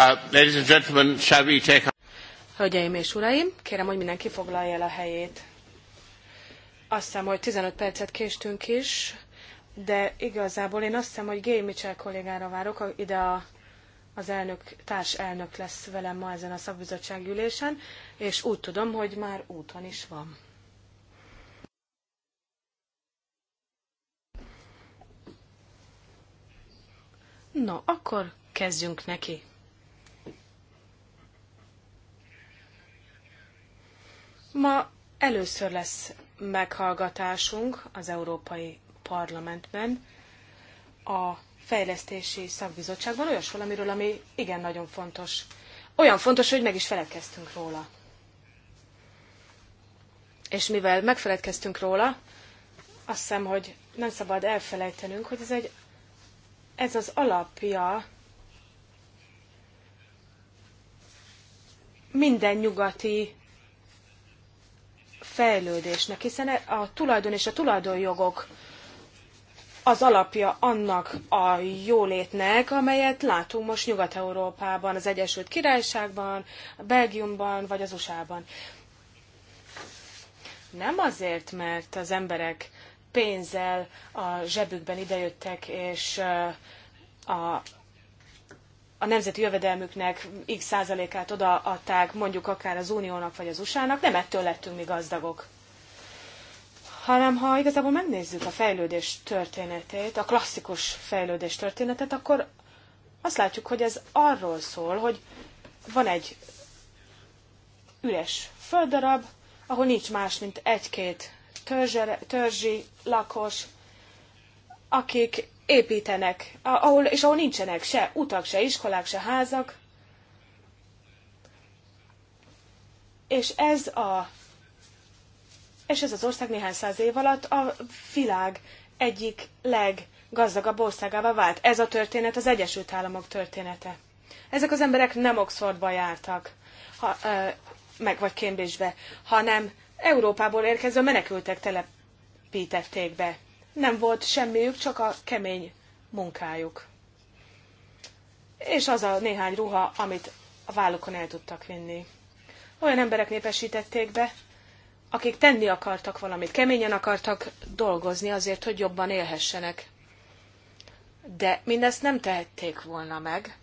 Uh, ladies and gentlemen, shall we take Hölgyeim és uraim, kérem, hogy mindenki foglalja el a helyét. Azt hiszem, hogy 15 percet késtünk is, de igazából én azt hiszem, hogy Gay Mitchell kollégára várok, ide a, az elnök, társ elnök lesz velem ma ezen a szakbizottságülésen, és úgy tudom, hogy már úton is van. No, akkor kezdjünk neki. Ma először lesz meghallgatásunk az Európai Parlamentben a fejlesztési szakbizottságban olyas valamiről, ami igen nagyon fontos. Olyan fontos, hogy meg is feledkeztünk róla. És mivel megfeledkeztünk róla, azt hiszem, hogy nem szabad elfelejtenünk, hogy ez, egy, ez az alapja minden nyugati fejlődésnek, hiszen a tulajdon és a tulajdonjogok az alapja annak a jólétnek, amelyet látunk most Nyugat-Európában, az Egyesült Királyságban, Belgiumban vagy az USA-ban. Nem azért, mert az emberek pénzzel a zsebükben idejöttek, és a a nemzeti jövedelmüknek x százalékát odaadták mondjuk akár az Uniónak vagy az USA-nak, nem ettől lettünk mi gazdagok. Hanem ha igazából megnézzük a fejlődés történetét, a klasszikus fejlődés történetet, akkor azt látjuk, hogy ez arról szól, hogy van egy üres földdarab, ahol nincs más, mint egy-két törzsi lakos, akik építenek, ahol, és ahol nincsenek se utak, se iskolák, se házak. És ez a és ez az ország néhány száz év alatt a világ egyik leggazdagabb országává vált. Ez a történet az Egyesült Államok története. Ezek az emberek nem Oxfordba jártak, ha, ö, meg vagy Cambridgebe, hanem Európából érkező menekültek telepítették be nem volt semmiük, csak a kemény munkájuk. És az a néhány ruha, amit a vállukon el tudtak vinni. Olyan emberek népesítették be, akik tenni akartak valamit, keményen akartak dolgozni azért, hogy jobban élhessenek. De mindezt nem tehették volna meg,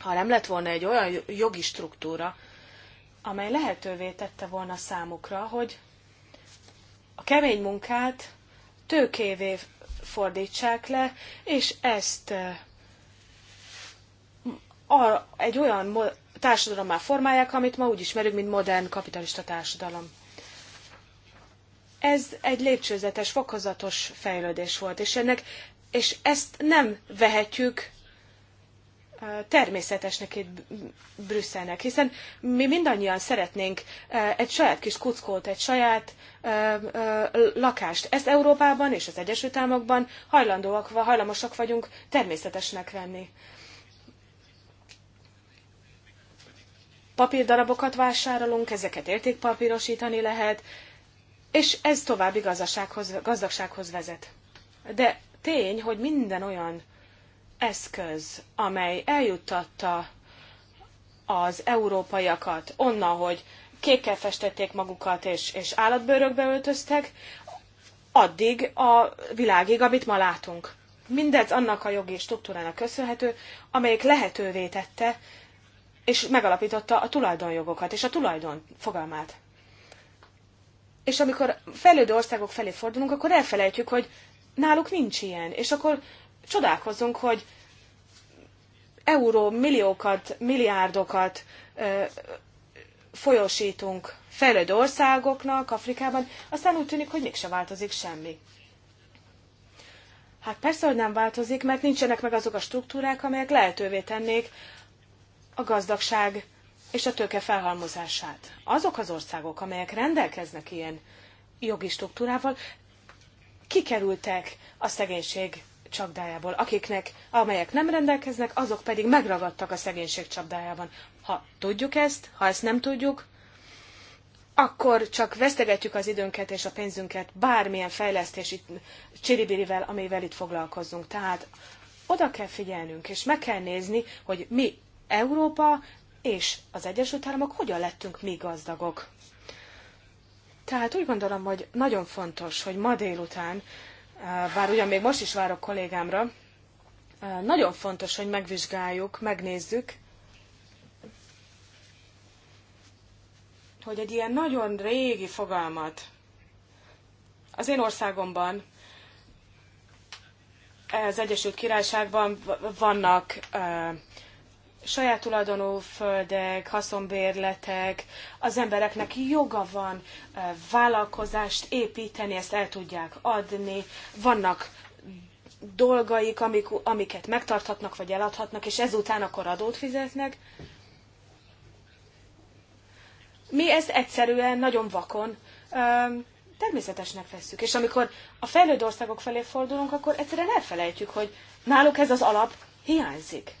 ha nem lett volna egy olyan jogi struktúra, amely lehetővé tette volna számukra, hogy a kemény munkát tőkévé fordítsák le, és ezt egy olyan már formálják, amit ma úgy ismerünk, mint modern kapitalista társadalom. Ez egy lépcsőzetes, fokozatos fejlődés volt, és ennek és ezt nem vehetjük természetesnek itt Brüsszelnek, hiszen mi mindannyian szeretnénk egy saját kis kuckót, egy saját lakást. Ezt Európában és az Egyesült Államokban hajlandóak, hajlamosak vagyunk természetesnek venni. Papírdarabokat vásárolunk, ezeket értékpapírosítani lehet, és ez további gazdagsághoz, gazdagsághoz vezet. De tény, hogy minden olyan eszköz, amely eljuttatta az európaiakat onnan, hogy kékkel festették magukat és, és állatbőrökbe öltöztek, addig a világig, amit ma látunk. Mindez annak a jogi struktúrának köszönhető, amelyik lehetővé tette és megalapította a tulajdonjogokat és a tulajdon fogalmát. És amikor fejlődő országok felé fordulunk, akkor elfelejtjük, hogy náluk nincs ilyen, és akkor csodálkozunk, hogy euró milliókat, milliárdokat ö, folyosítunk fejlődő országoknak Afrikában, aztán úgy tűnik, hogy mégse változik semmi. Hát persze, hogy nem változik, mert nincsenek meg azok a struktúrák, amelyek lehetővé tennék a gazdagság és a tőke felhalmozását. Azok az országok, amelyek rendelkeznek ilyen jogi struktúrával, kikerültek a szegénység csapdájából. Akiknek, amelyek nem rendelkeznek, azok pedig megragadtak a szegénység csapdájában. Ha tudjuk ezt, ha ezt nem tudjuk, akkor csak vesztegetjük az időnket és a pénzünket bármilyen fejlesztési csiribirivel, amivel itt foglalkozunk. Tehát oda kell figyelnünk, és meg kell nézni, hogy mi Európa és az Egyesült Államok hogyan lettünk mi gazdagok. Tehát úgy gondolom, hogy nagyon fontos, hogy ma délután bár ugyan még most is várok kollégámra, nagyon fontos, hogy megvizsgáljuk, megnézzük, hogy egy ilyen nagyon régi fogalmat az én országomban, az Egyesült Királyságban vannak saját tulajdonú földek, haszonbérletek, az embereknek joga van vállalkozást építeni, ezt el tudják adni, vannak dolgaik, amik, amiket megtarthatnak vagy eladhatnak, és ezután akkor adót fizetnek. Mi ezt egyszerűen nagyon vakon természetesnek vesszük. És amikor a fejlődő országok felé fordulunk, akkor egyszerűen elfelejtjük, hogy náluk ez az alap hiányzik.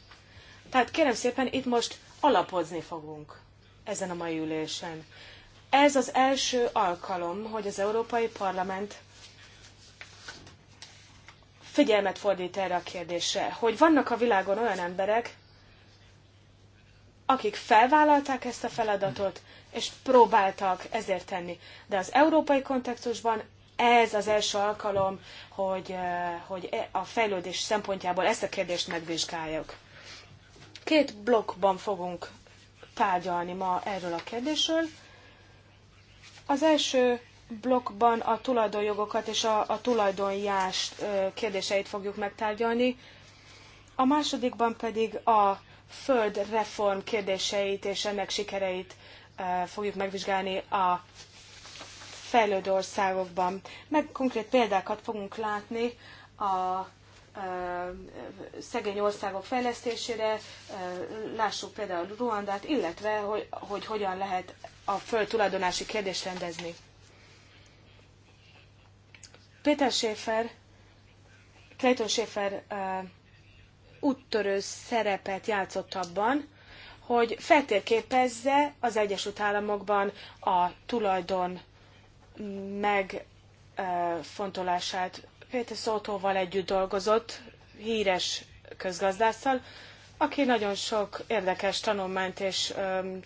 Tehát kérem szépen, itt most alapozni fogunk ezen a mai ülésen. Ez az első alkalom, hogy az Európai Parlament figyelmet fordít erre a kérdésre, hogy vannak a világon olyan emberek, akik felvállalták ezt a feladatot, és próbáltak ezért tenni. De az európai kontextusban ez az első alkalom, hogy, eh, hogy e- a fejlődés szempontjából ezt a kérdést megvizsgáljuk. Két blokkban fogunk tárgyalni ma erről a kérdésről. Az első blokkban a tulajdonjogokat és a, a tulajdonjás kérdéseit fogjuk megtárgyalni, a másodikban pedig a földreform kérdéseit és ennek sikereit fogjuk megvizsgálni a fejlődő országokban. Meg konkrét példákat fogunk látni a szegény országok fejlesztésére, lássuk például Ruandát, illetve hogy, hogy hogyan lehet a földtulajdonási kérdést rendezni. Péter Schäfer, Clayton Schäfer úttörő szerepet játszott abban, hogy feltérképezze az Egyesült Államokban a tulajdon megfontolását Péter Szótóval együtt dolgozott, híres közgazdásszal, aki nagyon sok érdekes tanulmányt és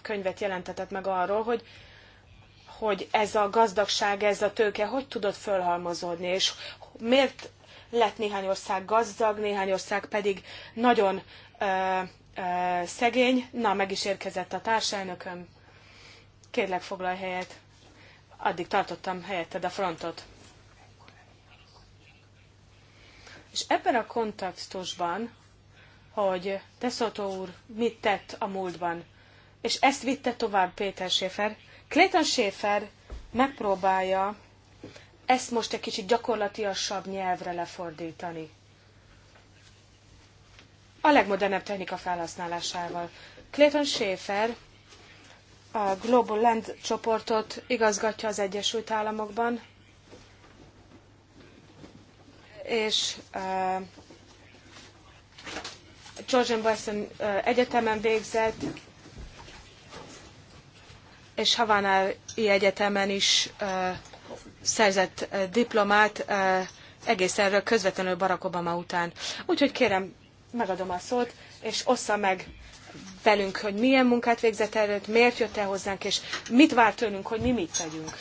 könyvet jelentetett meg arról, hogy hogy ez a gazdagság, ez a tőke hogy tudott fölhalmozódni, és miért lett néhány ország gazdag, néhány ország pedig nagyon ö, ö, szegény. Na, meg is érkezett a társelnököm. Kérlek, foglalj helyet. Addig tartottam helyetted a frontot. És ebben a kontextusban, hogy Deszotó úr mit tett a múltban, és ezt vitte tovább Péter Schäfer, Clayton Schäfer megpróbálja ezt most egy kicsit gyakorlatiasabb nyelvre lefordítani. A legmodernebb technika felhasználásával. Clayton Schäfer a Global Land csoportot igazgatja az Egyesült Államokban, és George Weston egyetemen végzett, és Havanai Egyetemen is szerzett diplomát egész erről közvetlenül Barack Obama után. Úgyhogy kérem, megadom a szót, és ossza meg velünk, hogy milyen munkát végzett előtt, miért jött el hozzánk, és mit vár tőlünk, hogy mi mit tegyünk.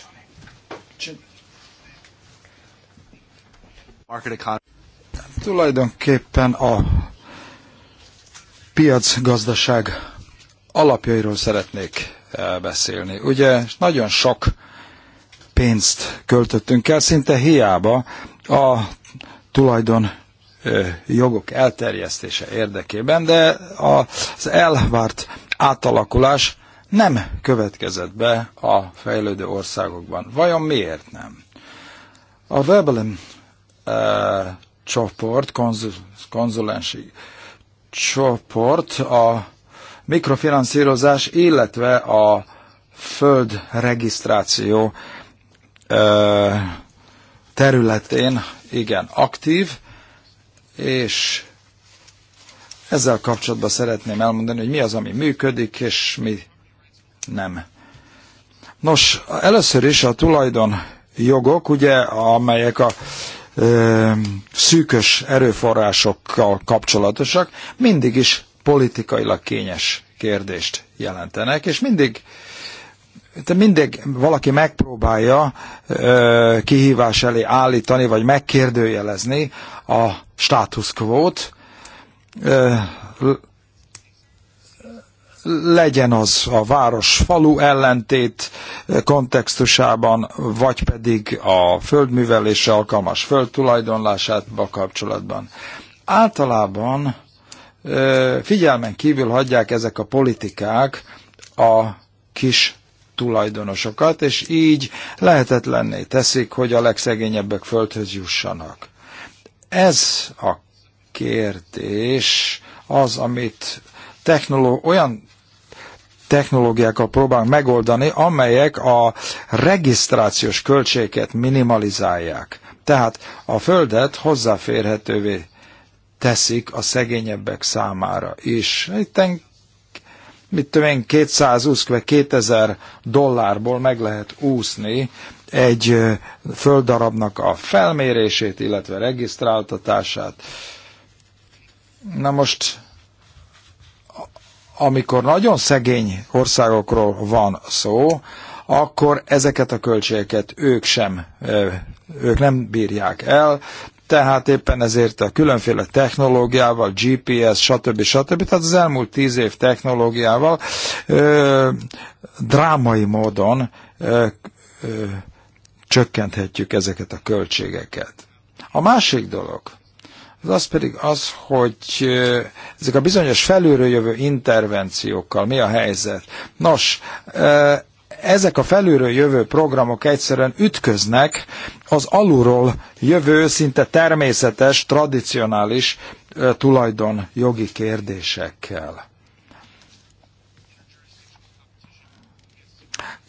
Tulajdonképpen a piacgazdaság alapjairól szeretnék beszélni. Ugye nagyon sok pénzt költöttünk el, szinte hiába a tulajdon jogok elterjesztése érdekében, de az elvárt átalakulás nem következett be a fejlődő országokban. Vajon miért nem? A Veblen Eh, csoport, konzul, konzulensi csoport a mikrofinanszírozás, illetve a föld regisztráció eh, területén igen aktív, és ezzel kapcsolatban szeretném elmondani, hogy mi az, ami működik, és mi nem. Nos, először is a tulajdonjogok, ugye, amelyek a szűkös erőforrásokkal kapcsolatosak, mindig is politikailag kényes kérdést jelentenek, és mindig te mindig valaki megpróbálja ö, kihívás elé állítani, vagy megkérdőjelezni a status quo-t, legyen az a város-falu ellentét kontextusában, vagy pedig a földművelésre alkalmas földtulajdonlását kapcsolatban. Általában figyelmen kívül hagyják ezek a politikák a kis tulajdonosokat, és így lehetetlenné teszik, hogy a legszegényebbek földhöz jussanak. Ez a kérdés az, amit technoló- olyan technológiákkal próbálunk megoldani, amelyek a regisztrációs költséget minimalizálják. Tehát a földet hozzáférhetővé teszik a szegényebbek számára is. Itten, mit tudom én, 220 vagy 2000 dollárból meg lehet úszni egy földdarabnak a felmérését, illetve regisztráltatását. Na most amikor nagyon szegény országokról van szó, akkor ezeket a költségeket ők sem, ők nem bírják el, tehát éppen ezért a különféle technológiával, GPS, stb. stb. Tehát az elmúlt tíz év technológiával ö, drámai módon ö, ö, csökkenthetjük ezeket a költségeket. A másik dolog, az az pedig az, hogy ezek a bizonyos felülről jövő intervenciókkal mi a helyzet. Nos, ezek a felülről jövő programok egyszerűen ütköznek az alulról jövő, szinte természetes, tradicionális tulajdonjogi kérdésekkel.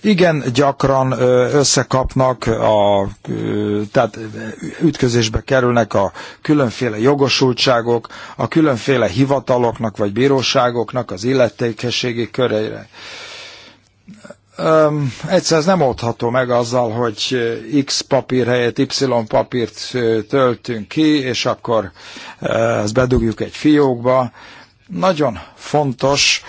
igen gyakran összekapnak, a, tehát ütközésbe kerülnek a különféle jogosultságok, a különféle hivataloknak vagy bíróságoknak az illetékességi köreire. Um, egyszer ez nem oldható meg azzal, hogy X papír helyett Y papírt töltünk ki, és akkor ezt bedugjuk egy fiókba. Nagyon fontos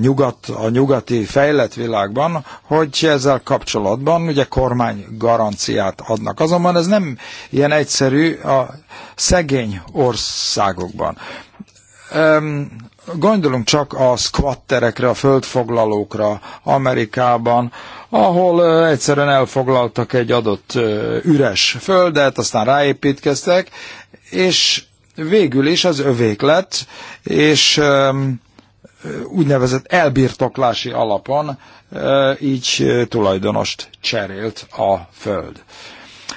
nyugat, a nyugati fejlett világban, hogy ezzel kapcsolatban ugye kormány garanciát adnak. Azonban ez nem ilyen egyszerű a szegény országokban. Gondolunk csak a squatterekre, a földfoglalókra Amerikában, ahol egyszerűen elfoglaltak egy adott üres földet, aztán ráépítkeztek, és végül is az övék lett, és um, úgynevezett elbirtoklási alapon így tulajdonost cserélt a föld.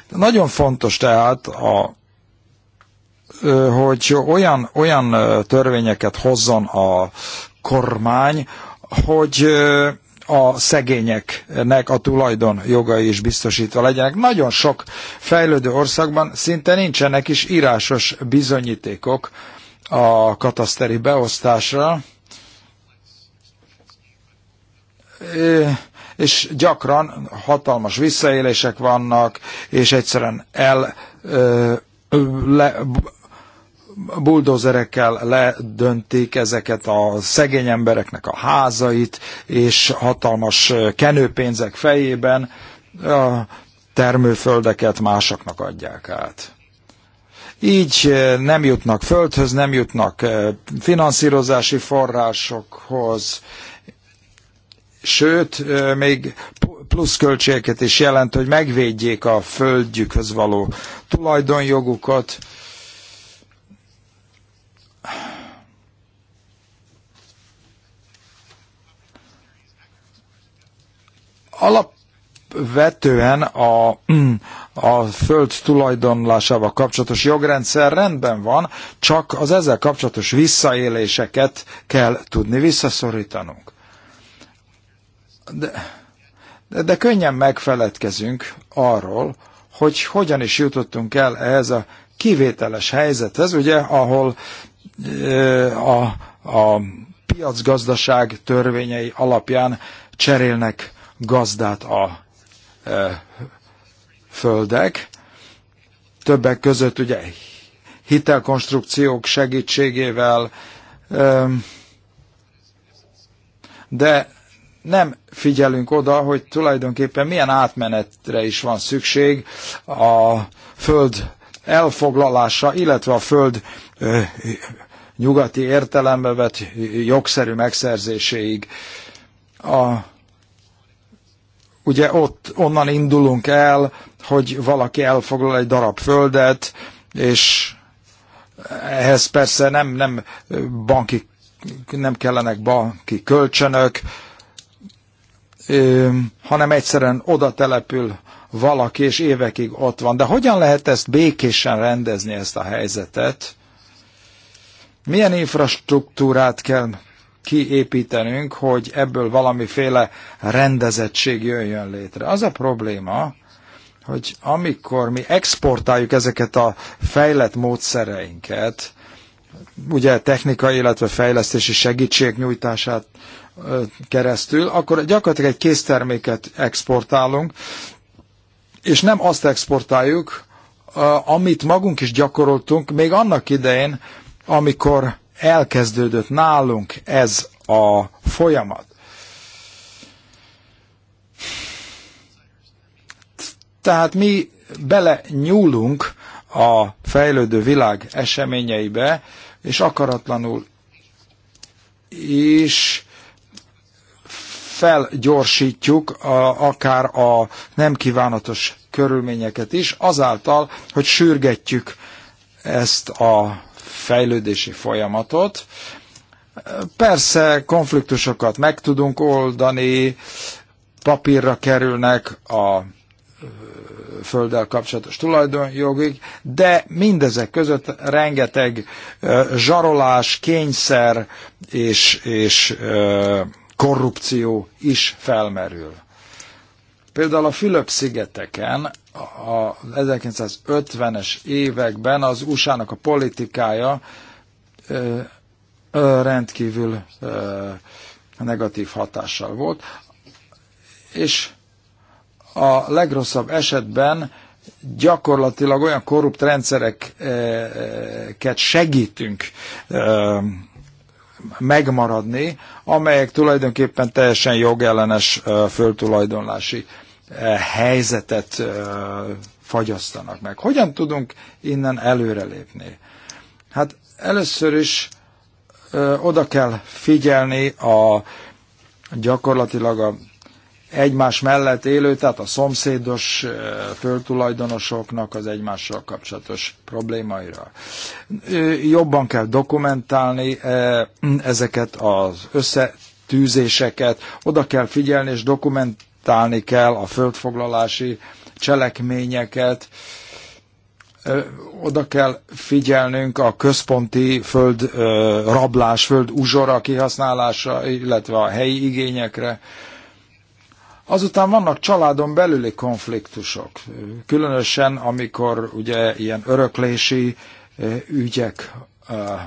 Nagyon fontos tehát a hogy olyan, olyan törvényeket hozzon a kormány, hogy a szegényeknek a tulajdon jogai is biztosítva legyenek. Nagyon sok fejlődő országban szinte nincsenek is írásos bizonyítékok a kataszteri beosztásra, és gyakran hatalmas visszaélések vannak, és egyszerűen el le, buldozerekkel ledöntik ezeket a szegény embereknek a házait, és hatalmas kenőpénzek fejében a termőföldeket másoknak adják át. Így nem jutnak földhöz, nem jutnak finanszírozási forrásokhoz, sőt, még pluszköltségeket is jelent, hogy megvédjék a földjükhöz való tulajdonjogukat, Alapvetően a, a föld tulajdonlásával kapcsolatos jogrendszer rendben van, csak az ezzel kapcsolatos visszaéléseket kell tudni visszaszorítanunk. De, de, de könnyen megfeledkezünk arról, hogy hogyan is jutottunk el ehhez a kivételes helyzethez, ugye, ahol a, a piacgazdaság törvényei alapján cserélnek gazdát a e, földek. Többek között ugye hitelkonstrukciók segítségével, e, de nem figyelünk oda, hogy tulajdonképpen milyen átmenetre is van szükség a föld elfoglalása, illetve a föld nyugati értelembe vett jogszerű megszerzéséig. A, ugye ott onnan indulunk el, hogy valaki elfoglal egy darab földet, és ehhez persze nem, nem banki, nem kellenek banki kölcsönök, hanem egyszerűen oda települ valaki, és évekig ott van. De hogyan lehet ezt békésen rendezni, ezt a helyzetet? Milyen infrastruktúrát kell kiépítenünk, hogy ebből valamiféle rendezettség jöjjön létre? Az a probléma, hogy amikor mi exportáljuk ezeket a fejlett módszereinket, ugye technikai, illetve fejlesztési segítség nyújtását keresztül, akkor gyakorlatilag egy készterméket exportálunk, és nem azt exportáljuk, amit magunk is gyakoroltunk még annak idején, amikor elkezdődött nálunk ez a folyamat, tehát mi bele nyúlunk a fejlődő világ eseményeibe, és akaratlanul is felgyorsítjuk a, akár a nem kívánatos körülményeket is, azáltal, hogy sürgetjük ezt a fejlődési folyamatot. Persze konfliktusokat meg tudunk oldani, papírra kerülnek a földdel kapcsolatos tulajdonjogig, de mindezek között rengeteg zsarolás, kényszer és, és korrupció is felmerül. Például a Fülöp-szigeteken a 1950-es években az USA-nak a politikája ö, ö, rendkívül ö, negatív hatással volt, és a legrosszabb esetben gyakorlatilag olyan korrupt rendszereket segítünk megmaradni, amelyek tulajdonképpen teljesen jogellenes föltulajdonlási E, helyzetet e, fagyasztanak meg. Hogyan tudunk innen előrelépni? Hát először is ö, e, oda kell figyelni a gyakorlatilag a egymás mellett élő, tehát a szomszédos föltulajdonosoknak az egymással kapcsolatos problémaira. Jobban kell dokumentálni ezeket az összetűzéseket, oda kell figyelni és dokumentálni detektálni kell a földfoglalási cselekményeket, oda kell figyelnünk a központi föld rablás, föld uzsora kihasználása, illetve a helyi igényekre. Azután vannak családon belüli konfliktusok, különösen amikor ugye ilyen öröklési ügyek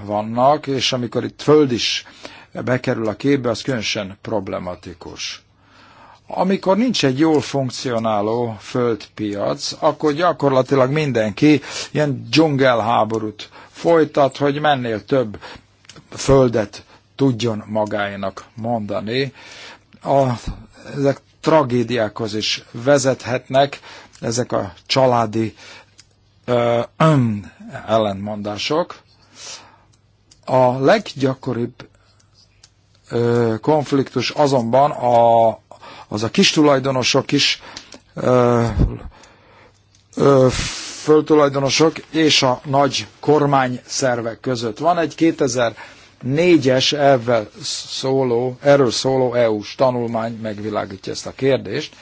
vannak, és amikor itt föld is bekerül a képbe, az különösen problematikus amikor nincs egy jól funkcionáló földpiac, akkor gyakorlatilag mindenki ilyen dzsungelháborút folytat, hogy mennél több földet tudjon magáénak mondani. A, ezek tragédiákhoz is vezethetnek, ezek a családi ö, ö, ellentmondások. A leggyakoribb ö, konfliktus azonban a az a kis tulajdonosok is, föltulajdonosok és a nagy kormányszervek között. Van egy 2004-es elvvel szóló, erről szóló EU-s tanulmány megvilágítja ezt a kérdést,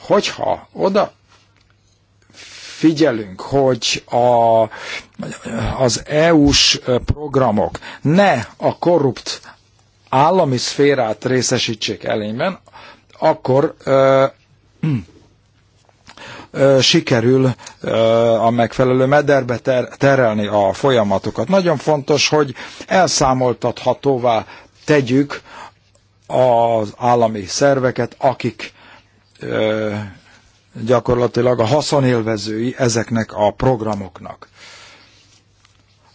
hogyha oda figyelünk, hogy a, az EU-s programok ne a korrupt állami szférát részesítsék elényben, akkor sikerül a megfelelő mederbe ter- terelni a folyamatokat. Nagyon fontos, hogy elszámoltathatóvá tegyük az állami szerveket, akik gyakorlatilag a haszonélvezői ezeknek a programoknak.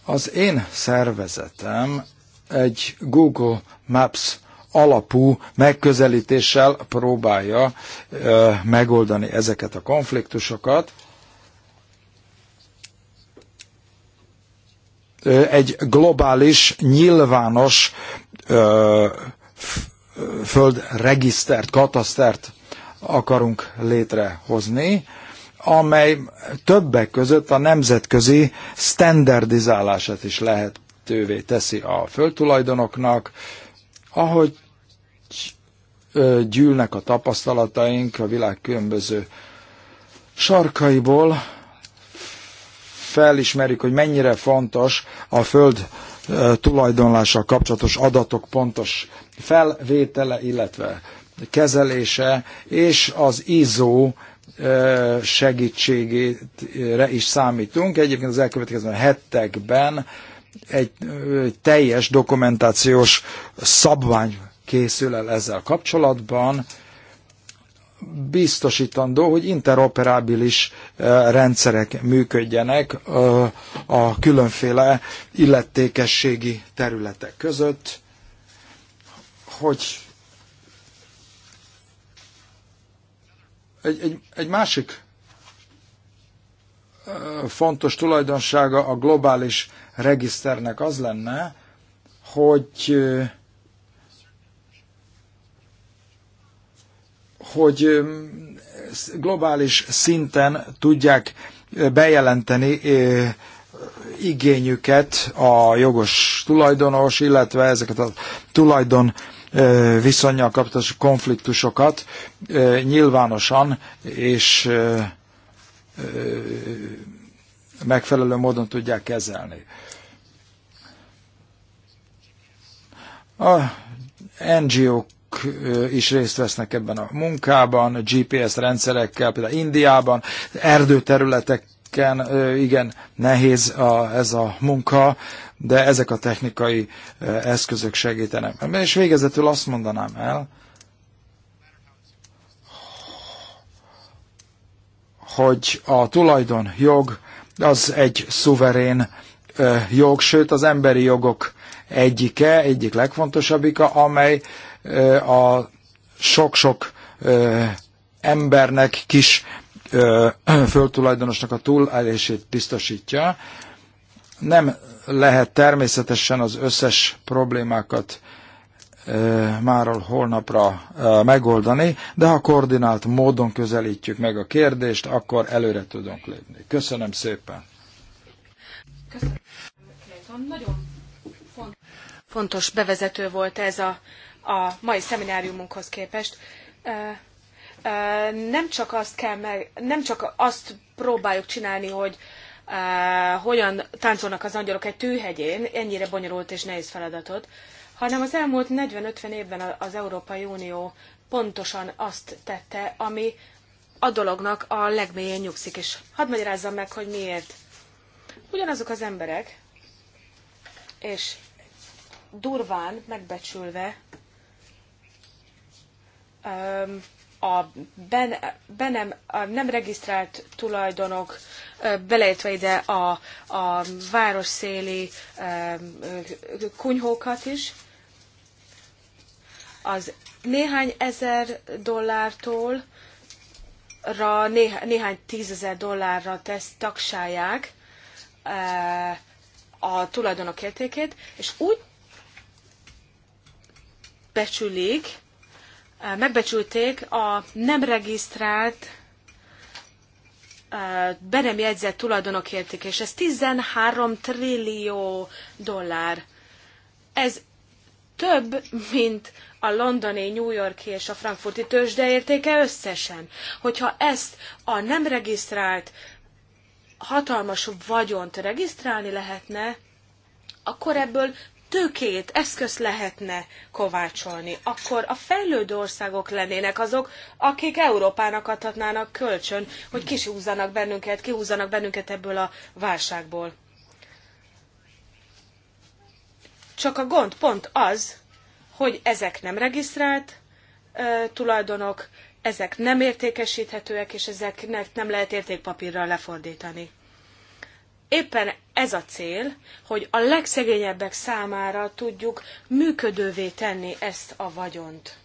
Az én szervezetem egy Google Maps alapú megközelítéssel próbálja megoldani ezeket a konfliktusokat. Egy globális, nyilvános földregisztert, katasztert akarunk létrehozni, amely többek között a nemzetközi standardizálását is lehetővé teszi a földtulajdonoknak, ahogy gyűlnek a tapasztalataink a világ különböző sarkaiból, felismerjük, hogy mennyire fontos a föld tulajdonlással kapcsolatos adatok pontos felvétele, illetve kezelése, és az ISO segítségére is számítunk. Egyébként az elkövetkező hetekben egy teljes dokumentációs szabvány készül el ezzel kapcsolatban, biztosítandó, hogy interoperábilis eh, rendszerek működjenek eh, a különféle illetékességi területek között, hogy egy, egy, egy másik eh, fontos tulajdonsága a globális regiszternek az lenne, hogy hogy globális szinten tudják bejelenteni igényüket a jogos tulajdonos, illetve ezeket a tulajdon viszonyjal kapcsolatos konfliktusokat nyilvánosan és megfelelő módon tudják kezelni. A NGO-k is részt vesznek ebben a munkában, a GPS rendszerekkel, például Indiában, erdőterületeken, igen, nehéz a, ez a munka, de ezek a technikai eszközök segítenek. És végezetül azt mondanám el, hogy a tulajdonjog az egy szuverén jog, sőt az emberi jogok egyike, egyik legfontosabbika, amely a sok-sok embernek, kis föltulajdonosnak a túlélését biztosítja. Nem lehet természetesen az összes problémákat máról holnapra megoldani, de ha koordinált módon közelítjük meg a kérdést, akkor előre tudunk lépni. Köszönöm szépen! Köszönöm. Nagyon fontos bevezető volt ez a, a mai szemináriumunkhoz képest. Nem csak azt kell meg, nem csak azt próbáljuk csinálni, hogy hogyan táncolnak az angyalok egy tűhegyén, ennyire bonyolult és nehéz feladatot, hanem az elmúlt 40-50 évben az Európai Unió pontosan azt tette, ami a dolognak a legmélyén nyugszik, és hadd magyarázzam meg, hogy miért. Ugyanazok az emberek, és durván megbecsülve a, ben, be nem, a nem regisztrált tulajdonok, beleértve ide a, a városszéli kunyhókat is, az néhány ezer dollártól ra néhány tízezer dollárra tesz taksálják e, eh, a tulajdonok értékét, és úgy becsülik, e, megbecsülték a nem regisztrált eh, be nem jegyzett tulajdonok értéke, és ez 13 trillió dollár. Ez több, mint a londoni, New Yorki és a frankfurti tőzsde értéke összesen. Hogyha ezt a nem regisztrált hatalmas vagyont regisztrálni lehetne, akkor ebből tőkét, eszközt lehetne kovácsolni, akkor a fejlődő országok lennének azok, akik Európának adhatnának kölcsön, hogy kisúzzanak bennünket, kihúzzanak bennünket ebből a válságból. Csak a gond pont az, hogy ezek nem regisztrált e, tulajdonok, ezek nem értékesíthetőek, és ezeknek nem lehet értékpapírral lefordítani. Éppen ez a cél, hogy a legszegényebbek számára tudjuk működővé tenni ezt a vagyont.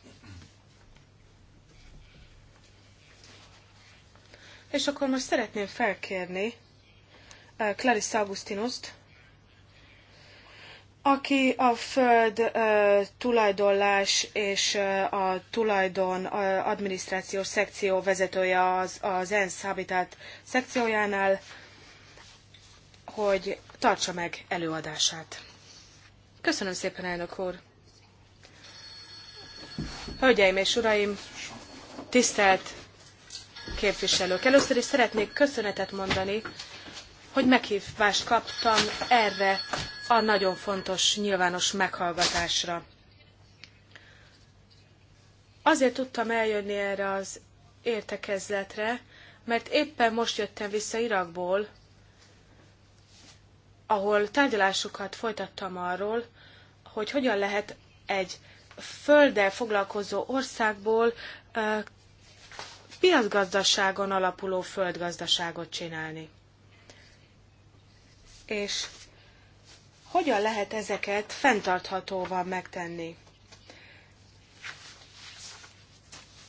És akkor most szeretném felkérni Clarice Augustinust, aki a föld ö, tulajdonlás és a tulajdon adminisztrációs szekció vezetője az, az ENSZ Habitat szekciójánál, hogy tartsa meg előadását. Köszönöm szépen, elnök úr! Hölgyeim és uraim, tisztelt képviselők! Először is szeretnék köszönetet mondani, hogy meghívást kaptam erre a nagyon fontos nyilvános meghallgatásra. Azért tudtam eljönni erre az értekezletre, mert éppen most jöttem vissza Irakból, ahol tárgyalásokat folytattam arról, hogy hogyan lehet egy földdel foglalkozó országból piacgazdaságon alapuló földgazdaságot csinálni. És hogyan lehet ezeket fenntarthatóval megtenni.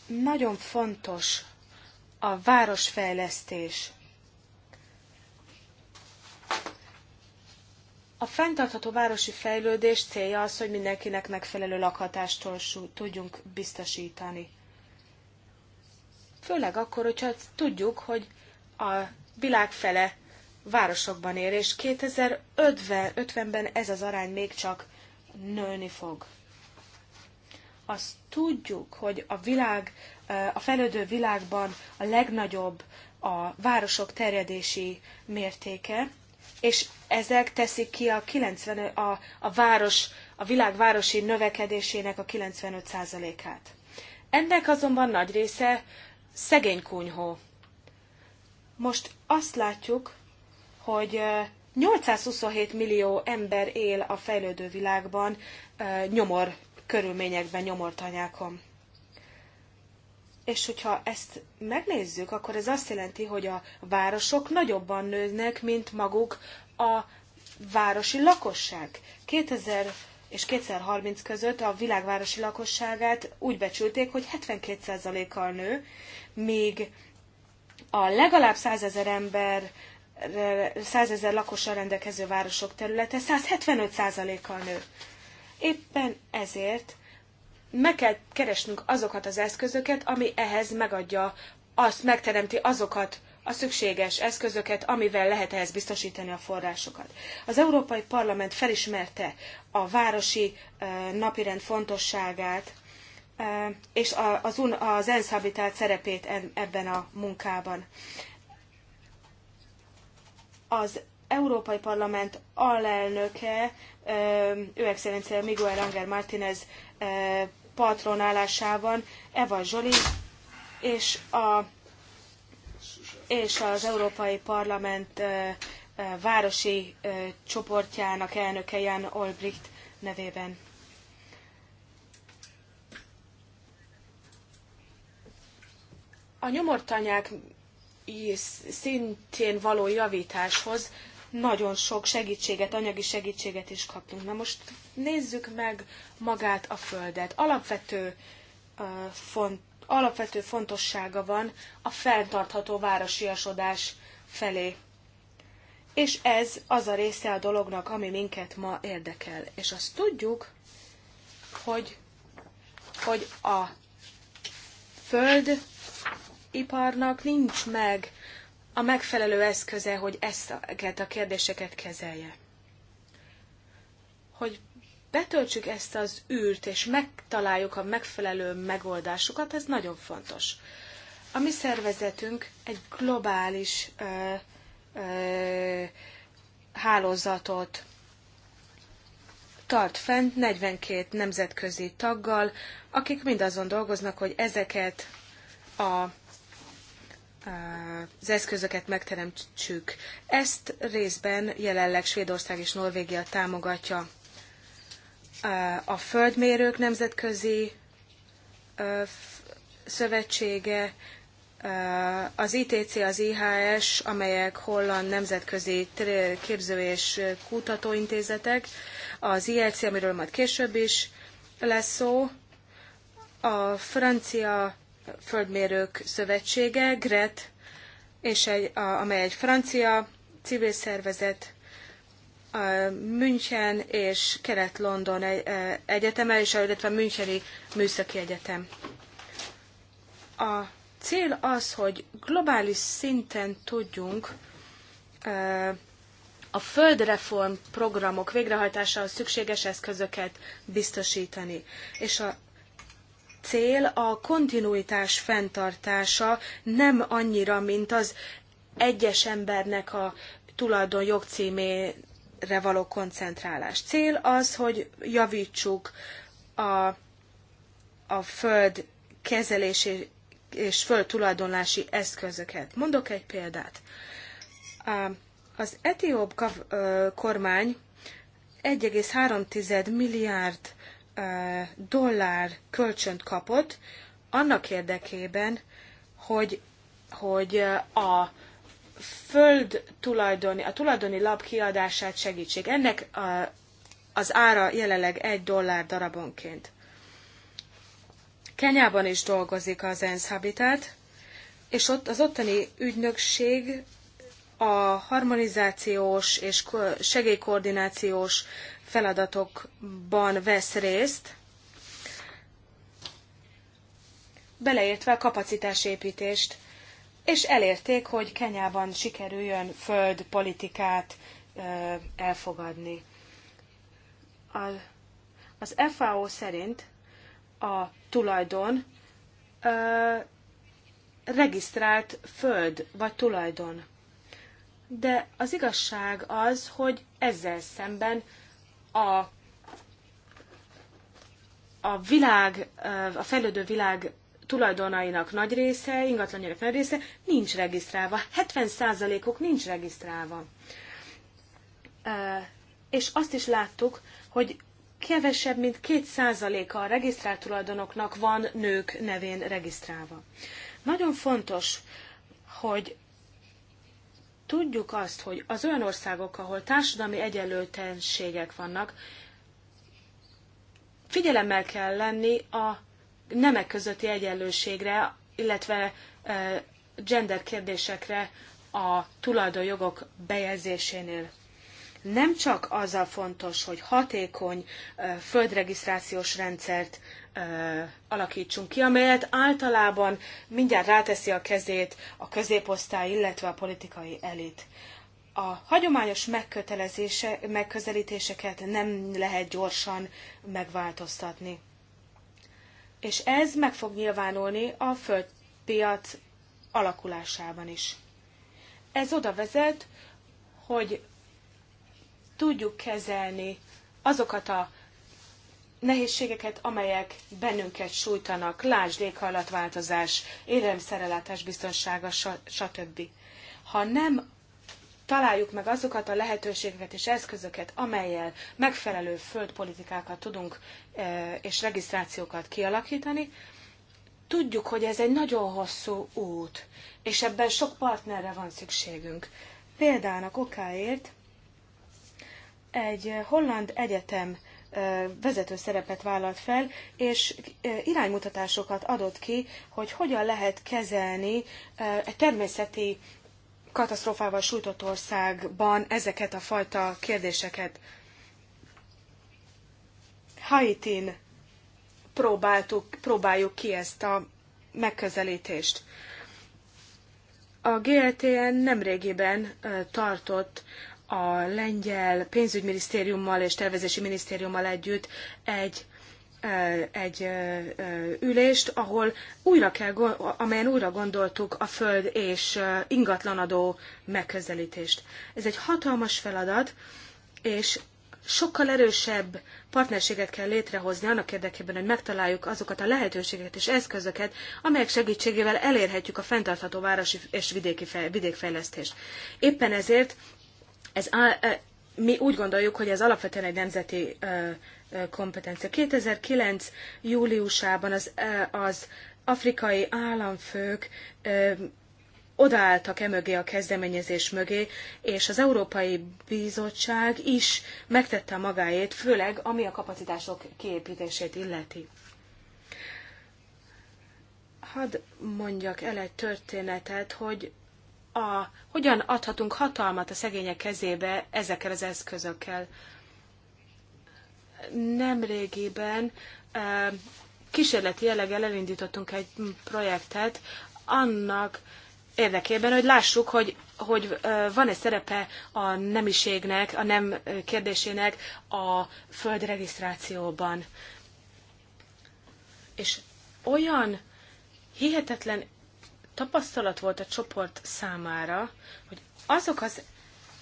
Nagyon fontos a városfejlesztés. A fenntartható városi fejlődés célja az, hogy mindenkinek megfelelő lakhatástól tudjunk biztosítani. Főleg akkor, hogyha tudjuk, hogy a világ fele városokban ér, és 2050-ben ez az arány még csak nőni fog. Azt tudjuk, hogy a világ, a fejlődő világban a legnagyobb a városok terjedési mértéke, és ezek teszik ki a, 90, a, a, város, a világ városi növekedésének a 95%-át. Ennek azonban nagy része szegény kunyhó. Most azt látjuk, hogy 827 millió ember él a fejlődő világban nyomor körülményekben, nyomortanyákon. És hogyha ezt megnézzük, akkor ez azt jelenti, hogy a városok nagyobban nőnek, mint maguk a városi lakosság. 2000 és 2030 között a világvárosi lakosságát úgy becsülték, hogy 72%-kal nő, míg a legalább 100 ezer ember 100 000 lakossal rendelkező városok területe 175%-kal nő. Éppen ezért meg kell keresnünk azokat az eszközöket, ami ehhez megadja, azt megteremti azokat a szükséges eszközöket, amivel lehet ehhez biztosítani a forrásokat. Az Európai Parlament felismerte a városi napirend fontosságát, és az, UN, az ENSZ Habitat szerepét ebben a munkában az Európai Parlament alelnöke, ő excellencia Miguel Angel Martínez patronálásában Eva Zsoli és, a, és az Európai Parlament városi csoportjának elnöke Jan Olbricht nevében. A nyomortanyák szintén való javításhoz nagyon sok segítséget, anyagi segítséget is kaptunk. Na most nézzük meg magát a Földet. Alapvető, uh, font, alapvető fontossága van a fenntartható városiasodás felé. És ez az a része a dolognak, ami minket ma érdekel. És azt tudjuk, hogy, hogy a Föld iparnak nincs meg a megfelelő eszköze, hogy ezt a kérdéseket kezelje. Hogy betöltsük ezt az űrt, és megtaláljuk a megfelelő megoldásokat, ez nagyon fontos. A mi szervezetünk egy globális ö, ö, hálózatot tart fent 42 nemzetközi taggal, akik mindazon dolgoznak, hogy ezeket a az eszközöket megteremtsük. Ezt részben jelenleg Svédország és Norvégia támogatja. A Földmérők Nemzetközi Szövetsége, az ITC, az IHS, amelyek holland nemzetközi képző és kutatóintézetek, az ILC, amiről majd később is lesz szó, a francia Földmérők Szövetsége, GRET, és egy, a, amely egy francia civil szervezet, a München és Kelet-London e, egyeteme, és illetve a Müncheni Műszaki Egyetem. A cél az, hogy globális szinten tudjunk e, a földreform programok végrehajtásához szükséges eszközöket biztosítani. És a cél a kontinuitás fenntartása nem annyira, mint az egyes embernek a tulajdon jogcímére való koncentrálás. Cél az, hogy javítsuk a, a föld kezelési és földtulajdonlási eszközöket. Mondok egy példát. Az etióp kormány 1,3 milliárd dollár kölcsönt kapott annak érdekében, hogy, hogy a föld tulajdoni, a tulajdoni lap kiadását segítsék. Ennek a, az ára jelenleg egy dollár darabonként. Kenyában is dolgozik az ENSZ Habitat, és ott az ottani ügynökség a harmonizációs és segélykoordinációs feladatokban vesz részt, beleértve a kapacitásépítést, és elérték, hogy Kenyában sikerüljön földpolitikát elfogadni. az FAO szerint a tulajdon regisztrált föld vagy tulajdon. De az igazság az, hogy ezzel szemben a, a világ, a fejlődő világ tulajdonainak nagy része, ingatlanjának nagy része nincs regisztrálva. 70%-uk nincs regisztrálva. És azt is láttuk, hogy kevesebb, mint 2%-a a regisztrált tulajdonoknak van nők nevén regisztrálva. Nagyon fontos, hogy tudjuk azt, hogy az olyan országok, ahol társadalmi egyenlőtlenségek vannak, figyelemmel kell lenni a nemek közötti egyenlőségre, illetve gender kérdésekre a tulajdonjogok bejegyzésénél nem csak az a fontos, hogy hatékony földregisztrációs rendszert alakítsunk ki, amelyet általában mindjárt ráteszi a kezét a középosztály, illetve a politikai elit. A hagyományos megkötelezése, megközelítéseket nem lehet gyorsan megváltoztatni. És ez meg fog nyilvánulni a földpiac alakulásában is. Ez oda vezet, hogy tudjuk kezelni azokat a nehézségeket, amelyek bennünket sújtanak, lásd, éghajlatváltozás, élelemszerelátás biztonsága, stb. Ha nem találjuk meg azokat a lehetőségeket és eszközöket, amelyel megfelelő földpolitikákat tudunk e, és regisztrációkat kialakítani, tudjuk, hogy ez egy nagyon hosszú út, és ebben sok partnerre van szükségünk. Példának okáért egy eh, holland egyetem eh, vezető szerepet vállalt fel, és eh, iránymutatásokat adott ki, hogy hogyan lehet kezelni egy természeti katasztrófával sújtott országban ezeket a fajta kérdéseket. Haitin próbáltuk, próbáljuk ki ezt a megközelítést. A GLTN nemrégiben tartott a lengyel pénzügyminisztériummal és tervezési minisztériummal együtt egy egy ülést, ahol újra kell, amelyen újra gondoltuk a föld és ingatlanadó megközelítést. Ez egy hatalmas feladat, és sokkal erősebb partnerséget kell létrehozni annak érdekében, hogy megtaláljuk azokat a lehetőségeket és eszközöket, amelyek segítségével elérhetjük a fenntartható városi és vidéki vidékfejlesztést. Éppen ezért ez á, mi úgy gondoljuk, hogy ez alapvetően egy nemzeti kompetencia. 2009. júliusában az, az afrikai államfők odaálltak e mögé a kezdeményezés mögé, és az Európai Bizottság is megtette a magáét, főleg ami a kapacitások kiépítését illeti. Hadd mondjak el egy történetet, hogy a, hogyan adhatunk hatalmat a szegények kezébe ezekkel az eszközökkel. Nemrégiben kísérleti jelleggel elindítottunk egy projektet annak érdekében, hogy lássuk, hogy, hogy van-e szerepe a nemiségnek, a nem kérdésének a földregisztrációban. És olyan hihetetlen tapasztalat volt a csoport számára, hogy azok az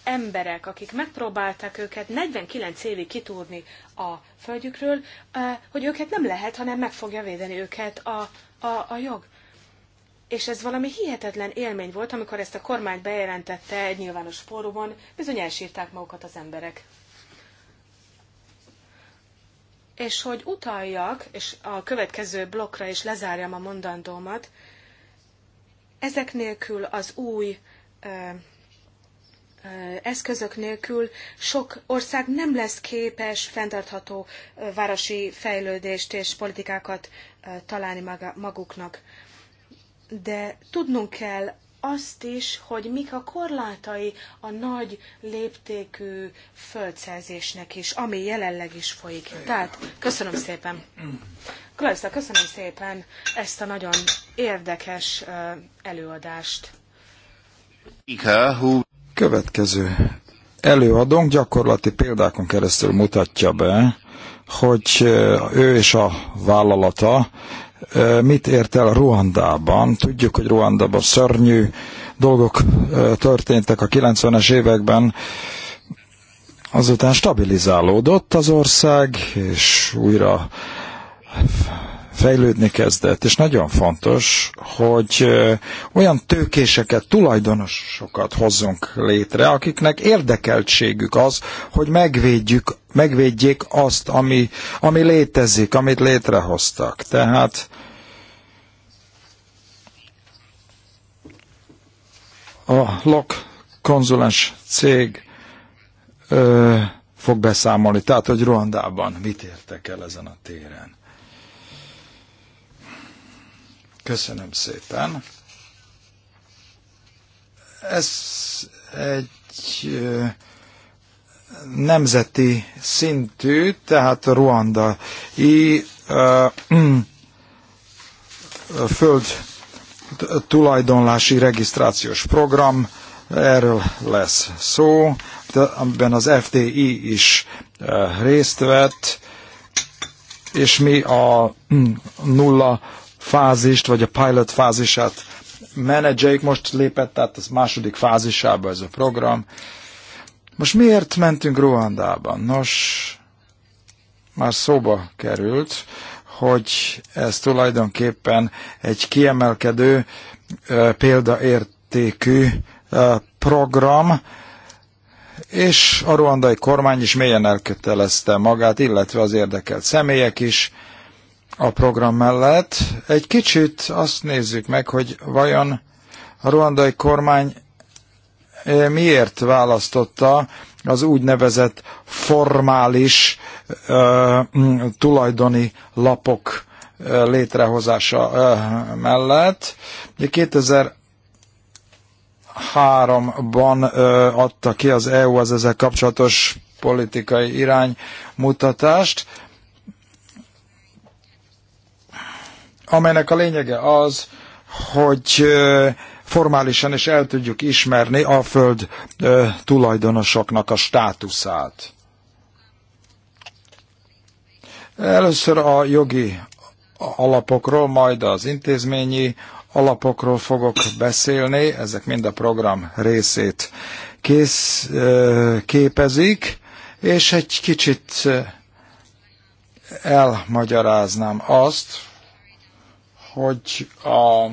emberek, akik megpróbálták őket 49 évig kitúrni a földjükről, eh, hogy őket nem lehet, hanem meg fogja védeni őket a, a, a jog. És ez valami hihetetlen élmény volt, amikor ezt a kormány bejelentette egy nyilvános fórumon, bizony elsírták magukat az emberek. És hogy utaljak, és a következő blokkra is lezárjam a mondandómat, ezek nélkül az új eszközök nélkül sok ország nem lesz képes fenntartható városi fejlődést és politikákat találni maguknak. De tudnunk kell azt is, hogy mik a korlátai a nagy léptékű földszerzésnek is, ami jelenleg is folyik. Tehát köszönöm szépen. Klajszta, köszönöm szépen ezt a nagyon érdekes előadást. Következő előadónk gyakorlati példákon keresztül mutatja be, hogy ő és a vállalata mit ért el Ruandában. Tudjuk, hogy Ruandában szörnyű dolgok történtek a 90-es években, azután stabilizálódott az ország, és újra fejlődni kezdett, és nagyon fontos, hogy olyan tőkéseket, tulajdonosokat hozzunk létre, akiknek érdekeltségük az, hogy megvédjük megvédjék azt, ami, ami létezik, amit létrehoztak. Tehát a LOK konzulens cég ö, fog beszámolni, tehát hogy Ruandában mit értek el ezen a téren. Köszönöm szépen. Ez egy nemzeti szintű, tehát ruandai föld tulajdonlási regisztrációs program, erről lesz szó, amiben az FDI is részt vett, és mi a hm, nulla fázist, vagy a pilot fázisát menedzseik, most lépett, tehát az második fázisába ez a program, most miért mentünk Ruandában? Nos, már szóba került, hogy ez tulajdonképpen egy kiemelkedő, példaértékű program, és a ruandai kormány is mélyen elkötelezte magát, illetve az érdekelt személyek is a program mellett. Egy kicsit azt nézzük meg, hogy vajon a ruandai kormány E, miért választotta az úgynevezett formális ö, e, tulajdoni lapok ö, e, létrehozása ö, mellett. 2003-ban ö, adta ki az EU az ezzel kapcsolatos politikai iránymutatást, amelynek a lényege az, hogy ö, formálisan is el tudjuk ismerni a föld tulajdonosoknak a státuszát. Először a jogi alapokról, majd az intézményi alapokról fogok beszélni, ezek mind a program részét kész, képezik, és egy kicsit elmagyaráznám azt, hogy a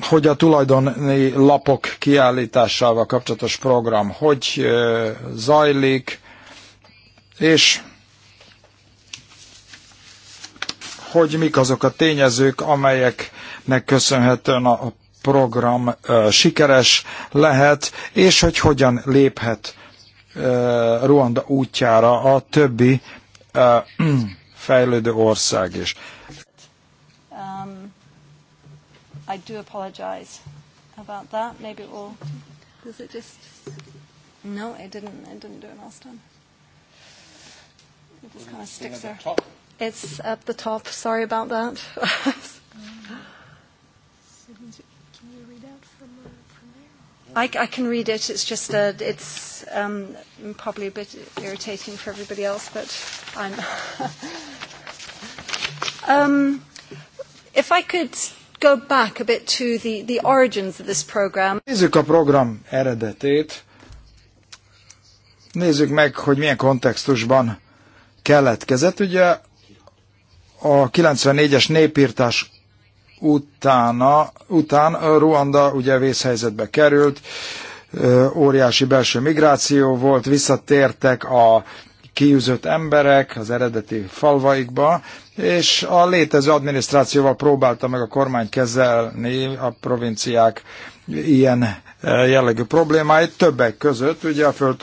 hogy a tulajdoni lapok kiállításával kapcsolatos program hogy zajlik, és hogy mik azok a tényezők, amelyeknek köszönhetően a program sikeres lehet, és hogy hogyan léphet Ruanda útjára a többi fejlődő ország is. I do apologize about that. Maybe it will. Does it just? No, it didn't. It didn't do it last time. It just kind of sticks there. It's at the top. Sorry about that. I, I can read it. It's just a, it's um, probably a bit irritating for everybody else, but I'm. um, if I could go back a bit to the, the origins of this program. Nézzük a program eredetét. Nézzük meg, hogy milyen kontextusban keletkezett. Ugye a 94-es népírtás utána, után Ruanda ugye vészhelyzetbe került, óriási belső migráció volt, visszatértek a kiűzött emberek az eredeti falvaikba, és a létező adminisztrációval próbálta meg a kormány kezelni a provinciák ilyen e, jellegű problémáit, többek között ugye a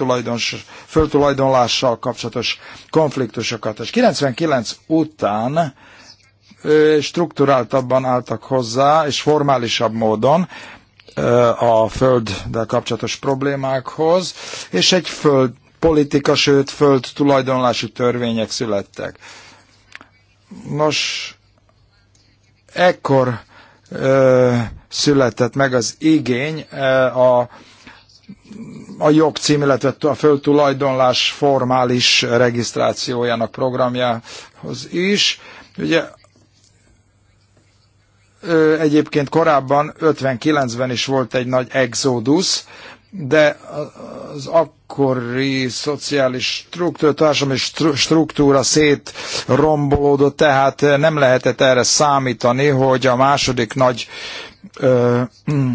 föltulajdonlással kapcsolatos konfliktusokat. És 99 után e, strukturáltabban álltak hozzá, és formálisabb módon e, a földdel kapcsolatos problémákhoz, és egy föld politika, sőt, föld tulajdonlási törvények születtek. Nos, ekkor ö, született meg az igény ö, a, a jogcím, illetve a föltulajdonlás formális regisztrációjának programjához is. Ugye ö, egyébként korábban 59-ben is volt egy nagy exodus, de az akkori szociális struktúra, társadalmi struktúra szétrombolódott, tehát nem lehetett erre számítani, hogy a második nagy ö, mm,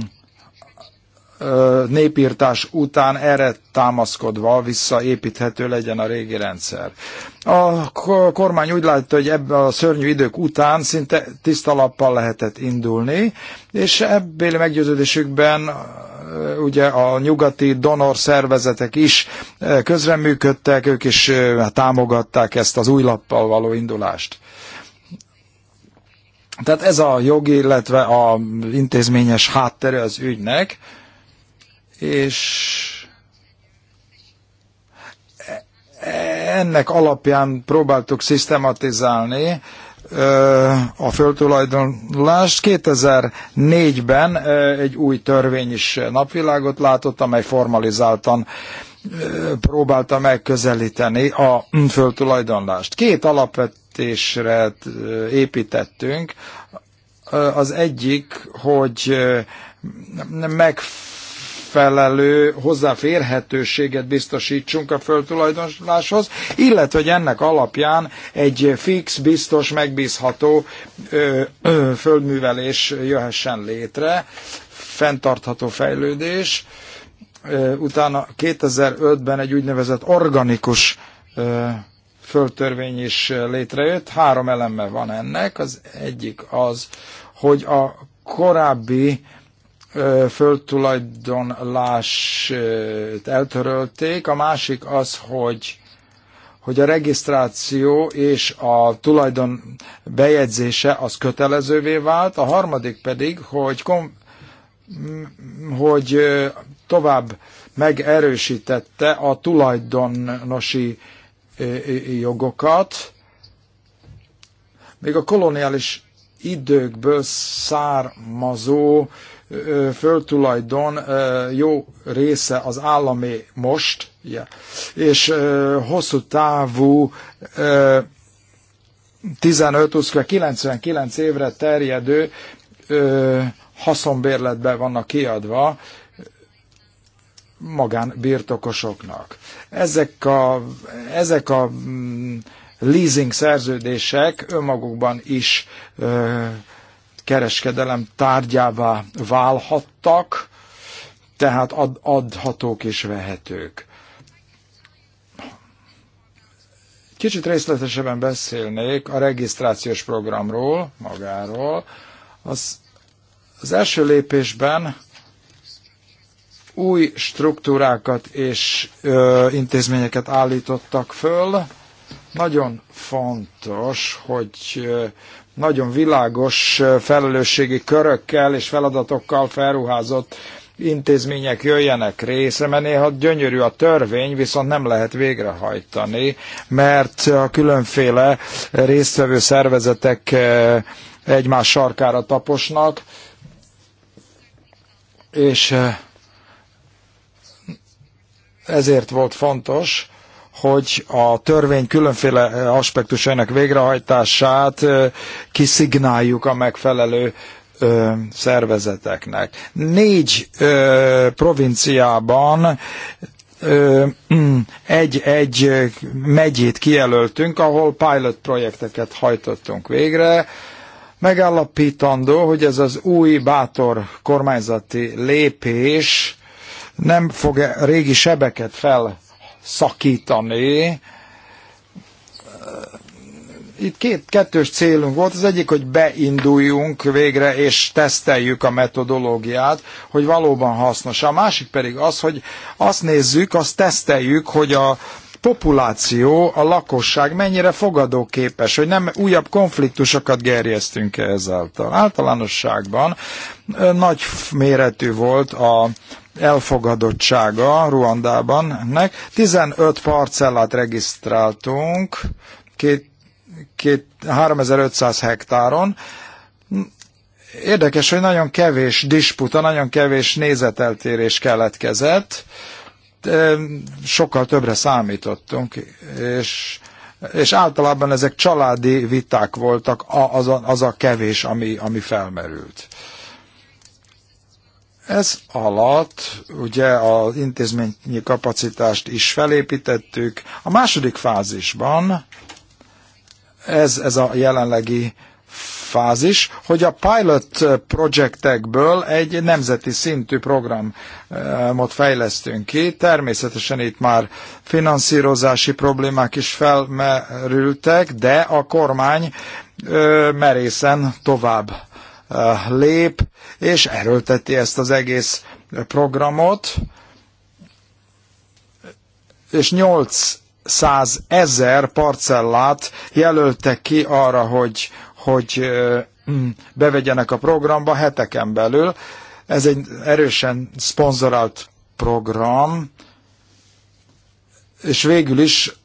ö, népírtás után erre támaszkodva visszaépíthető legyen a régi rendszer. A kormány úgy látta, hogy ebben a szörnyű idők után szinte tiszta lappal lehetett indulni, és ebből meggyőződésükben ugye a nyugati donor szervezetek is eh, közreműködtek, ők is eh, támogatták ezt az új lappal való indulást. Tehát ez a jogi, illetve a intézményes háttere az ügynek, és e- e- ennek alapján próbáltuk szisztematizálni a földtulajdonlást. 2004-ben egy új törvény is napvilágot látott, amely formalizáltan próbálta megközelíteni a földtulajdonlást. Két alapvetésre építettünk. Az egyik, hogy megfelelően megfelelő hozzáférhetőséget biztosítsunk a földtulajdonláshoz, illetve hogy ennek alapján egy fix, biztos, megbízható ö, ö, földművelés jöhessen létre, fenntartható fejlődés. Ö, utána 2005-ben egy úgynevezett organikus ö, földtörvény is létrejött. Három eleme van ennek. Az egyik az, hogy a korábbi földtulajdonlást eltörölték, a másik az, hogy hogy a regisztráció és a tulajdon bejegyzése az kötelezővé vált, a harmadik pedig, hogy, kom, hogy tovább megerősítette a tulajdonosi jogokat, még a koloniális időkből származó földtulajdon jó része az állami most, és hosszú távú 15-99 évre terjedő haszonbérletbe vannak kiadva magánbirtokosoknak. Ezek a, ezek a mm, leasing szerződések önmagukban is ö, kereskedelem tárgyává válhattak, tehát ad, adhatók és vehetők. Kicsit részletesebben beszélnék a regisztrációs programról, magáról. Az, az első lépésben új struktúrákat és ö, intézményeket állítottak föl. Nagyon fontos, hogy nagyon világos felelősségi körökkel és feladatokkal felruházott intézmények jöjjenek részre, mert néha gyönyörű a törvény, viszont nem lehet végrehajtani, mert a különféle résztvevő szervezetek egymás sarkára taposnak, és ezért volt fontos, hogy a törvény különféle aspektusainak végrehajtását kiszignáljuk a megfelelő szervezeteknek. Négy ö, provinciában mm, egy-egy megyét kijelöltünk, ahol pilot projekteket hajtottunk végre. Megállapítandó, hogy ez az új bátor kormányzati lépés nem fog régi sebeket fel szakítani. Itt két, kettős célunk volt, az egyik, hogy beinduljunk végre és teszteljük a metodológiát, hogy valóban hasznos. A másik pedig az, hogy azt nézzük, azt teszteljük, hogy a, populáció, a lakosság mennyire fogadóképes, hogy nem újabb konfliktusokat gerjesztünk -e ezáltal. Általánosságban nagy méretű volt a elfogadottsága Ruandában. ennek. 15 parcellát regisztráltunk, két, két, 3500 hektáron. Érdekes, hogy nagyon kevés disputa, nagyon kevés nézeteltérés keletkezett. Sokkal többre számítottunk, és és általában ezek családi viták voltak, az a, az a kevés, ami, ami felmerült. Ez alatt ugye az intézményi kapacitást is felépítettük. A második fázisban ez, ez a jelenlegi fázis, hogy a pilot projektekből egy nemzeti szintű programot fejlesztünk ki. Természetesen itt már finanszírozási problémák is felmerültek, de a kormány merészen tovább Eh, lép, és erőlteti ezt az egész programot, és 800 ezer parcellát jelöltek ki arra, hogy, hogy eh, mm, bevegyenek a programba heteken belül. Ez egy erősen szponzorált program, és végül is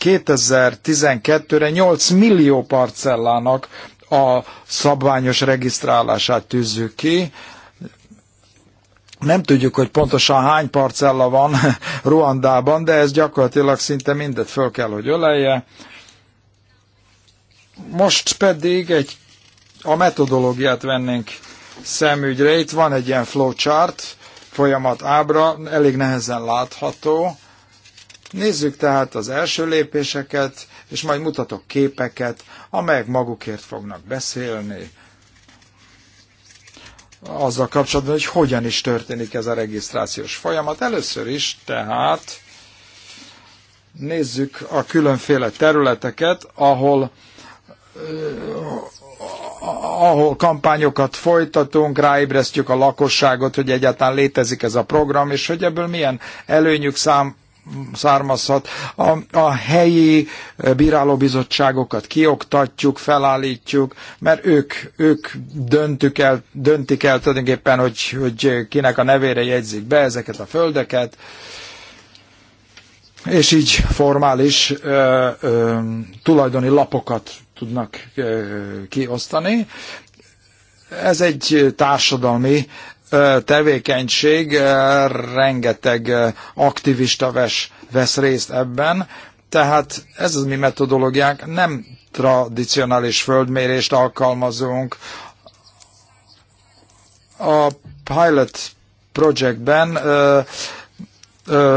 2012-re 8 millió parcellának a szabványos regisztrálását tűzzük ki. Nem tudjuk, hogy pontosan hány parcella van Ruandában, de ez gyakorlatilag szinte mindet föl kell, hogy ölelje. Most pedig egy, a metodológiát vennénk szemügyre. Itt van egy ilyen flowchart, folyamat ábra, elég nehezen látható. Nézzük tehát az első lépéseket, és majd mutatok képeket, amelyek magukért fognak beszélni, azzal kapcsolatban, hogy hogyan is történik ez a regisztrációs folyamat. Először is tehát nézzük a különféle területeket, ahol ahol kampányokat folytatunk, ráébresztjük a lakosságot, hogy egyáltalán létezik ez a program, és hogy ebből milyen előnyük szám, származhat. A, a helyi eh, bírálóbizottságokat kioktatjuk, felállítjuk, mert ők, ők döntük el, döntik el tulajdonképpen, hogy, hogy kinek a nevére jegyzik be ezeket a földeket és így formális ö, eh, ö, eh, tulajdoni lapokat tudnak ö, kiosztani. Ez egy társadalmi tevékenység, rengeteg aktivista ves, vesz részt ebben, tehát ez az mi metodológiánk, nem tradicionális földmérést alkalmazunk. A Pilot Projectben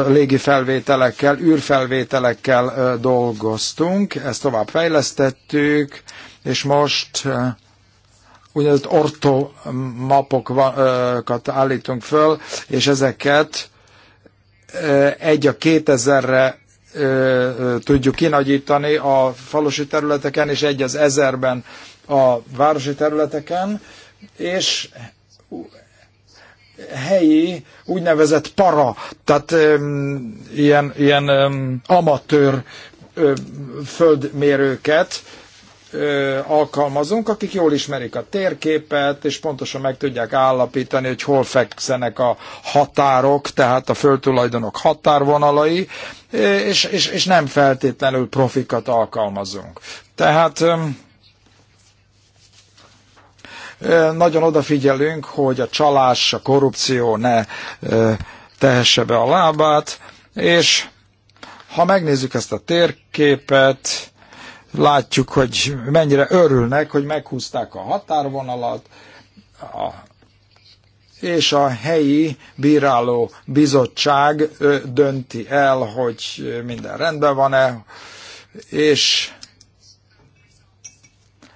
légi felvételekkel, űrfelvételekkel dolgoztunk, ezt tovább fejlesztettük, és most úgynevezett ortomapokat állítunk föl, és ezeket egy a 2000-re tudjuk kinagyítani a falusi területeken, és egy az ezerben a városi területeken, és helyi úgynevezett para, tehát ilyen, ilyen amatőr földmérőket alkalmazunk, akik jól ismerik a térképet, és pontosan meg tudják állapítani, hogy hol fekszenek a határok, tehát a földtulajdonok határvonalai, és, és, és nem feltétlenül profikat alkalmazunk. Tehát nagyon odafigyelünk, hogy a csalás, a korrupció ne tehesse be a lábát, és ha megnézzük ezt a térképet, látjuk, hogy mennyire örülnek, hogy meghúzták a határvonalat, a, és a helyi bíráló bizottság dönti el, hogy minden rendben van-e, és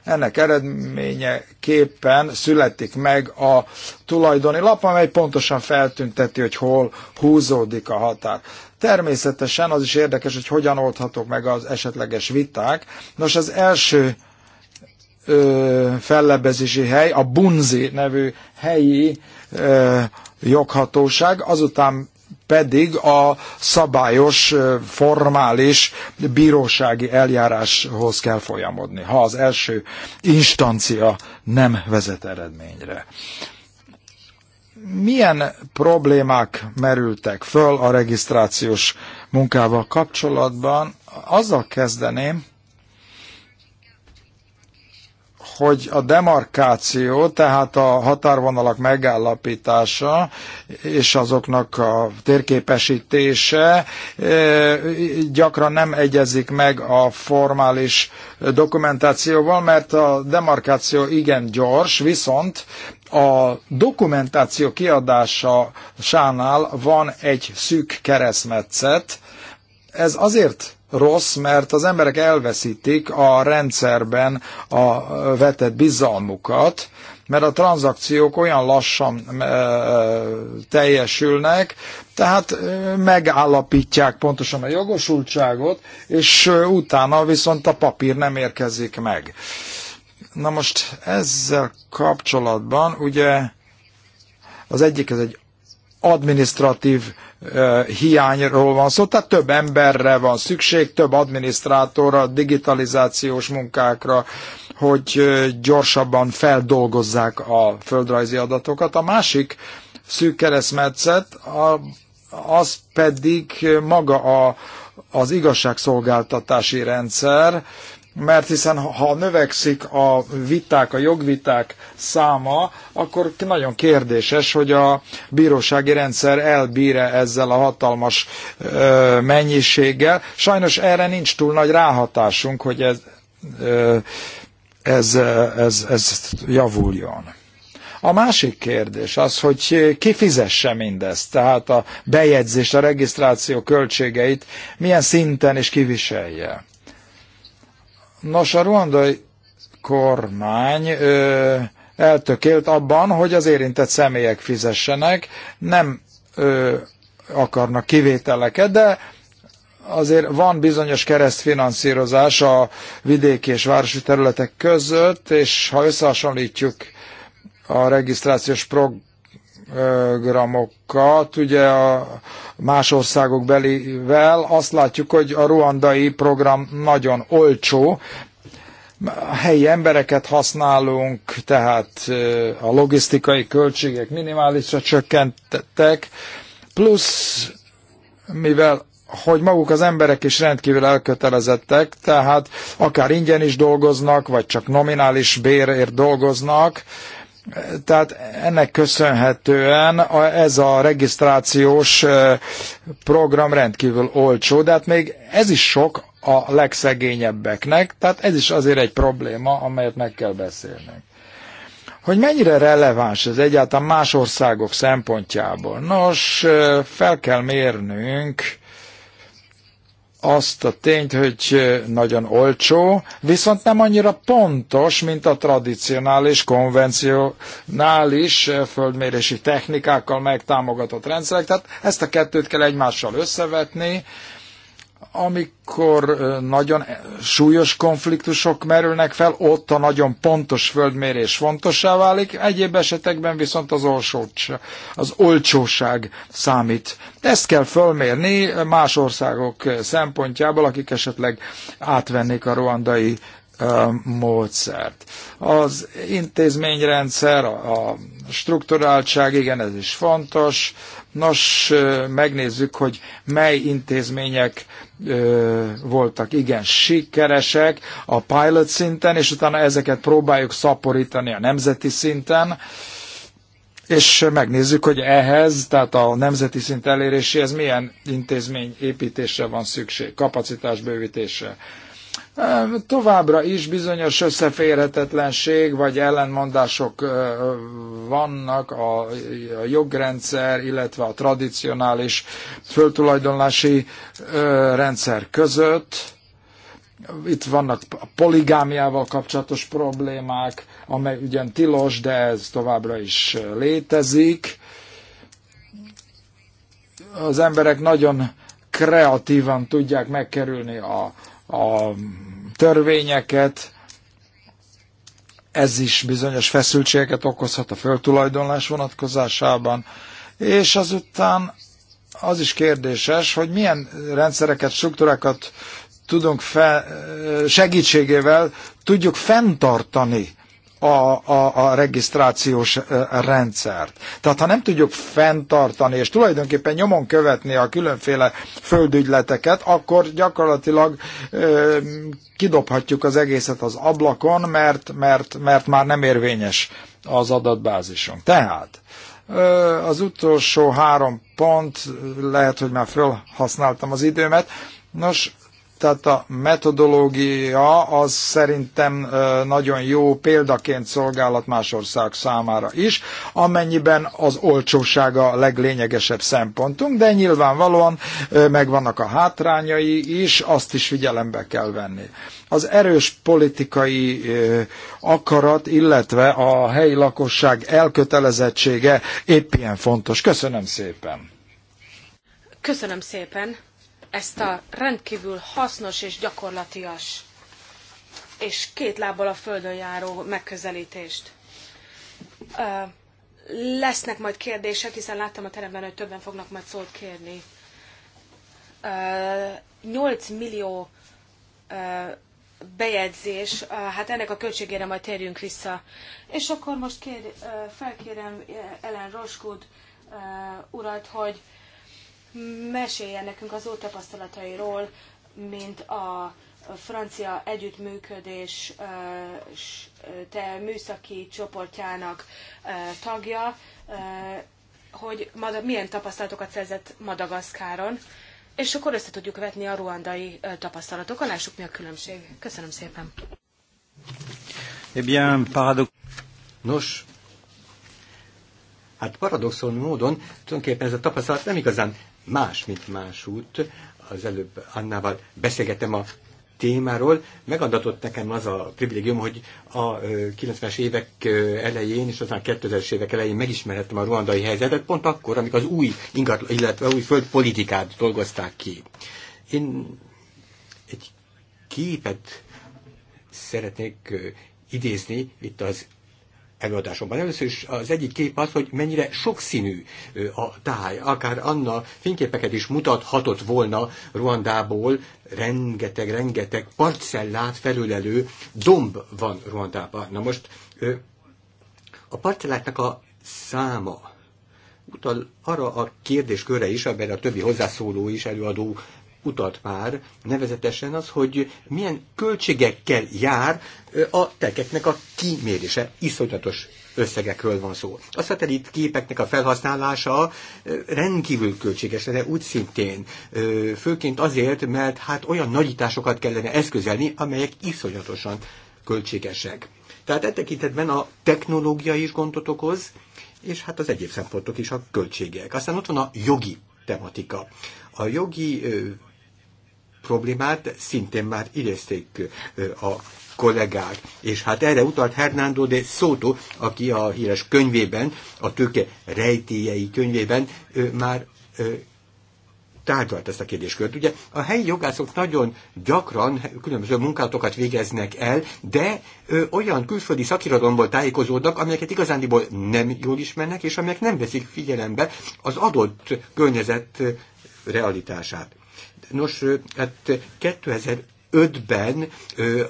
ennek eredményeképpen születik meg a tulajdoni lap, amely pontosan feltünteti, hogy hol húzódik a határ. Természetesen az is érdekes, hogy hogyan oldhatók meg az esetleges viták. Nos, az első ö, fellebbezési hely, a Bunzi nevű helyi ö, joghatóság, azután pedig a szabályos, formális bírósági eljáráshoz kell folyamodni, ha az első instancia nem vezet eredményre milyen problémák merültek föl a regisztrációs munkával kapcsolatban? Azzal kezdeném, hogy a demarkáció, tehát a határvonalak megállapítása és azoknak a térképesítése e, gyakran nem egyezik meg a formális dokumentációval, mert a demarkáció igen gyors, viszont a dokumentáció kiadása sánál van egy szűk keresztmetszet. Ez azért rossz, mert az emberek elveszítik a rendszerben a vetett bizalmukat, mert a tranzakciók olyan lassan eh, teljesülnek, tehát eh, megállapítják pontosan a jogosultságot, és eh, utána viszont a papír nem érkezik meg. Na most ezzel kapcsolatban ugye az egyik ez egy administratív uh, hiányról van szó, tehát több emberre van szükség, több adminisztrátorra, digitalizációs munkákra, hogy uh, gyorsabban feldolgozzák a földrajzi adatokat. A másik szűk keresztmetszet, a, az pedig maga a, az igazságszolgáltatási rendszer, mert hiszen ha növekszik a viták, a jogviták száma, akkor nagyon kérdéses, hogy a bírósági rendszer elbíre ezzel a hatalmas ö, mennyiséggel. Sajnos erre nincs túl nagy ráhatásunk, hogy ez, ö, ez, ez, ez javuljon. A másik kérdés az, hogy ki fizesse mindezt, tehát a bejegyzés, a regisztráció költségeit milyen szinten és kiviselje. Nos, a ruandai kormány ö, eltökélt abban, hogy az érintett személyek fizessenek, nem ö, akarnak kivételeket, de azért van bizonyos keresztfinanszírozás a vidéki és városi területek között, és ha összehasonlítjuk a regisztrációs program, programokat, ugye a más országok belivel, azt látjuk, hogy a ruandai program nagyon olcsó, a helyi embereket használunk, tehát eh, a logisztikai költségek minimálisra csökkentettek, plusz mivel hogy maguk az emberek is rendkívül elkötelezettek, tehát akár ingyen is dolgoznak, vagy csak nominális bérért dolgoznak, tehát ennek köszönhetően ez a regisztrációs program rendkívül olcsó, de hát még ez is sok a legszegényebbeknek, tehát ez is azért egy probléma, amelyet meg kell beszélnünk. Hogy mennyire releváns ez egyáltalán más országok szempontjából? Nos, fel kell mérnünk azt a tényt, hogy nagyon olcsó, viszont nem annyira pontos, mint a tradicionális, konvencionális földmérési technikákkal megtámogatott rendszerek. Tehát ezt a kettőt kell egymással összevetni, amikor nagyon súlyos konfliktusok merülnek fel, ott a nagyon pontos földmérés fontossá válik, egyéb esetekben viszont az, olsócs, az olcsóság számít. Ezt kell fölmérni más országok szempontjából, akik esetleg átvennék a ruandai módszert. Az intézményrendszer, a strukturáltság, igen, ez is fontos. Nos, megnézzük, hogy mely intézmények ö, voltak igen sikeresek a pilot szinten, és utána ezeket próbáljuk szaporítani a nemzeti szinten, és megnézzük, hogy ehhez, tehát a nemzeti szint eléréséhez milyen intézmény építése van szükség, kapacitásbővítése. Továbbra is bizonyos összeférhetetlenség vagy ellenmondások vannak a jogrendszer, illetve a tradicionális föltulajdonlási rendszer között. Itt vannak a poligámiával kapcsolatos problémák, amely ugyan tilos, de ez továbbra is létezik. Az emberek nagyon kreatívan tudják megkerülni a, a törvényeket, ez is bizonyos feszültségeket okozhat a föltulajdonlás vonatkozásában, és azután az is kérdéses, hogy milyen rendszereket, struktúrákat tudunk fe, segítségével tudjuk fenntartani a, a, a regisztrációs eh, rendszert. Tehát ha nem tudjuk fenntartani, és tulajdonképpen nyomon követni a különféle földügyleteket, akkor gyakorlatilag ö, eh, kidobhatjuk az egészet az ablakon, mert, mert, mert már nem érvényes az adatbázisunk. Tehát eh, az utolsó három pont, lehet, hogy már felhasználtam az időmet. Nos, tehát a metodológia az szerintem nagyon jó példaként szolgálat más ország számára is, amennyiben az olcsósága a leglényegesebb szempontunk, de nyilvánvalóan megvannak a hátrányai is, azt is figyelembe kell venni. Az erős politikai akarat, illetve a helyi lakosság elkötelezettsége épp ilyen fontos. Köszönöm szépen! Köszönöm szépen! ezt a rendkívül hasznos és gyakorlatias és két lábbal a földön járó megközelítést. Lesznek majd kérdések, hiszen láttam a teremben, hogy többen fognak majd szót kérni. 8 millió bejegyzés, hát ennek a költségére majd térjünk vissza. És akkor most kér, felkérem Ellen Roskud urat, hogy meséljen nekünk az ő tapasztalatairól, mint a francia együttműködés te műszaki csoportjának tagja, hogy milyen tapasztalatokat szerzett Madagaszkáron, és akkor össze tudjuk vetni a ruandai tapasztalatokon lássuk mi a különbség. Köszönöm szépen. Eh bien, paradox... Nos, hát paradoxon módon tulajdonképpen ez a tapasztalat nem igazán más, mint más út. Az előbb Annával beszélgetem a témáról. Megadatott nekem az a privilégium, hogy a 90-es évek elején és aztán 2000-es évek elején megismerhettem a ruandai helyzetet, pont akkor, amikor az új ingat, illetve új földpolitikát dolgozták ki. Én egy képet szeretnék idézni itt az előadásomban. Először is az egyik kép az, hogy mennyire sokszínű a táj. Akár Anna fényképeket is mutathatott volna Ruandából, rengeteg, rengeteg parcellát felülelő domb van Ruandában. Na most a parcelláknak a száma utal arra a kérdéskörre is, amelyre a többi hozzászóló is, előadó utalt már, nevezetesen az, hogy milyen költségekkel jár a tekeknek a kimérése. Iszonyatos összegekről van szó. A szatellit képeknek a felhasználása rendkívül költséges de úgy szintén, főként azért, mert hát olyan nagyításokat kellene eszközelni, amelyek iszonyatosan költségesek. Tehát e tekintetben a technológia is gondot okoz, és hát az egyéb szempontok is a költségek. Aztán ott van a jogi tematika. A jogi problémát szintén már idézték a kollégák. És hát erre utalt Hernando de Soto, aki a híres könyvében, a tőke rejtélyei könyvében már tárgyalt ezt a kérdéskört. Ugye a helyi jogászok nagyon gyakran különböző munkátokat végeznek el, de ö, olyan külföldi szakirodalomból tájékozódnak, amelyeket igazándiból nem jól ismernek, és amelyek nem veszik figyelembe az adott környezet realitását. Nos, hát 2000 2005-ben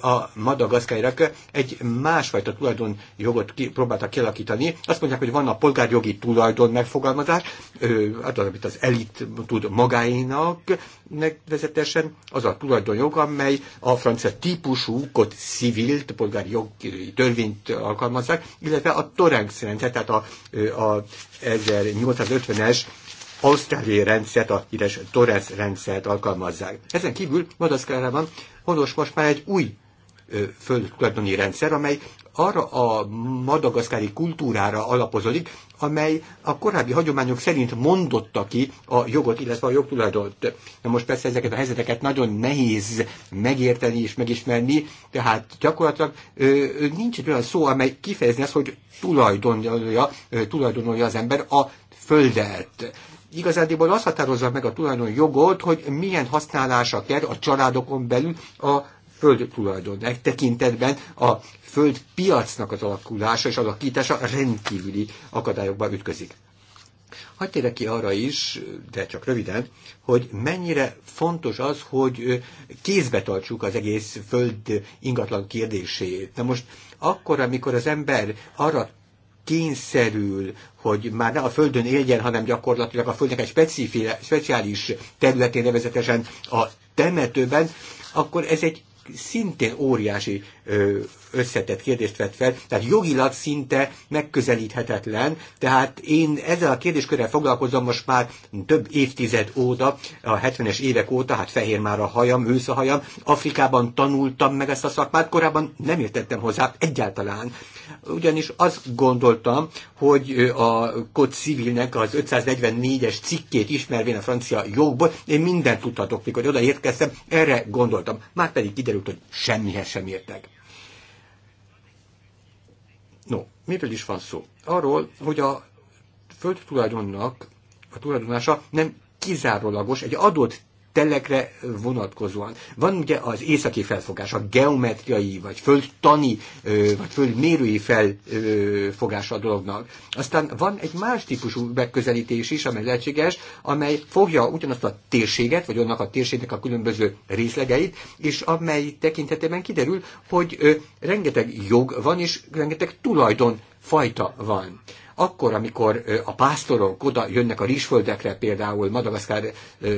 a madagaszkáriak egy másfajta tulajdonjogot ki, próbáltak kialakítani. Azt mondják, hogy van a polgárjogi tulajdon megfogalmazás, hát az, amit az elit tud magáénak, nevezetesen, az a tulajdonjog, amely a francia típusú kot civilt, polgári jogi törvényt alkalmazzák, illetve a Torrenx rendszer, tehát a, a 1850-es ausztráliai rendszert, a híres Torres rendszert alkalmazzák. Ezen kívül Madaszkárában honos most már egy új földtulajdoni rendszer, amely arra a madagaszkári kultúrára alapozódik, amely a korábbi hagyományok szerint mondotta ki a jogot, illetve a jogtulajdont. Na most persze ezeket a helyzeteket nagyon nehéz megérteni és megismerni, tehát gyakorlatilag ö, nincs egy olyan szó, amely kifejezni azt, hogy tulajdonolja, ö, tulajdonolja az ember a földet igazából az határozza meg a jogot, hogy milyen használása kell a családokon belül a föld tulajdon. Egy tekintetben a föld piacnak az alakulása és alakítása rendkívüli akadályokba ütközik. Hadd térek ki arra is, de csak röviden, hogy mennyire fontos az, hogy kézbe tartsuk az egész föld ingatlan kérdését. Na most akkor, amikor az ember arra kényszerül, hogy már ne a Földön éljen, hanem gyakorlatilag a Földnek egy speciális területén, nevezetesen a temetőben, akkor ez egy szintén óriási összetett kérdést vett fel, tehát jogilag szinte megközelíthetetlen, tehát én ezzel a kérdéskörrel foglalkozom most már több évtized óta, a 70-es évek óta, hát fehér már a hajam, ősz a hajam, Afrikában tanultam meg ezt a szakmát, korábban nem értettem hozzá egyáltalán, ugyanis azt gondoltam, hogy a Code Civilnek az 544-es cikkét ismervén a francia jogból, én mindent tudhatok, mikor odaérkeztem, erre gondoltam. Már pedig kiderült, hogy semmihez sem értek. No, miről is van szó? Arról, hogy a földtulajdonnak a tulajdonása nem kizárólagos egy adott telekre vonatkozóan. Van ugye az északi felfogás, a geometriai, vagy földtani, vagy földmérői felfogás a dolognak. Aztán van egy más típusú megközelítés is, amely lehetséges, amely fogja ugyanazt a térséget, vagy annak a térségnek a különböző részlegeit, és amely tekintetében kiderül, hogy rengeteg jog van, és rengeteg tulajdon fajta van akkor, amikor a pásztorok oda jönnek a rizsföldekre, például Madagaszkár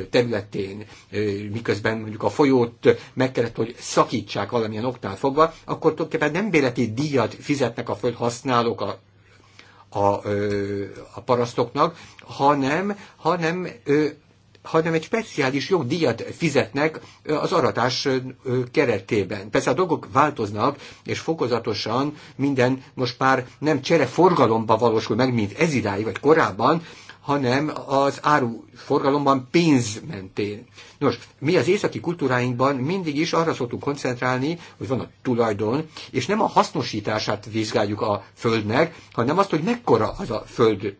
területén, miközben mondjuk a folyót meg kellett, hogy szakítsák valamilyen oknál fogva, akkor tulajdonképpen nem béleti díjat fizetnek a földhasználók a a, a parasztoknak, hanem, hanem hanem egy speciális jogdíjat fizetnek az aratás keretében. Persze a dolgok változnak, és fokozatosan minden most már nem csere forgalomba valósul meg, mint ez idáig, vagy korábban, hanem az áru forgalomban pénz mentén. Nos, mi az északi kultúráinkban mindig is arra szoktunk koncentrálni, hogy van a tulajdon, és nem a hasznosítását vizsgáljuk a földnek, hanem azt, hogy mekkora az a föld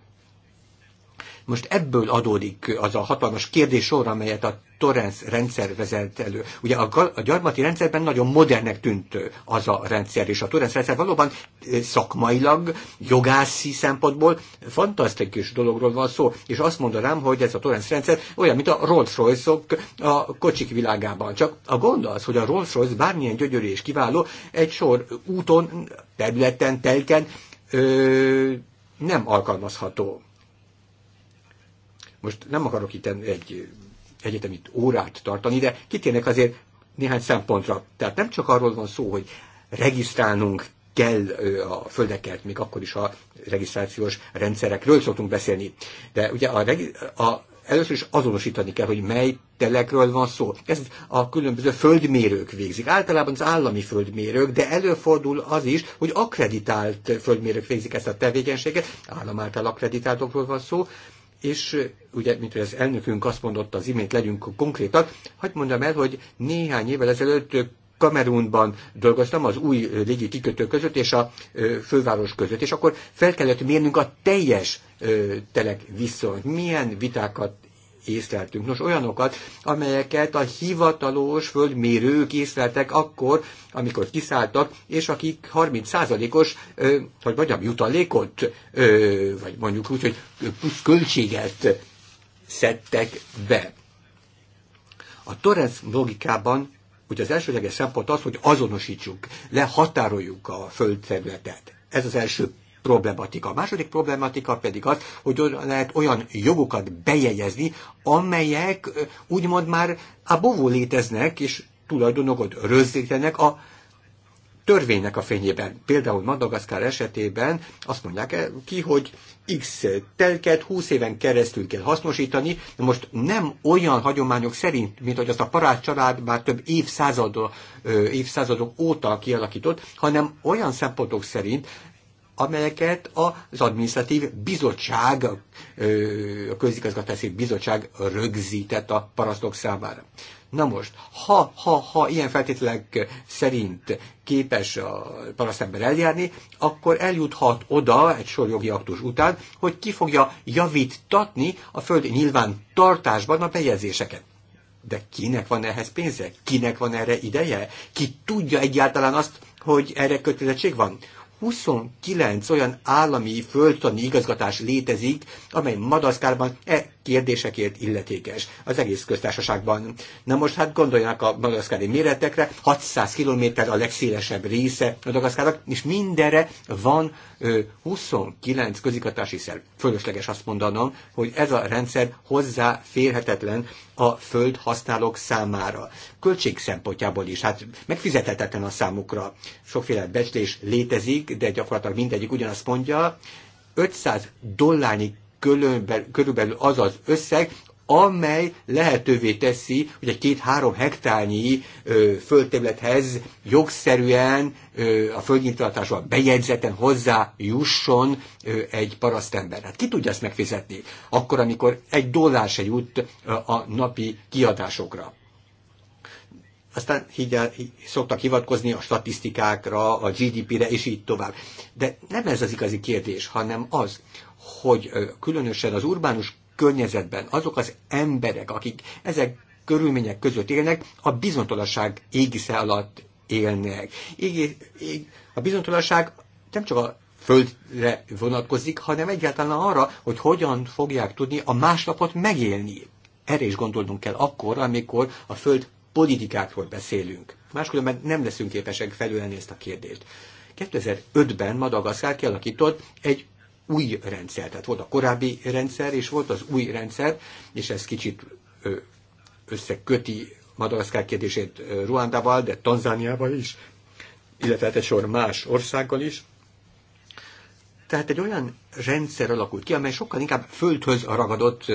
most ebből adódik az a hatalmas kérdés sor, amelyet a Torrens rendszer vezet elő. Ugye a, a gyarmati rendszerben nagyon modernnek tűnt az a rendszer, és a Torrens rendszer valóban eh, szakmailag, jogászi szempontból fantasztikus dologról van szó, és azt mondanám, hogy ez a Torrens rendszer olyan, mint a Rolls-Royce-ok -ok a kocsik világában. Csak a gond az, hogy a Rolls-Royce bármilyen gyönyörű és kiváló, egy sor úton, területen, telken ö, nem alkalmazható. Most nem akarok itt egy egyetemi órát tartani, de kitérnek azért néhány szempontra. Tehát nem csak arról van szó, hogy regisztrálnunk kell a földeket, még akkor is a regisztrációs rendszerekről szoktunk beszélni. De ugye a, a először is azonosítani kell, hogy mely telekről van szó. Ez a különböző földmérők végzik. Általában az állami földmérők, de előfordul az is, hogy akreditált földmérők végzik ezt a tevékenységet. Állam által akreditáltokról van szó és ugye, mint hogy az elnökünk azt mondotta az imént, legyünk konkrétak, hagyd mondjam el, hogy néhány évvel ezelőtt Kamerunban dolgoztam az új légi kikötő között és a főváros között, és akkor fel kellett mérnünk a teljes telek viszonyt, milyen vitákat észleltünk. Nos, olyanokat, amelyeket a hivatalos földmérők észleltek akkor, amikor kiszálltak, és akik 30%-os, vagy mondjam, jutalékot, vagy mondjuk úgy, hogy plusz költséget szedtek be. A Torrens logikában ugye az elsőleges szempont az, hogy azonosítsuk, lehatároljuk a földterületet. Ez az első problematika. A második problematika pedig az, hogy lehet olyan jogokat bejegyezni, amelyek úgymond már a bovó léteznek, és tulajdonokat rözzítenek a törvénynek a fényében. Például Madagaszkár esetében azt mondják ki, hogy X telket 20 éven keresztül kell hasznosítani, de most nem olyan hagyományok szerint, mint hogy azt a parád család már több évszázadok, évszázadok óta kialakított, hanem olyan szempontok szerint, amelyeket az adminisztratív bizottság, a közigazgatási bizottság rögzített a parasztok számára. Na most, ha, ha, ha ilyen feltételek szerint képes a parasztember eljárni, akkor eljuthat oda egy sor jogi aktus után, hogy ki fogja javítatni a föld nyilván tartásban a bejegyzéseket. De kinek van ehhez pénze? Kinek van erre ideje? Ki tudja egyáltalán azt, hogy erre kötelezettség van? 29 olyan állami földtani igazgatás létezik, amely Madaszkárban e kérdésekért illetékes az egész köztársaságban. Na most hát gondoljanak a madagaszkári méretekre, 600 kilométer a legszélesebb része Madagaszkárnak, és mindenre van 29 közigatási szerv. Fölösleges azt mondanom, hogy ez a rendszer hozzáférhetetlen a föld használók számára. Költség szempontjából is, hát megfizethetetlen a számukra. Sokféle becslés létezik, de gyakorlatilag mindegyik ugyanazt mondja, 500 dollárnyi körülbelül, az az összeg, amely lehetővé teszi, hogy egy két-három hektárnyi ö, földterülethez jogszerűen ö, a földnyilatásban bejegyzeten hozzá jusson ö, egy parasztember. Hát ki tudja ezt megfizetni? Akkor, amikor egy dollár se jut ö, a napi kiadásokra. Aztán higgyel, szoktak hivatkozni a statisztikákra, a GDP-re, és így tovább. De nem ez az igazi kérdés, hanem az, hogy különösen az urbánus környezetben azok az emberek, akik ezek körülmények között élnek, a bizonytalanság égisze alatt élnek. Ég, ég, a bizonytalanság nem csak a földre vonatkozik, hanem egyáltalán arra, hogy hogyan fogják tudni a másnapot megélni. Erre is gondolnunk kell akkor, amikor a föld politikákról beszélünk. Máskülönben nem leszünk képesek felülelni ezt a kérdést. 2005-ben Madagaszkár kialakított egy új rendszer. Tehát volt a korábbi rendszer, és volt az új rendszer, és ez kicsit összeköti Madagaszkár kérdését Ruandával, de Tanzániával is, illetve hát egy sor más országgal is. Tehát egy olyan rendszer alakult ki, amely sokkal inkább földhöz ragadott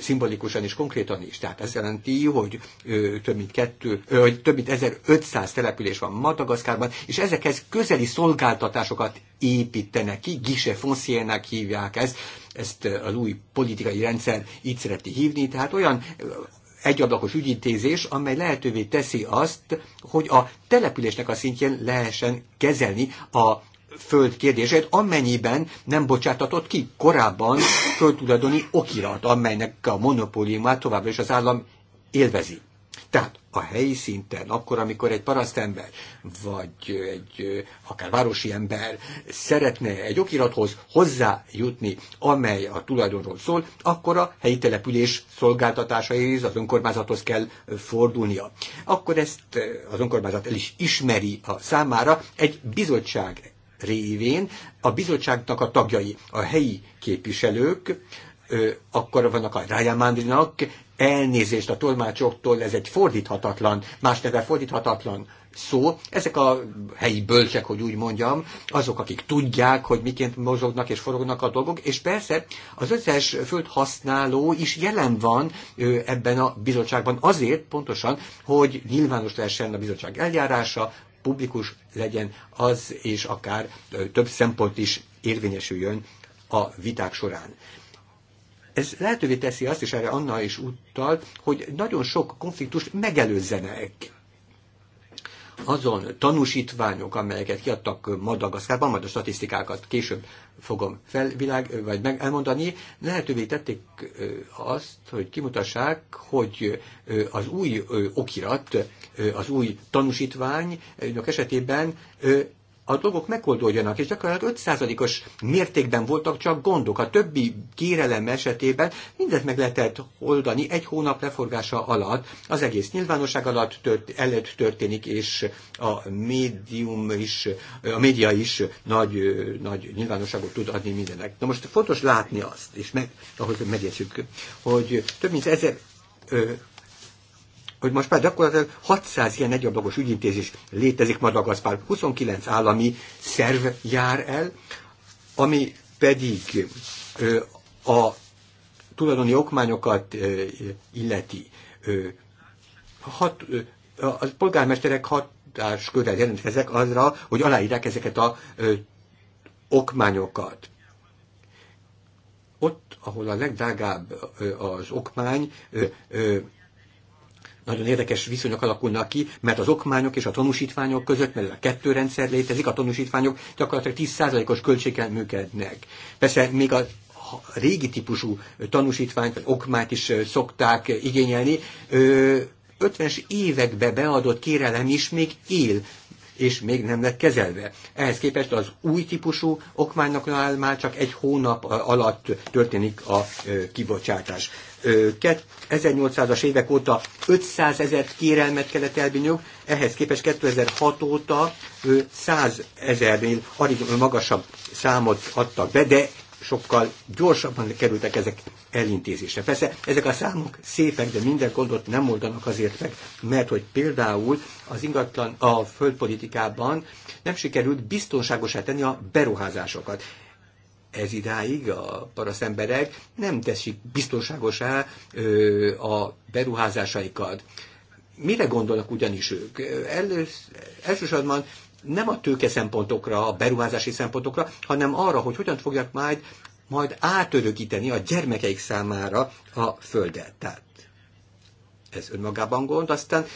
szimbolikusan és konkrétan is. Tehát ez jelenti, hogy több mint, kettő, hogy több mint 1500 település van Madagaszkárban, és ezekhez közeli szolgáltatásokat építenek ki, gise fonciének hívják ezt, ezt az új politikai rendszer így szereti hívni, tehát olyan egyablakos ügyintézés, amely lehetővé teszi azt, hogy a településnek a szintjén lehessen kezelni a föld kérdését, amennyiben nem bocsátatott ki korábban földtulajdoni okirat, amelynek a monopóliumát továbbra is az állam élvezi. Tehát a helyi szinten, akkor, amikor egy parasztember, vagy egy akár városi ember szeretne egy okirathoz hozzájutni, amely a tulajdonról szól, akkor a helyi település szolgáltatásaihoz az önkormányzathoz kell fordulnia. Akkor ezt az önkormányzat el is ismeri a számára, egy bizottság révén a bizottságnak a tagjai, a helyi képviselők, akkor vannak a Rajamandrinak elnézést a tolmácsoktól, ez egy fordíthatatlan, más neve fordíthatatlan szó. Ezek a helyi bölcsek, hogy úgy mondjam, azok, akik tudják, hogy miként mozognak és forognak a dolgok, és persze az összes földhasználó is jelen van ebben a bizottságban azért pontosan, hogy nyilvános lehessen a bizottság eljárása, publikus legyen az, és akár több szempont is érvényesüljön a viták során. Ez lehetővé teszi azt, és erre Anna is úttal, hogy nagyon sok konfliktust megelőzzenek azon tanúsítványok, amelyeket kiadtak Madagaszkárban, majd a statisztikákat később fogom felvilág, vagy meg elmondani, lehetővé tették azt, hogy kimutassák, hogy az új okirat, az új tanúsítványok esetében a dolgok megoldódjanak, és gyakorlatilag 5%-os mértékben voltak csak gondok. A többi kérelem esetében mindent meg lehetett oldani egy hónap leforgása alatt, az egész nyilvánosság alatt tört, előtt történik, és a médium is, a média is nagy, nagy nyilvánosságot tud adni mindenek. Na most fontos látni azt, és meg, ahhoz megértjük, hogy több mint ezer hogy most már gyakorlatilag 600 ilyen egyablakos ügyintézés létezik Madagaszpár. 29 állami szerv jár el, ami pedig ö, a tulajdoni okmányokat ö, illeti. Ö, hat, ö, a polgármesterek hatáskörrel jelentkezek azra, hogy aláírják ezeket a ö, okmányokat. Ott, ahol a legdrágább ö, az okmány, ö, ö, nagyon érdekes viszonyok alakulnak ki, mert az okmányok és a tanúsítványok között, mert a kettő rendszer létezik, a tanúsítványok gyakorlatilag 10%-os költséggel működnek. Persze még a régi típusú tanúsítványt vagy okmányt is szokták igényelni, 50-es évekbe beadott kérelem is még él, és még nem lett kezelve. Ehhez képest az új típusú okmánynak már csak egy hónap alatt történik a kibocsátás. 1800-as évek óta 500 ezer kérelmet kellett elbinyog, ehhez képest 2006 óta 100 ezernél alig magasabb számot adtak be, de sokkal gyorsabban kerültek ezek elintézésre. Persze ezek a számok szépek, de minden gondot nem oldanak azért meg, mert hogy például az ingatlan a földpolitikában nem sikerült biztonságosá tenni a beruházásokat ez idáig a paraszt emberek nem teszik biztonságosá ö, a beruházásaikat. Mire gondolnak ugyanis ők? Elősz, elsősorban nem a tőke szempontokra, a beruházási szempontokra, hanem arra, hogy hogyan fogják majd, majd átörökíteni a gyermekeik számára a földet. Tehát ez önmagában gond, aztán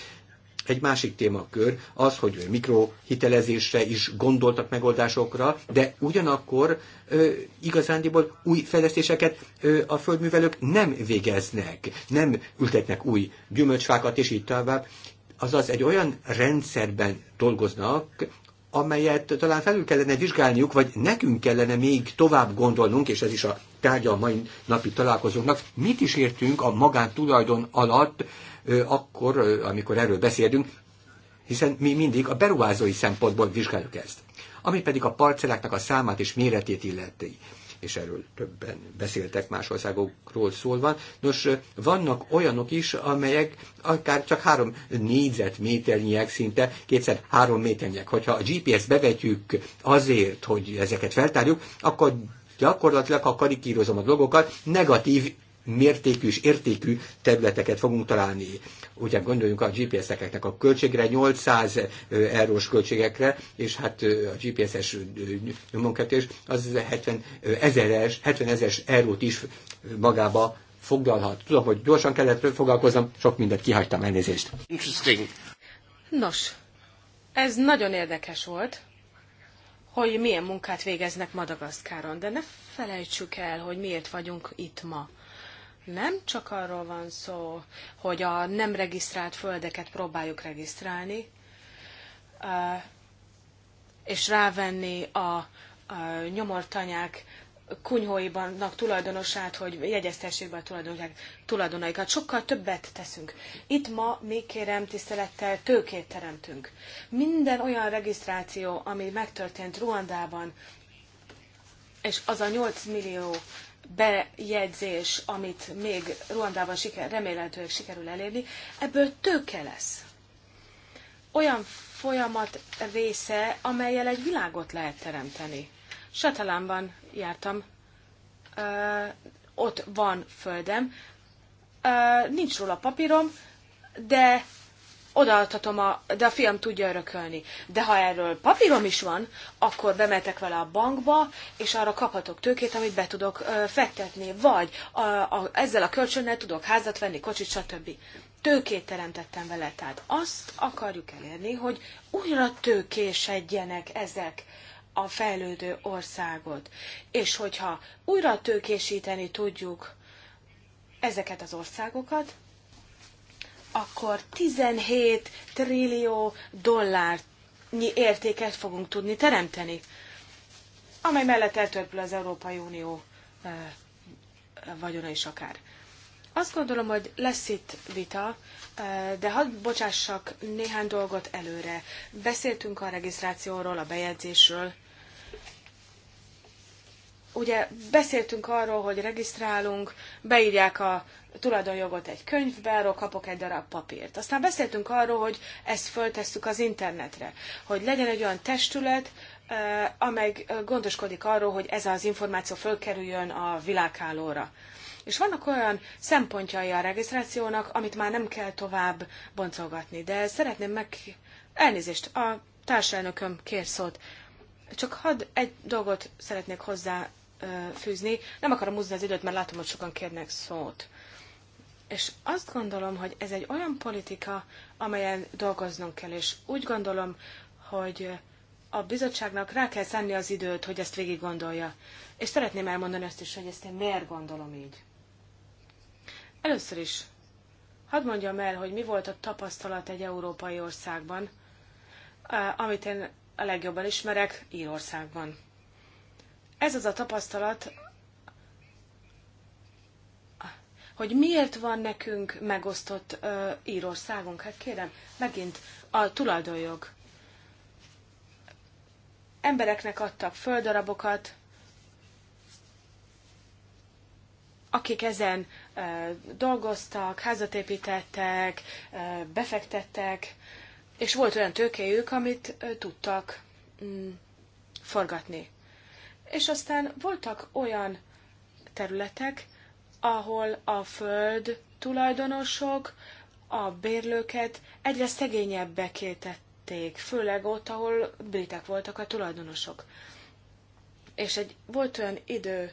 egy másik témakör az, hogy mikrohitelezésre is gondoltak megoldásokra, de ugyanakkor ö, igazándiból új fejlesztéseket ö, a földművelők nem végeznek, nem ültetnek új gyümölcsfákat és így tovább. Azaz egy olyan rendszerben dolgoznak, amelyet talán felül kellene vizsgálniuk, vagy nekünk kellene még tovább gondolnunk, és ez is a tárgya a mai napi találkozónak. mit is értünk a magántulajdon alatt, akkor, amikor erről beszélünk, hiszen mi mindig a beruházói szempontból vizsgáljuk ezt. Ami pedig a parcelláknak a számát és méretét illeti és erről többen beszéltek más országokról szólva. Nos, vannak olyanok is, amelyek akár csak három négyzetméternyiek szinte, kétszer három méternyiek. Hogyha a GPS-t bevetjük azért, hogy ezeket feltárjuk, akkor gyakorlatilag, ha karikírozom a dolgokat, negatív mértékű és értékű területeket fogunk találni. Ugye gondoljunk a GPS-eknek a költségre, 800 eurós költségekre, és hát a GPS-es nyomonkötés az 70 ezeres, 70 ezeres eurót is magába foglalhat. Tudom, hogy gyorsan kellett foglalkoznom, sok mindent kihagytam, elnézést. Interesting. Nos, ez nagyon érdekes volt, hogy milyen munkát végeznek Madagaszkáron, de ne felejtsük el, hogy miért vagyunk itt ma nem csak arról van szó, hogy a nem regisztrált földeket próbáljuk regisztrálni, eh, és rávenni a, a nyomortanyák kunyhóibannak tulajdonosát, hogy jegyeztessék be a tulajdonaikat. Sokkal többet teszünk. Itt ma mi kérem tisztelettel tőkét teremtünk. Minden olyan regisztráció, ami megtörtént Ruandában, és az a 8 millió bejegyzés, amit még Ruandában siker, remélhetőleg sikerül elérni, ebből tőke lesz. Olyan folyamat része, amelyel egy világot lehet teremteni. Satalánban jártam, ö, ott van földem, ö, nincs róla papírom, de odaadhatom, a, de a fiam tudja örökölni. De ha erről papírom is van, akkor bemetek vele a bankba, és arra kaphatok tőkét, amit be tudok ö, fektetni, vagy a, a, ezzel a kölcsönnel tudok házat venni, kocsit, stb. Tőkét teremtettem vele, tehát azt akarjuk elérni, hogy újra tőkésedjenek ezek a fejlődő országot. És hogyha újra tőkésíteni tudjuk ezeket az országokat, akkor 17 trillió dollárnyi értéket fogunk tudni teremteni, amely mellett eltörpül az Európai Unió vagyona is akár. Azt gondolom, hogy lesz itt vita, de hadd bocsássak néhány dolgot előre. Beszéltünk a regisztrációról, a bejegyzésről. Ugye beszéltünk arról, hogy regisztrálunk, beírják a tulajdonjogot egy arról kapok egy darab papírt. Aztán beszéltünk arról, hogy ezt föltesszük az internetre, hogy legyen egy olyan testület, amely gondoskodik arról, hogy ez az információ fölkerüljön a világhálóra. És vannak olyan szempontjai a regisztrációnak, amit már nem kell tovább boncolgatni, de szeretném meg... Elnézést, a társelnököm kér szót. Csak hadd egy dolgot szeretnék hozzá fűzni. Nem akarom húzni az időt, mert látom, hogy sokan kérnek szót. És azt gondolom, hogy ez egy olyan politika, amelyen dolgoznunk kell, és úgy gondolom, hogy a bizottságnak rá kell szenni az időt, hogy ezt végig gondolja. És szeretném elmondani azt is, hogy ezt én miért gondolom így. Először is, hadd mondjam el, hogy mi volt a tapasztalat egy európai országban, amit én a legjobban ismerek, Írországban. Ez az a tapasztalat, hogy miért van nekünk megosztott uh, Írországunk. Hát kérem, megint a tulajdonjog. Embereknek adtak földarabokat, akik ezen uh, dolgoztak, házat építettek, uh, befektettek, és volt olyan tőkéjük, amit uh, tudtak um, forgatni. És aztán voltak olyan területek, ahol a föld tulajdonosok a bérlőket egyre szegényebbeké tették, főleg ott, ahol britek voltak a tulajdonosok. És egy, volt olyan idő,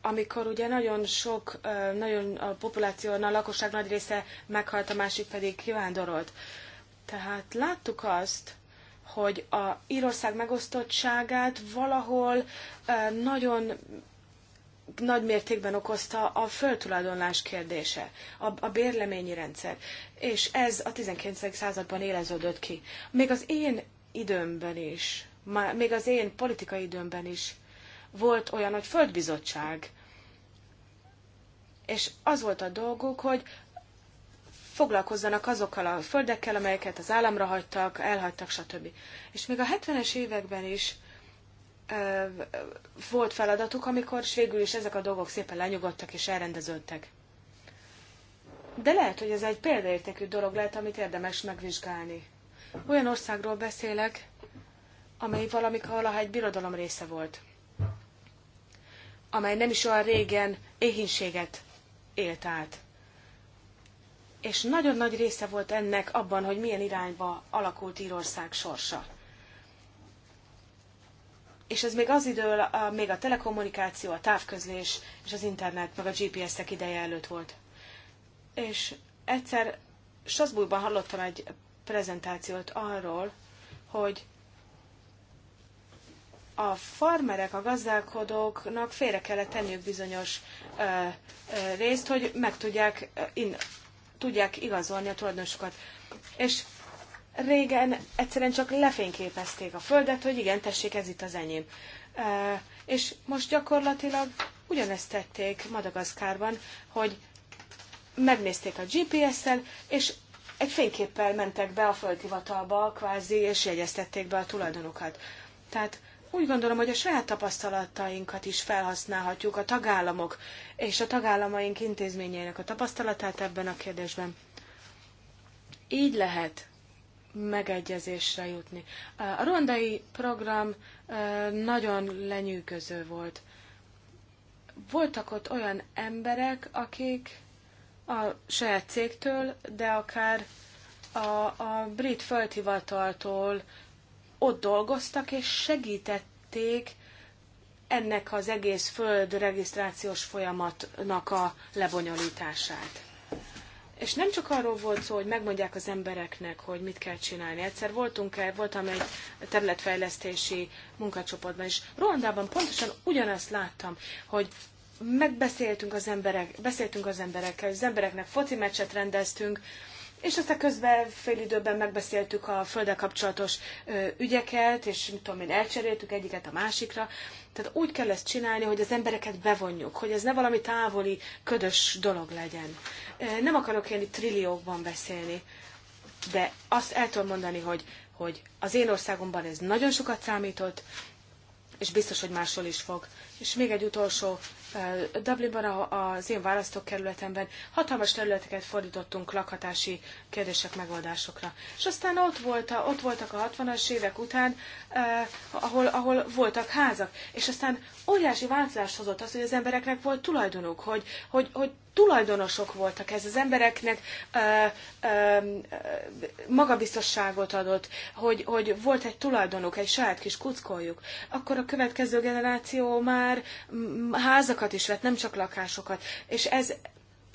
amikor ugye nagyon sok, nagyon a populáció, a lakosság nagy része meghalt, a másik pedig kivándorolt. Tehát láttuk azt, hogy a Írország megosztottságát valahol nagyon nagy mértékben okozta a föltulajdonlás kérdése, a, a bérleményi rendszer, és ez a 19. században éleződött ki. Még az én időmben is, még az én politikai időmben is volt olyan, hogy földbizottság, és az volt a dolguk, hogy foglalkozzanak azokkal a földekkel, amelyeket az államra hagytak, elhagytak, stb. És még a 70-es években is volt feladatuk, amikor és végül is ezek a dolgok szépen lenyugodtak és elrendeződtek. De lehet, hogy ez egy példaértékű dolog lehet, amit érdemes megvizsgálni. Olyan országról beszélek, amely valamikor egy birodalom része volt, amely nem is olyan régen éhínséget élt át. És nagyon nagy része volt ennek abban, hogy milyen irányba alakult Írország sorsa és ez még az idő, a, még a telekommunikáció, a távközlés és az internet, meg a GPS-ek ideje előtt volt. És egyszer Strasbourgban hallottam egy prezentációt arról, hogy a farmerek, a gazdálkodóknak félre kellett tenniük bizonyos ö, ö, részt, hogy meg tudják, in, tudják igazolni a tulajdonosukat. És régen egyszerűen csak lefényképezték a földet, hogy igen, tessék, ez itt az enyém. És most gyakorlatilag ugyanezt tették Madagaszkárban, hogy megnézték a GPS-szel, és egy fényképpel mentek be a földhivatalba, kvázi, és jegyeztették be a tulajdonokat. Tehát úgy gondolom, hogy a saját tapasztalatainkat is felhasználhatjuk, a tagállamok és a tagállamaink intézményeinek a tapasztalatát ebben a kérdésben. Így lehet megegyezésre jutni. A ruandai program nagyon lenyűgöző volt. Voltak ott olyan emberek, akik a saját cégtől, de akár a, a brit földhivataltól ott dolgoztak és segítették ennek az egész földregisztrációs folyamatnak a lebonyolítását. És nem csak arról volt szó, hogy megmondják az embereknek, hogy mit kell csinálni. Egyszer voltunk el, voltam egy területfejlesztési munkacsoportban, és Rolandában pontosan ugyanazt láttam, hogy megbeszéltünk az emberek, beszéltünk az emberekkel, az embereknek foci meccset rendeztünk, és aztán közben fél időben megbeszéltük a földel kapcsolatos ö, ügyeket, és mit tudom én, elcseréltük egyiket a másikra. Tehát úgy kell ezt csinálni, hogy az embereket bevonjuk, hogy ez ne valami távoli, ködös dolog legyen. Nem akarok én trilliókban beszélni, de azt el tudom mondani, hogy, hogy az én országomban ez nagyon sokat számított, és biztos, hogy máshol is fog. És még egy utolsó Dublinban, az én választókerületemben hatalmas területeket fordítottunk lakhatási kérdések megoldásokra. És aztán ott, volt a, ott voltak a 60-as évek után, eh, ahol, ahol voltak házak. És aztán óriási változást hozott az, hogy az embereknek volt tulajdonuk, hogy, hogy, hogy tulajdonosok voltak, ez az embereknek ö, ö, magabiztosságot adott, hogy, hogy volt egy tulajdonuk, egy saját kis kuckoljuk, akkor a következő generáció már mm, házakat is vett, nem csak lakásokat, és ez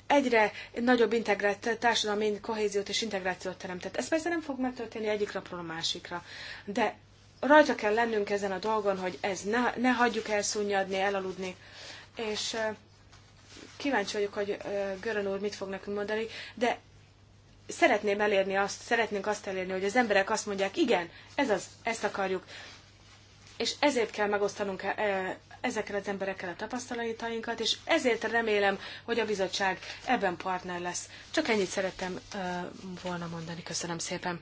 egyre nagyobb integrált társadalmi kohéziót és integrációt teremtett. Ez persze nem fog megtörténni egyik napról a másikra, de rajta kell lennünk ezen a dolgon, hogy ez ne, ne hagyjuk elszúnyadni, elaludni, és kíváncsi vagyok, hogy Görön úr mit fog nekünk mondani, de szeretném elérni azt, szeretnénk azt elérni, hogy az emberek azt mondják, igen, ez az, ezt akarjuk. És ezért kell megosztanunk e, e, ezekkel az emberekkel a tapasztalatainkat, és ezért remélem, hogy a bizottság ebben partner lesz. Csak ennyit szerettem volna mondani. Köszönöm szépen,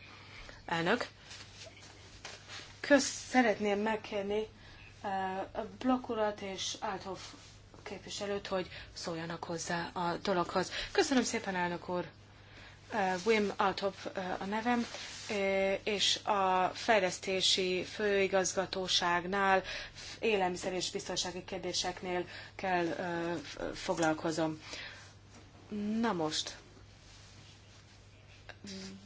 elnök. Kösz, szeretném megkérni a blokkurat és Althoff képviselőt, hogy szóljanak hozzá a dologhoz. Köszönöm szépen, elnök úr! Uh, Wim Altop uh, a nevem, uh, és a fejlesztési főigazgatóságnál élelmiszer és biztonsági kérdéseknél kell foglalkozom. Na most,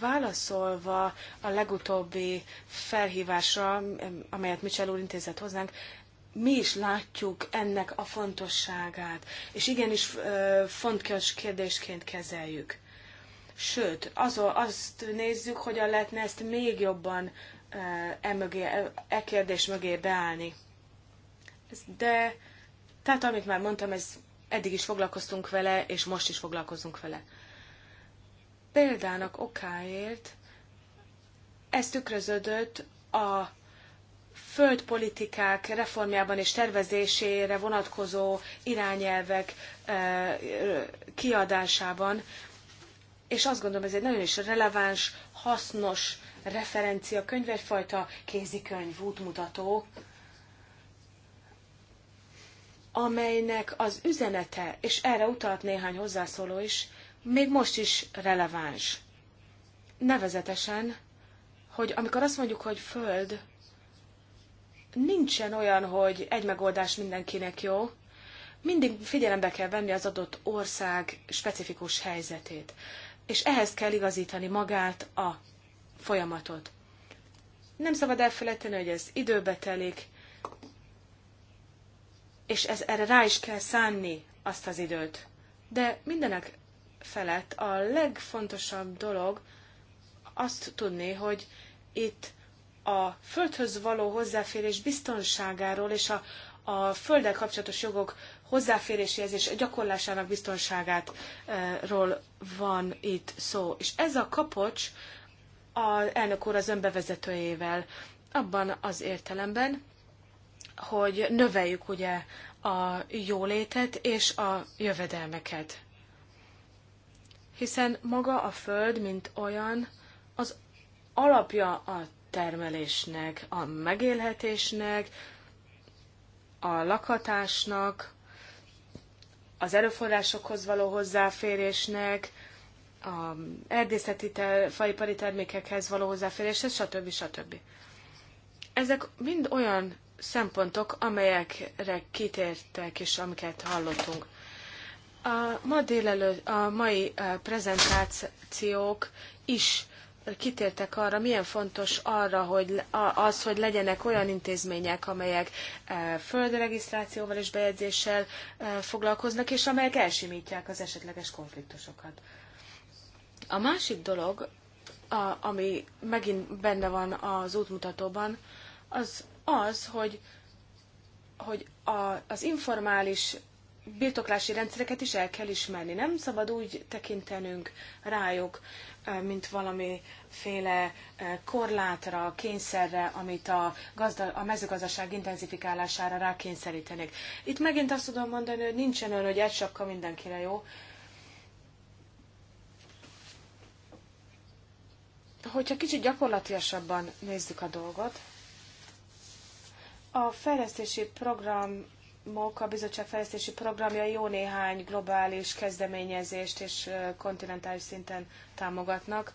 válaszolva a legutóbbi felhívásra, amelyet Michel úr intézett hozzánk, mi is látjuk ennek a fontosságát, és igenis fontos kérdésként kezeljük. Sőt, az, azt nézzük, hogyan lehetne ezt még jobban e, mögé, e, e kérdés mögé beállni. De, tehát amit már mondtam, ez eddig is foglalkoztunk vele, és most is foglalkozunk vele. Példának okáért ez tükröződött a földpolitikák reformjában és tervezésére vonatkozó irányelvek eh, kiadásában, és azt gondolom, ez egy nagyon is releváns, hasznos referencia könyv, egyfajta kézikönyv, útmutató, amelynek az üzenete, és erre utalt néhány hozzászóló is, még most is releváns. Nevezetesen, hogy amikor azt mondjuk, hogy föld, nincsen olyan, hogy egy megoldás mindenkinek jó, mindig figyelembe kell venni az adott ország specifikus helyzetét, és ehhez kell igazítani magát a folyamatot. Nem szabad elfelejteni, hogy ez időbe telik, és ez, erre rá is kell szánni azt az időt. De mindenek felett a legfontosabb dolog azt tudni, hogy itt a földhöz való hozzáférés biztonságáról és a, a földdel kapcsolatos jogok hozzáféréséhez és gyakorlásának biztonságáról van itt szó. És ez a kapocs a elnök úr az önbevezetőjével abban az értelemben, hogy növeljük ugye a jólétet és a jövedelmeket. Hiszen maga a föld, mint olyan, az alapja a termelésnek, a megélhetésnek, a lakhatásnak, az erőforrásokhoz való hozzáférésnek, a erdészeti ter, faipari termékekhez való hozzáféréshez, stb. stb. Ezek mind olyan szempontok, amelyekre kitértek és amiket hallottunk. A ma délelő, a mai eh, prezentációk is kitértek arra, milyen fontos arra, hogy az, hogy legyenek olyan intézmények, amelyek e, földregisztrációval és bejegyzéssel e, foglalkoznak, és amelyek elsimítják az esetleges konfliktusokat. A másik dolog, ami megint benne van az útmutatóban, az az, hogy, hogy a, az informális birtoklási rendszereket is el kell ismerni. Nem szabad úgy tekintenünk rájuk, mint valamiféle korlátra, kényszerre, amit a, gazda, a mezőgazdaság intenzifikálására rákényszerítenek. Itt megint azt tudom mondani, hogy nincsen olyan, hogy egy sapka mindenkire jó. Hogyha kicsit gyakorlatilasabban nézzük a dolgot, a fejlesztési program a bizottság fejlesztési programja jó néhány globális kezdeményezést és kontinentális szinten támogatnak,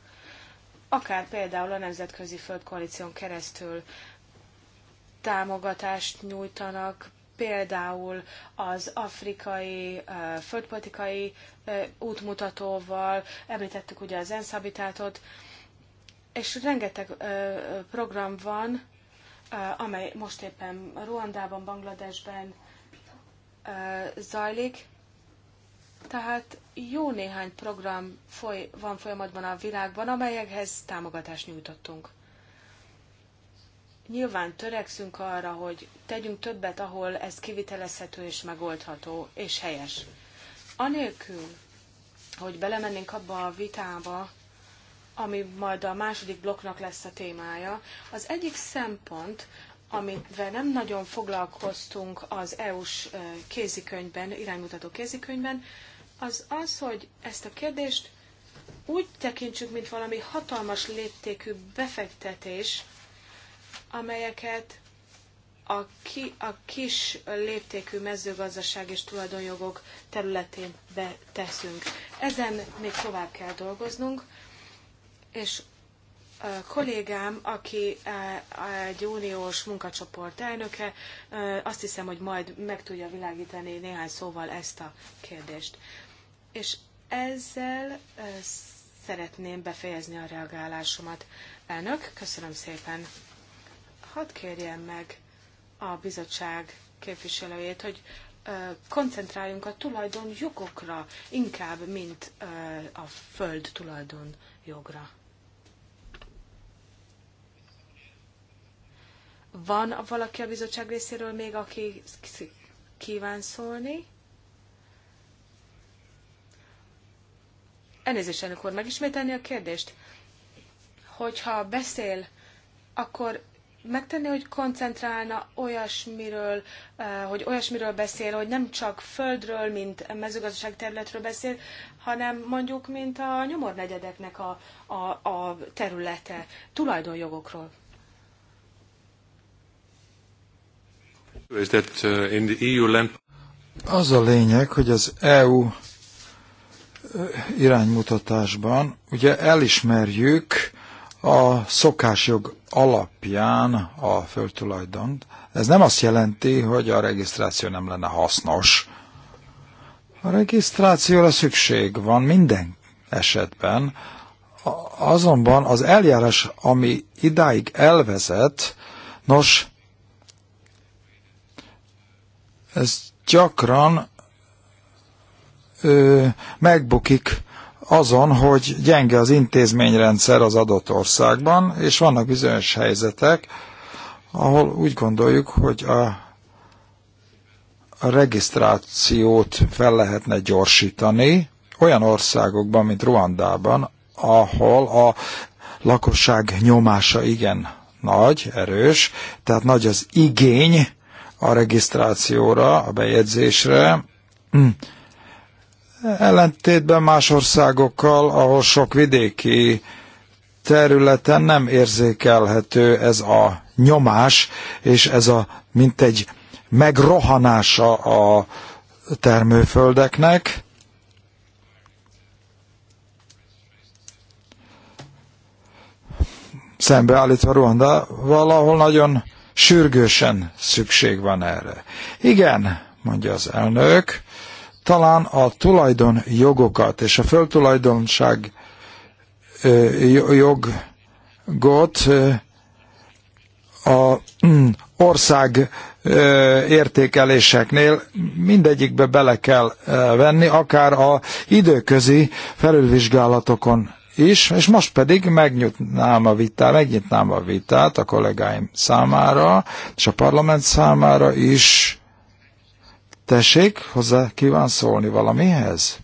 akár például a Nemzetközi Földkoalíción keresztül támogatást nyújtanak például az afrikai földpolitikai útmutatóval, említettük ugye az ENSZ habitátot, és rengeteg program van, amely most éppen Ruandában, Bangladesben, zajlik, tehát jó néhány program foly, van folyamatban a világban, amelyekhez támogatást nyújtottunk. Nyilván törekszünk arra, hogy tegyünk többet, ahol ez kivitelezhető és megoldható és helyes. Anélkül, hogy belemennénk abba a vitába, ami majd a második blokknak lesz a témája, az egyik szempont, amivel nem nagyon foglalkoztunk az EU-s kézikönyvben, iránymutató kézikönyvben, az az, hogy ezt a kérdést úgy tekintsük, mint valami hatalmas léptékű befektetés, amelyeket a, ki, a kis léptékű mezőgazdaság és tulajdonjogok területén beteszünk. Ezen még tovább kell dolgoznunk, és kollégám, aki e, egy uniós munkacsoport elnöke, e, azt hiszem, hogy majd meg tudja világítani néhány szóval ezt a kérdést. És ezzel e, szeretném befejezni a reagálásomat. Elnök, köszönöm szépen. Hadd kérjem meg a bizottság képviselőjét, hogy koncentráljunk a tulajdonjogokra inkább, mint a föld jogra. Van valaki a bizottság részéről még, aki kíván szólni? Elnézést, elnök úr, megismételni a kérdést? Hogyha beszél, akkor megtenni, hogy koncentrálna olyasmiről, eh, hogy olyasmiről beszél, hogy nem csak földről, mint mezőgazdaság területről beszél, hanem mondjuk, mint a nyomornegyedeknek a, a, a területe, tulajdonjogokról. Uh, e az a lényeg, hogy az EU uh, iránymutatásban ugye elismerjük a szokásjog alapján a földtulajdont. Ez nem azt jelenti, hogy a regisztráció nem lenne hasznos. A regisztrációra szükség van minden esetben, azonban az eljárás, ami idáig elvezet, nos, ez gyakran ö, megbukik azon, hogy gyenge az intézményrendszer az adott országban, és vannak bizonyos helyzetek, ahol úgy gondoljuk, hogy a, a regisztrációt fel lehetne gyorsítani olyan országokban, mint Ruandában, ahol a lakosság nyomása igen nagy, erős, tehát nagy az igény a regisztrációra, a bejegyzésre. Mm. Ellentétben más országokkal, ahol sok vidéki területen nem érzékelhető ez a nyomás, és ez a mint egy megrohanása a termőföldeknek. Szembeállítva Ruandával, ahol nagyon Sürgősen szükség van erre. Igen, mondja az elnök, talán a tulajdon jogokat és a föltulajdonság jogot a mm, ország értékeléseknél mindegyikbe bele kell venni, akár a időközi felülvizsgálatokon is, és most pedig megnyitnám a vitát, megnyitnám a vitát a kollégáim számára, és a parlament számára is. Tessék, hozzá kíván szólni valamihez?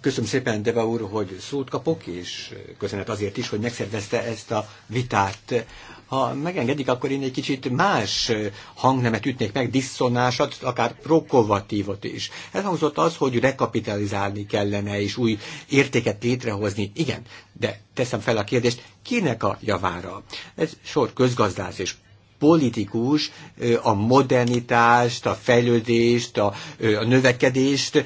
Köszönöm szépen, Deva úr, hogy szót kapok, és köszönet azért is, hogy megszervezte ezt a vitát. Ha megengedik, akkor én egy kicsit más hangnemet ütnék meg, diszonásat, akár prokovatívot is. Elhangzott az, hogy rekapitalizálni kellene, és új értéket létrehozni. Igen, de teszem fel a kérdést, kinek a javára? Ez sor közgazdász és politikus a modernitást, a fejlődést, a, a növekedést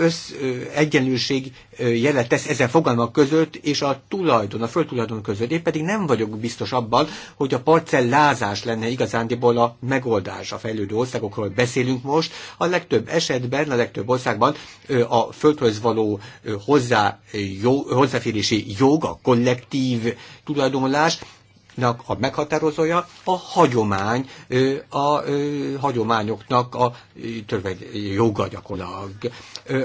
össz, egyenlőség jelet tesz ezen fogalmak között, és a tulajdon, a földtulajdon között. Én pedig nem vagyok biztos abban, hogy a parcellázás lenne igazándiból a megoldás. A fejlődő országokról beszélünk most. A legtöbb esetben, a legtöbb országban a földhöz való hozzá, jó, hozzáférési jog, a kollektív tulajdonlás a meghatározója a hagyomány, a hagyományoknak a törvény joga gyakorlatilag.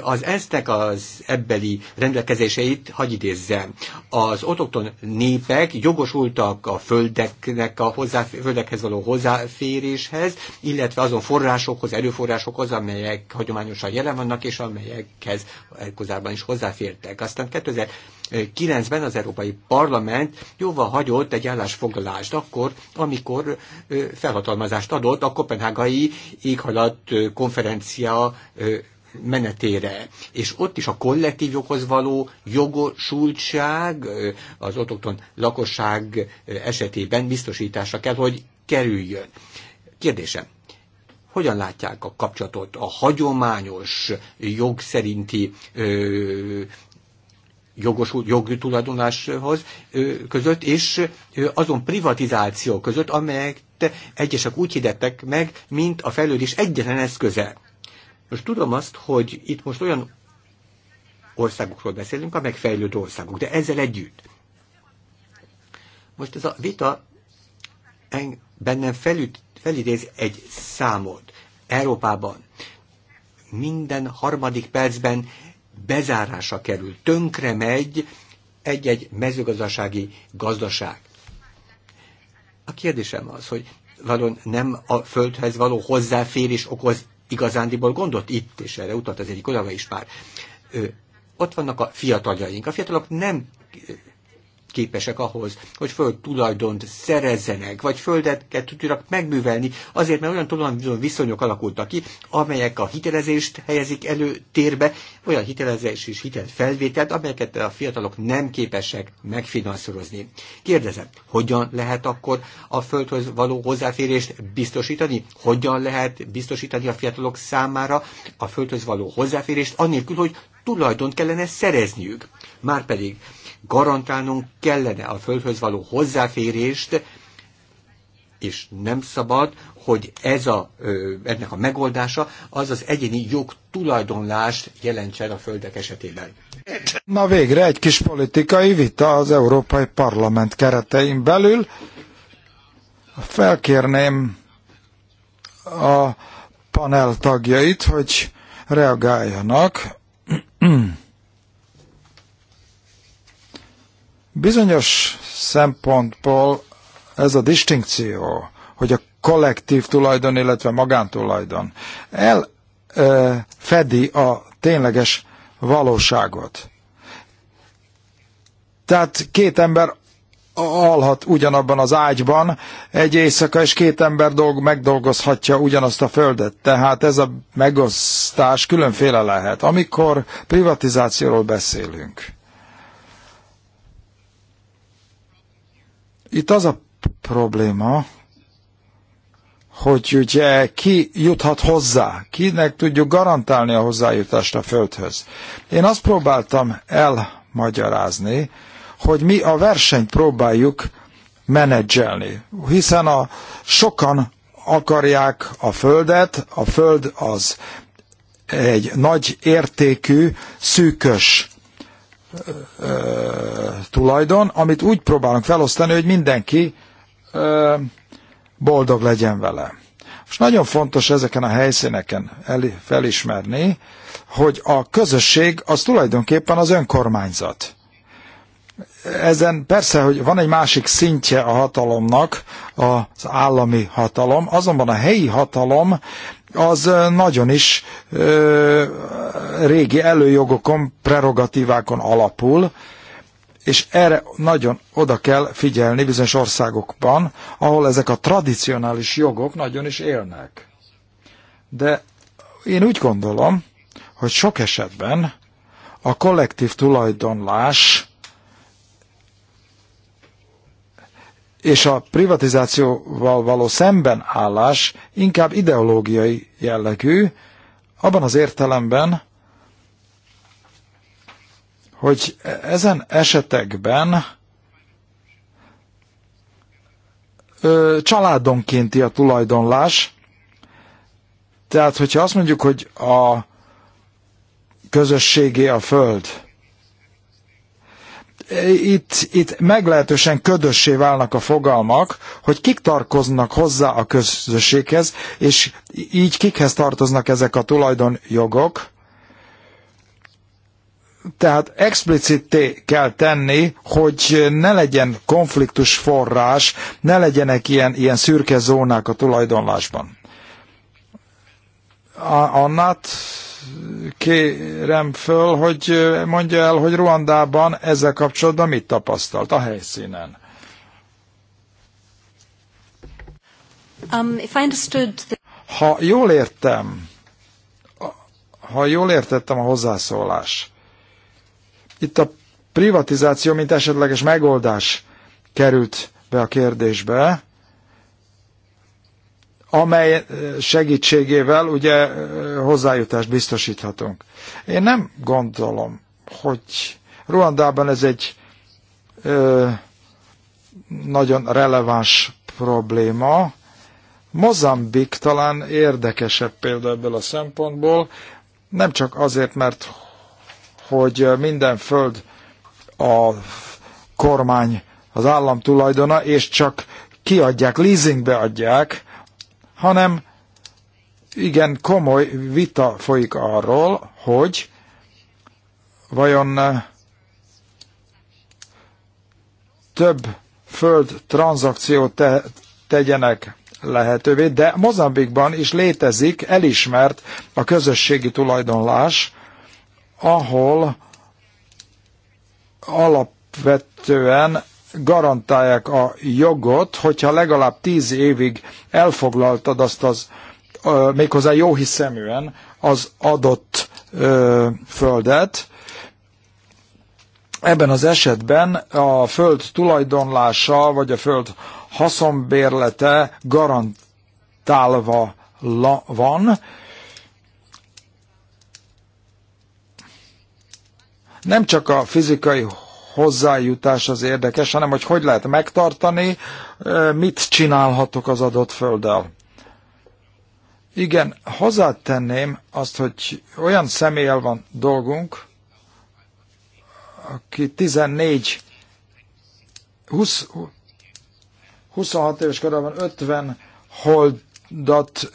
Az eztek az ebbeli rendelkezéseit, hagy idézzem, az otokton népek jogosultak a földeknek a hozzá, földekhez való hozzáféréshez, illetve azon forrásokhoz, erőforrásokhoz, amelyek hagyományosan jelen vannak, és amelyekhez Elkozárban is hozzáfértek. Aztán 2000 2009-ben az Európai Parlament jóval hagyott egy állásfoglalást akkor, amikor felhatalmazást adott a kopenhágai éghajlat konferencia menetére. És ott is a kollektív joghoz való jogosultság az otokton lakosság esetében biztosításra kell, hogy kerüljön. Kérdésem, hogyan látják a kapcsolatot a hagyományos jog szerinti ö, jogosult jogi tulajdonáshoz között, és azon privatizáció között, amelyek egyesek úgy hirdettek meg, mint a fejlődés egyetlen eszköze. Most tudom azt, hogy itt most olyan országokról beszélünk, amelyek fejlődő országok, de ezzel együtt. Most ez a vita bennem felüt, felidéz egy számot. Európában minden harmadik percben bezárása kerül, tönkre megy egy-egy mezőgazdasági gazdaság. A kérdésem az, hogy valóan nem a földhez való hozzáférés okoz igazándiból gondot itt, és erre utalt az egyik kollega is már. Ö, ott vannak a fiataljaink. A fiatalok nem képesek ahhoz, hogy föld tulajdont szerezzenek, vagy földet tudjanak megművelni, azért, mert olyan tulajdon viszonyok alakultak ki, amelyek a hitelezést helyezik elő térbe, olyan hitelezés és hitelfelvételt, amelyeket a fiatalok nem képesek megfinanszírozni. Kérdezem, hogyan lehet akkor a földhöz való hozzáférést biztosítani? Hogyan lehet biztosítani a fiatalok számára a földhöz való hozzáférést, anélkül, hogy tulajdont kellene szerezniük? Márpedig garantálnunk kellene a földhöz való hozzáférést, és nem szabad, hogy ez a, ennek a megoldása az az egyéni jogtulajdonlást jelentsen a földek esetében. Na végre egy kis politikai vita az Európai Parlament keretein belül. Felkérném a panel tagjait, hogy reagáljanak. Bizonyos szempontból ez a distinkció, hogy a kollektív tulajdon, illetve magántulajdon elfedi a tényleges valóságot. Tehát két ember alhat ugyanabban az ágyban egy éjszaka, és két ember dolg megdolgozhatja ugyanazt a földet. Tehát ez a megosztás különféle lehet. Amikor privatizációról beszélünk, Itt az a probléma, hogy ugye ki juthat hozzá, kinek tudjuk garantálni a hozzájutást a földhöz. Én azt próbáltam elmagyarázni, hogy mi a versenyt próbáljuk menedzselni, hiszen a sokan akarják a földet, a föld az egy nagy értékű, szűkös tulajdon, amit úgy próbálunk felosztani, hogy mindenki ö, boldog legyen vele. És nagyon fontos ezeken a helyszíneken el, felismerni, hogy a közösség az tulajdonképpen az önkormányzat. Ezen persze, hogy van egy másik szintje a hatalomnak, az állami hatalom, azonban a helyi hatalom az nagyon is ö, régi előjogokon, prerogatívákon alapul, és erre nagyon oda kell figyelni bizonyos országokban, ahol ezek a tradicionális jogok nagyon is élnek. De én úgy gondolom, hogy sok esetben a kollektív tulajdonlás és a privatizációval való szembenállás inkább ideológiai jellegű, abban az értelemben, hogy ezen esetekben ö, családonkénti a tulajdonlás, tehát hogyha azt mondjuk, hogy a közösségé a föld, itt, itt meglehetősen ködössé válnak a fogalmak, hogy kik tartoznak hozzá a közösséghez, és így kikhez tartoznak ezek a tulajdonjogok. Tehát explicité kell tenni, hogy ne legyen konfliktus forrás, ne legyenek ilyen, ilyen szürke zónák a tulajdonlásban. A, Annát kérem föl, hogy mondja el, hogy Ruandában ezzel kapcsolatban mit tapasztalt a helyszínen. Um, ha jól értem, ha jól értettem a hozzászólás, itt a privatizáció, mint esetleges megoldás került be a kérdésbe, amely eh, segítségével ugye eh, hozzájutást biztosíthatunk. Én nem gondolom, hogy Ruandában ez egy ö, eh, nagyon releváns probléma. Mozambik talán érdekesebb példa ebből a szempontból, nem csak azért, mert hogy minden föld a kormány, az állam tulajdona, és csak kiadják, leasingbe adják, hanem igen komoly vita folyik arról, hogy vajon eh, több föld tranzakciót te, tegyenek lehetővé, de Mozambikban is létezik elismert a közösségi tulajdonlás, ahol alapvetően garantálják a jogot, hogyha legalább tíz évig elfoglaltad azt az, méghozzá jó hiszeműen az adott földet, Ebben az esetben a föld tulajdonlása vagy a föld haszonbérlete garantálva van. Nem csak a fizikai hozzájutás az érdekes, hanem hogy hogy lehet megtartani, mit csinálhatok az adott földdel. Igen, hozzátenném azt, hogy olyan személyel van dolgunk, aki 14, 20, 26 éves korában 50 holdat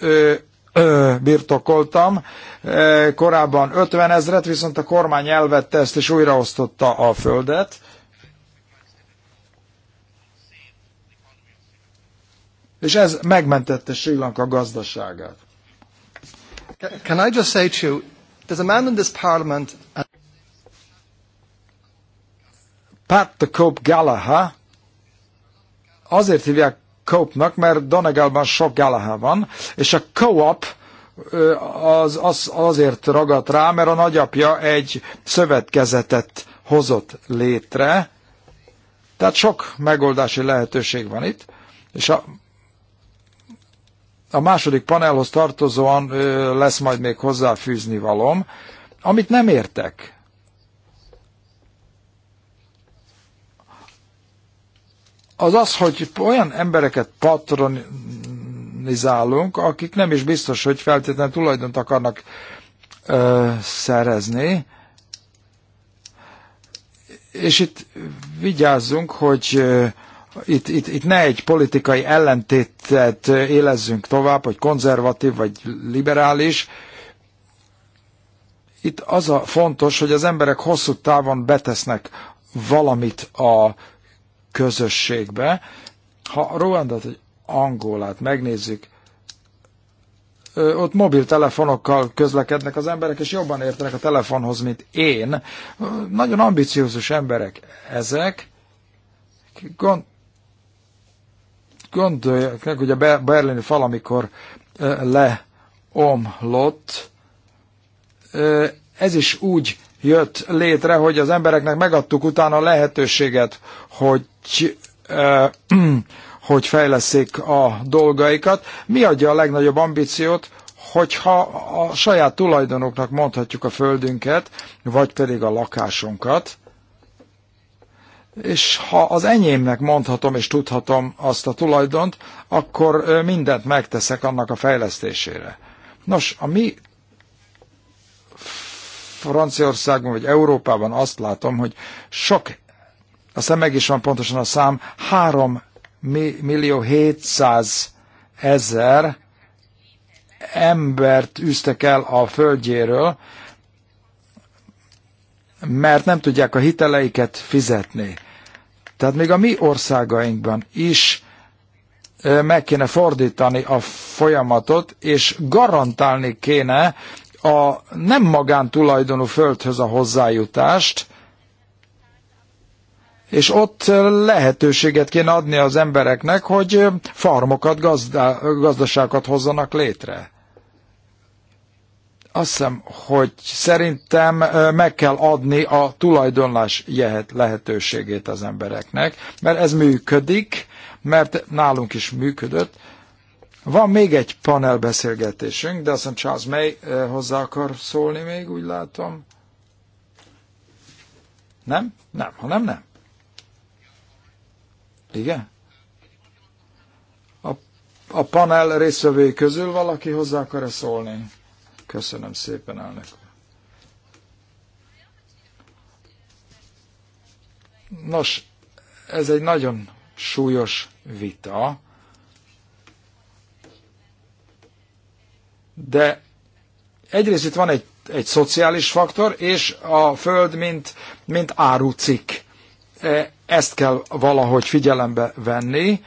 birtokoltam. Korábban 50 ezret, viszont a kormány elvette ezt és újraosztotta a földet. És ez megmentette Sri Lanka gazdaságát. Can I just say to you, there's a man in this parliament and... Pat the Cope Galaha, azért hívják Cope-nak, mert Donegalban sok Galaha van, és a Co-op az, az, azért ragadt rá, mert a nagyapja egy szövetkezetet hozott létre, tehát sok megoldási lehetőség van itt, és a, a második panelhoz tartozóan lesz majd még hozzáfűzni valom, amit nem értek az az, hogy olyan embereket patronizálunk, akik nem is biztos, hogy feltétlenül tulajdont akarnak ö, szerezni, és itt vigyázzunk, hogy itt, itt, itt ne egy politikai ellentétet élezzünk tovább, hogy konzervatív vagy liberális. Itt az a fontos, hogy az emberek hosszú távon betesznek valamit a közösségbe. Ha Ruandát vagy Angolát megnézzük, ott mobiltelefonokkal közlekednek az emberek, és jobban értenek a telefonhoz, mint én. Nagyon ambiciózus emberek ezek. Gond, gondolják, hogy a berlini fal, amikor leomlott, ez is úgy jött létre, hogy az embereknek megadtuk utána a lehetőséget, hogy, eh, hogy fejleszik a dolgaikat. Mi adja a legnagyobb ambíciót, hogyha a saját tulajdonoknak mondhatjuk a földünket, vagy pedig a lakásunkat, és ha az enyémnek mondhatom és tudhatom azt a tulajdont, akkor mindent megteszek annak a fejlesztésére. Nos, a mi Franciaországban vagy Európában azt látom, hogy sok, aztán meg is van pontosan a szám, 3 millió 700 ezer embert üztek el a földjéről, mert nem tudják a hiteleiket fizetni. Tehát még a mi országainkban is meg kéne fordítani a folyamatot, és garantálni kéne a nem magántulajdonú földhöz a hozzájutást, és ott lehetőséget kéne adni az embereknek, hogy farmokat, gazda, gazdaságokat hozzanak létre. Azt hiszem, hogy szerintem meg kell adni a tulajdonlás lehetőségét az embereknek, mert ez működik, mert nálunk is működött, van még egy panelbeszélgetésünk, de aztán Charles May eh, hozzá akar szólni még, úgy látom. Nem? Nem. Ha nem, nem. Igen? A, a panel részvevői közül valaki hozzá akar -e szólni? Köszönöm szépen, elnök Nos, ez egy nagyon súlyos vita, De egyrészt itt van egy, egy szociális faktor, és a föld, mint, mint árucik. E, ezt kell valahogy figyelembe venni.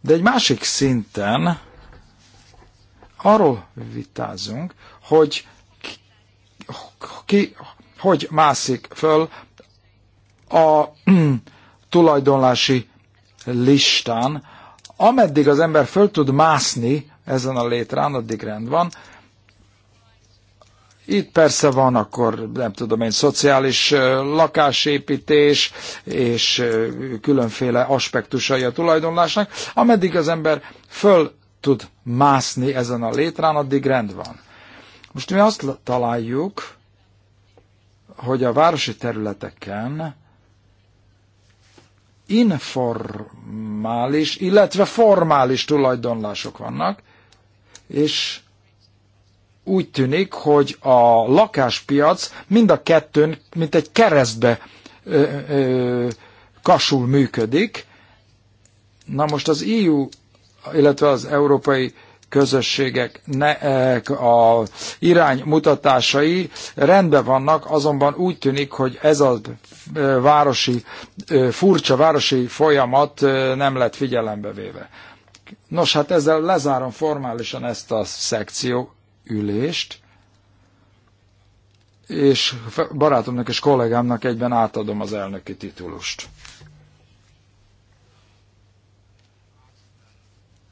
De egy másik szinten arról vitázunk, hogy ki, hogy mászik föl a tulajdonlási listán, ameddig az ember föl tud mászni ezen a létrán, addig rend van. Itt persze van akkor, nem tudom én, szociális lakásépítés és különféle aspektusai a tulajdonlásnak. Ameddig az ember föl tud mászni ezen a létrán, addig rend van. Most mi azt találjuk, hogy a városi területeken informális, illetve formális tulajdonlások vannak, és úgy tűnik, hogy a lakáspiac mind a kettőn, mint egy keresztbe ö, ö, kasul működik. Na most az EU, illetve az európai közösségek ne, e, a iránymutatásai rendben vannak, azonban úgy tűnik, hogy ez a e, városi, e, furcsa városi folyamat nem lett figyelembe véve. Nos, hát ezzel lezárom formálisan ezt a szekció ülést, és barátomnak és kollégámnak egyben átadom az elnöki titulust.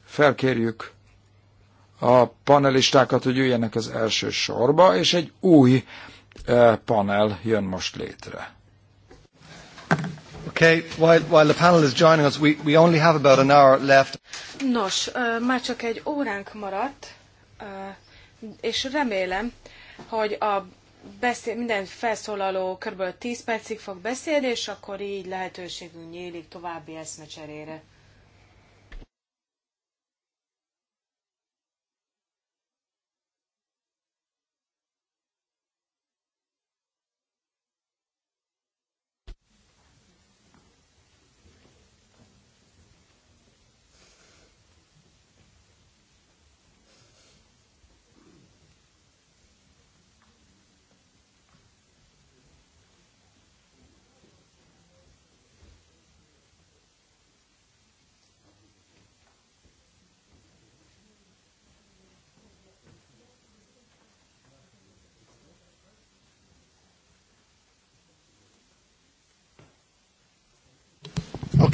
Felkérjük a panelistákat, hogy üljenek az első sorba, és egy új eh, panel jön most létre. Okay, while, while the panel is joining us, we, we only have about an hour left. Nos, már csak egy óránk maradt, és remélem, hogy a beszél, minden felszólaló kb. 10 percig fog beszélni, és akkor így lehetőségünk nyílik további eszmecserére.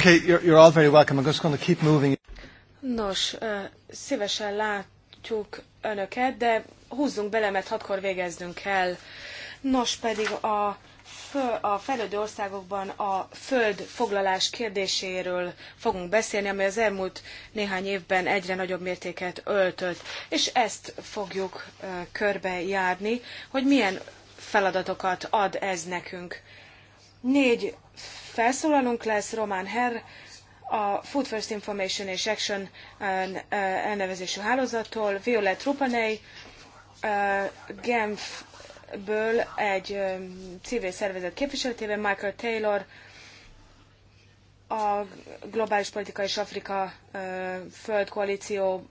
Okay, you're, you're all very welcome. I'm just going to keep moving. Nos, szívesen látjuk önöket, de húzzunk bele, mert hatkor végeznünk kell. Nos, pedig a a fejlődő országokban a foglalás kérdéséről fogunk beszélni, amely az elmúlt néhány évben egyre nagyobb mértéket öltött. És ezt fogjuk körbejárni, hogy milyen feladatokat ad ez nekünk. Négy felszólalunk lesz, Román Herr, a Food First Information és Action uh, elnevezésű hálózattól, Violet Rupanei, uh, Genfből egy um, civil szervezet képviseletében, Michael Taylor, a Globális Politika és Afrika uh, Földkoalíció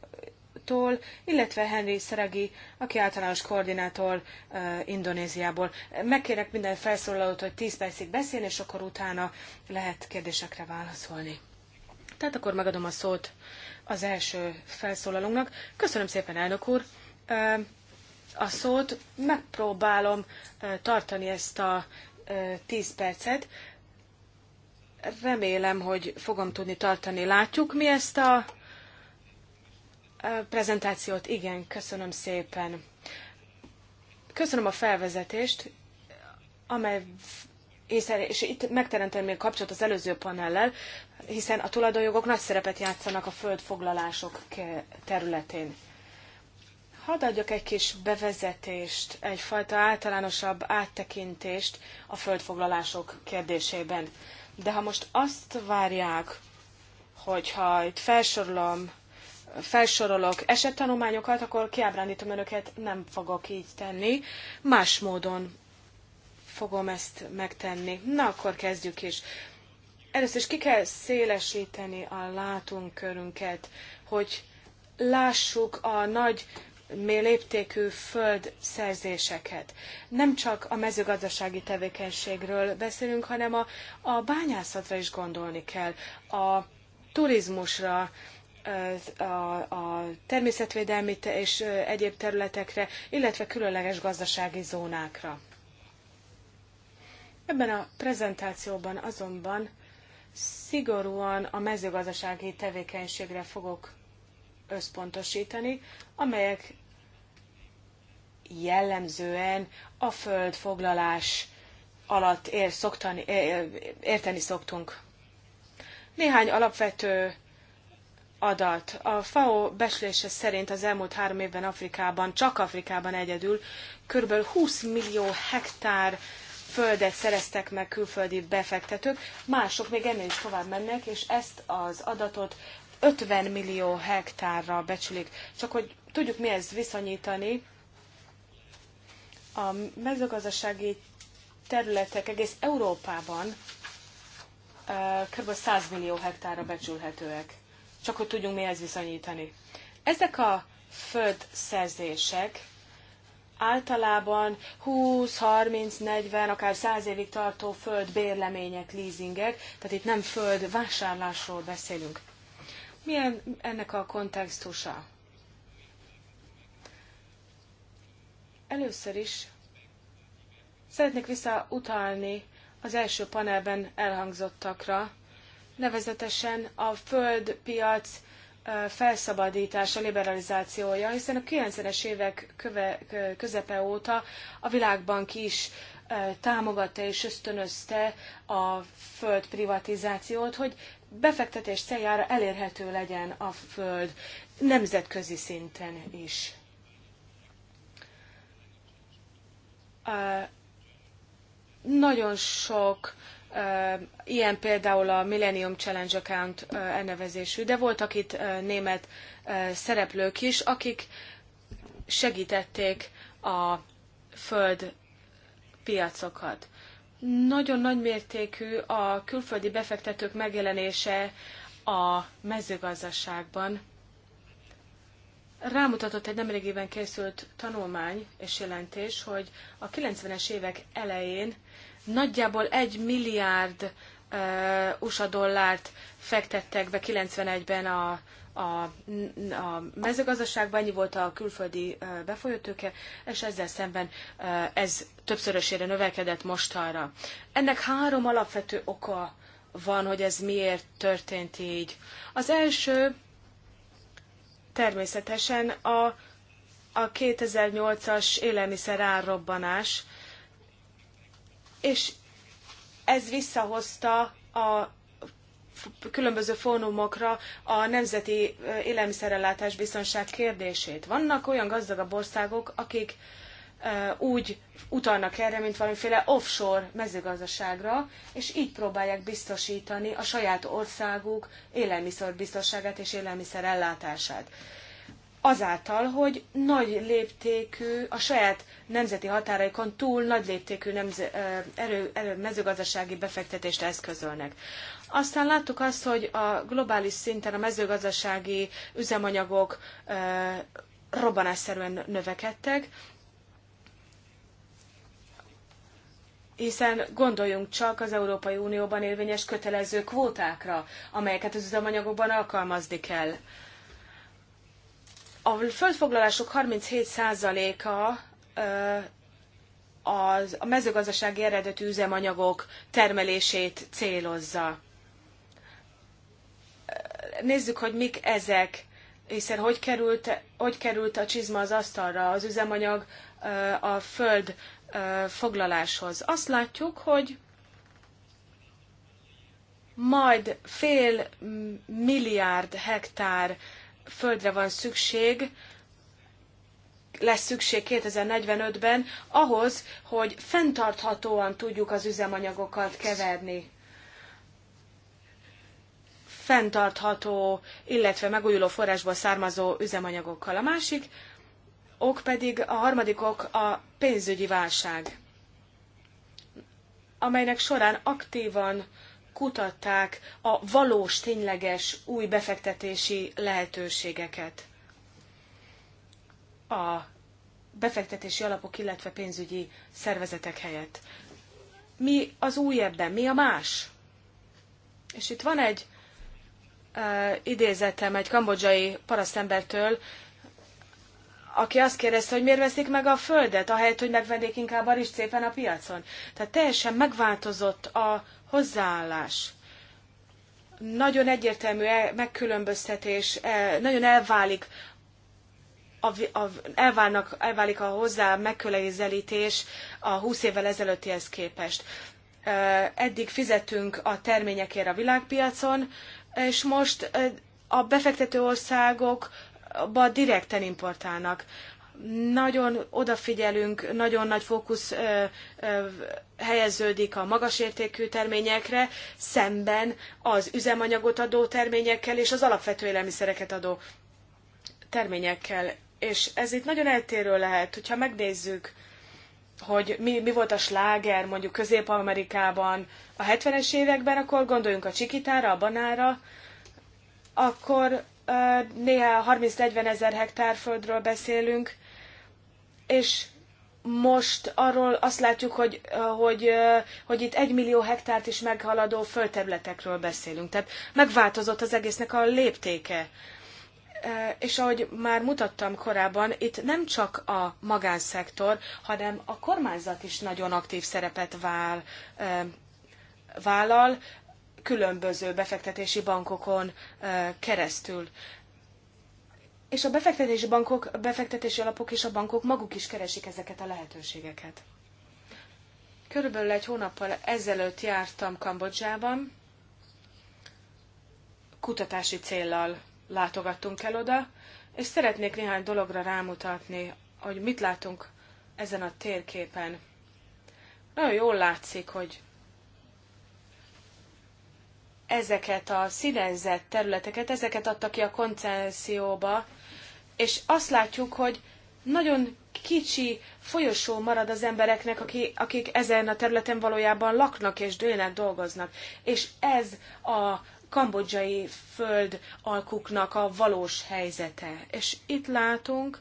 úrtól, illetve Henry Szeregi, aki általános koordinátor uh, Indonéziából. Megkérek minden felszólalót, hogy 10 percig beszélni, és akkor utána lehet kérdésekre válaszolni. Tehát akkor megadom a szót az első felszólalónak. Köszönöm szépen, elnök úr! Uh, a szót, megpróbálom eh, tartani ezt a 10 percet remélem, hogy fogom tudni tartani. Látjuk mi ezt a prezentációt, igen, köszönöm szépen. Köszönöm a felvezetést, amely és itt megteremtem még kapcsolat az előző panellel, hiszen a tulajdonjogok nagy szerepet játszanak a földfoglalások területén. Hadd adjak egy kis bevezetést, egyfajta általánosabb áttekintést a földfoglalások kérdésében. De ha most azt várják, hogyha itt felsorolom felsorolok esettanulmányokat, akkor kiábrándítom önöket, nem fogok így tenni. Más módon fogom ezt megtenni. Na, akkor kezdjük is. Először is ki kell szélesíteni a látunkörünket, hogy lássuk a nagy léptékű földszerzéseket. Nem csak a mezőgazdasági tevékenységről beszélünk, hanem a, a bányászatra is gondolni kell, a turizmusra, a, a természetvédelmi és egyéb területekre, illetve különleges gazdasági zónákra. Ebben a prezentációban azonban szigorúan a mezőgazdasági tevékenységre fogok összpontosítani, amelyek jellemzően a földfoglalás alatt ér, szoktani, érteni szoktunk. Néhány alapvető adat. A FAO becslése szerint az elmúlt három évben Afrikában, csak Afrikában egyedül, kb. 20 millió hektár földet szereztek meg külföldi befektetők, mások még ennél is tovább mennek, és ezt az adatot 50 millió hektárra becsülik. Csak hogy tudjuk mi ez viszonyítani, a mezőgazdasági területek egész Európában kb. 100 millió hektárra becsülhetőek csak hogy tudjunk mihez viszonyítani. Ezek a földszerzések általában 20, 30, 40, akár 100 évig tartó földbérlemények, leasingek, tehát itt nem földvásárlásról beszélünk. Milyen ennek a kontextusa? Először is szeretnék visszautalni az első panelben elhangzottakra, nevezetesen a földpiac felszabadítása, liberalizációja, hiszen a 90-es évek köve, közepe óta a Világbank is támogatta és ösztönözte a föld privatizációt, hogy befektetés céljára elérhető legyen a föld nemzetközi szinten is. Nagyon sok Ilyen például a Millennium Challenge Account elnevezésű, de voltak itt német szereplők is, akik segítették a föld piacokat. Nagyon nagy mértékű a külföldi befektetők megjelenése a mezőgazdaságban. Rámutatott egy nemrégiben készült tanulmány és jelentés, hogy a 90-es évek elején nagyjából egy milliárd uh, USA dollárt fektettek be 91-ben a, a, a mezőgazdaságban, ennyi volt a külföldi uh, befolyótőke, és ezzel szemben uh, ez többszörösére növekedett mostanra. Ennek három alapvető oka van, hogy ez miért történt így. Az első természetesen a, a 2008-as élelmiszer árrobbanás, és ez visszahozta a különböző fórumokra a nemzeti élelmiszerellátás biztonság kérdését. Vannak olyan gazdagabb országok, akik úgy utalnak erre, mint valamiféle offshore mezőgazdaságra, és így próbálják biztosítani a saját országuk élelmiszerbiztonságát és élelmiszerellátását azáltal, hogy nagy léptékű, a saját nemzeti határaikon túl nagy léptékű nemze, erő, erő, mezőgazdasági befektetést eszközölnek. Aztán láttuk azt, hogy a globális szinten a mezőgazdasági üzemanyagok robbanásszerűen növekedtek, hiszen gondoljunk csak az Európai Unióban érvényes kötelező kvótákra, amelyeket az üzemanyagokban alkalmazni kell. A földfoglalások 37%-a az, a mezőgazdasági eredetű üzemanyagok termelését célozza. Nézzük, hogy mik ezek, hiszen hogy került, hogy került a csizma az asztalra, az üzemanyag a föld foglaláshoz. Azt látjuk, hogy majd fél milliárd hektár földre van szükség, lesz szükség 2045-ben ahhoz, hogy fenntarthatóan tudjuk az üzemanyagokat keverni. Fenntartható, illetve megújuló forrásból származó üzemanyagokkal. A másik ok pedig, a harmadik ok a pénzügyi válság, amelynek során aktívan kutatták a valós, tényleges új befektetési lehetőségeket. A befektetési alapok, illetve pénzügyi szervezetek helyett. Mi az új ebben? Mi a más? És itt van egy e, idézetem egy kambodzsai parasztembertől, aki azt kérdezte, hogy miért veszik meg a földet, ahelyett, hogy megvendék inkább a rizscépen a piacon. Tehát teljesen megváltozott a hozzáállás. Nagyon egyértelmű e- megkülönböztetés, e- nagyon elválik a, a, elválnak, elválik a hozzá megközelítés a 20 évvel ezelőttihez képest. E, eddig fizetünk a terményekért a világpiacon, és most a befektető országokba direkten importálnak nagyon odafigyelünk, nagyon nagy fókusz ö, ö, helyeződik a magas értékű terményekre, szemben az üzemanyagot adó terményekkel és az alapvető élelmiszereket adó terményekkel. És ez itt nagyon eltérő lehet, hogyha megnézzük, hogy mi, mi volt a sláger mondjuk Közép-Amerikában a 70-es években, akkor gondoljunk a csikitára, a banára, akkor néha 30-40 ezer hektár földről beszélünk, és most arról azt látjuk, hogy, hogy, hogy itt egy millió hektárt is meghaladó földterületekről beszélünk. Tehát megváltozott az egésznek a léptéke. És ahogy már mutattam korábban, itt nem csak a magánszektor, hanem a kormányzat is nagyon aktív szerepet vál, vállal különböző befektetési bankokon keresztül. És a befektetési bankok, befektetési alapok és a bankok maguk is keresik ezeket a lehetőségeket. Körülbelül egy hónappal ezelőtt jártam Kambodzsában, kutatási céllal látogattunk el oda, és szeretnék néhány dologra rámutatni, hogy mit látunk ezen a térképen. Nagyon jól látszik, hogy ezeket a színezett területeket, ezeket adta ki a koncesszióba és azt látjuk, hogy nagyon kicsi folyosó marad az embereknek, akik ezen a területen valójában laknak és dőlnek dolgoznak. És ez a kambodzsai föld alkuknak a valós helyzete. És itt látunk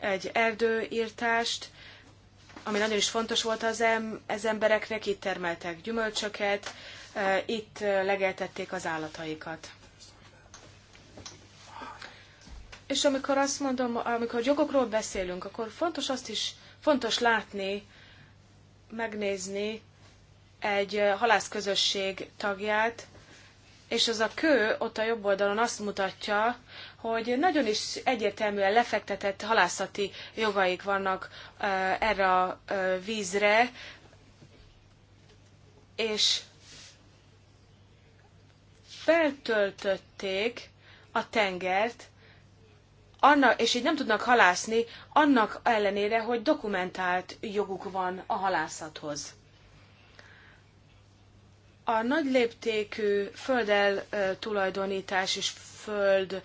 egy erdőírtást, ami nagyon is fontos volt az, em, ez embereknek, itt termeltek gyümölcsöket, eh, itt eh, legeltették az állataikat. És amikor azt mondom, amikor jogokról beszélünk, akkor fontos azt is, fontos látni, megnézni egy eh, halászközösség tagját, és az a kő ott a jobb oldalon azt mutatja, hogy nagyon is egyértelműen lefektetett halászati jogaik vannak eh, erre a eh, vízre, és feltöltötték a tengert annak, és így nem tudnak halászni, annak ellenére, hogy dokumentált joguk van a halászathoz. A nagy léptékű földel tulajdonítás és föld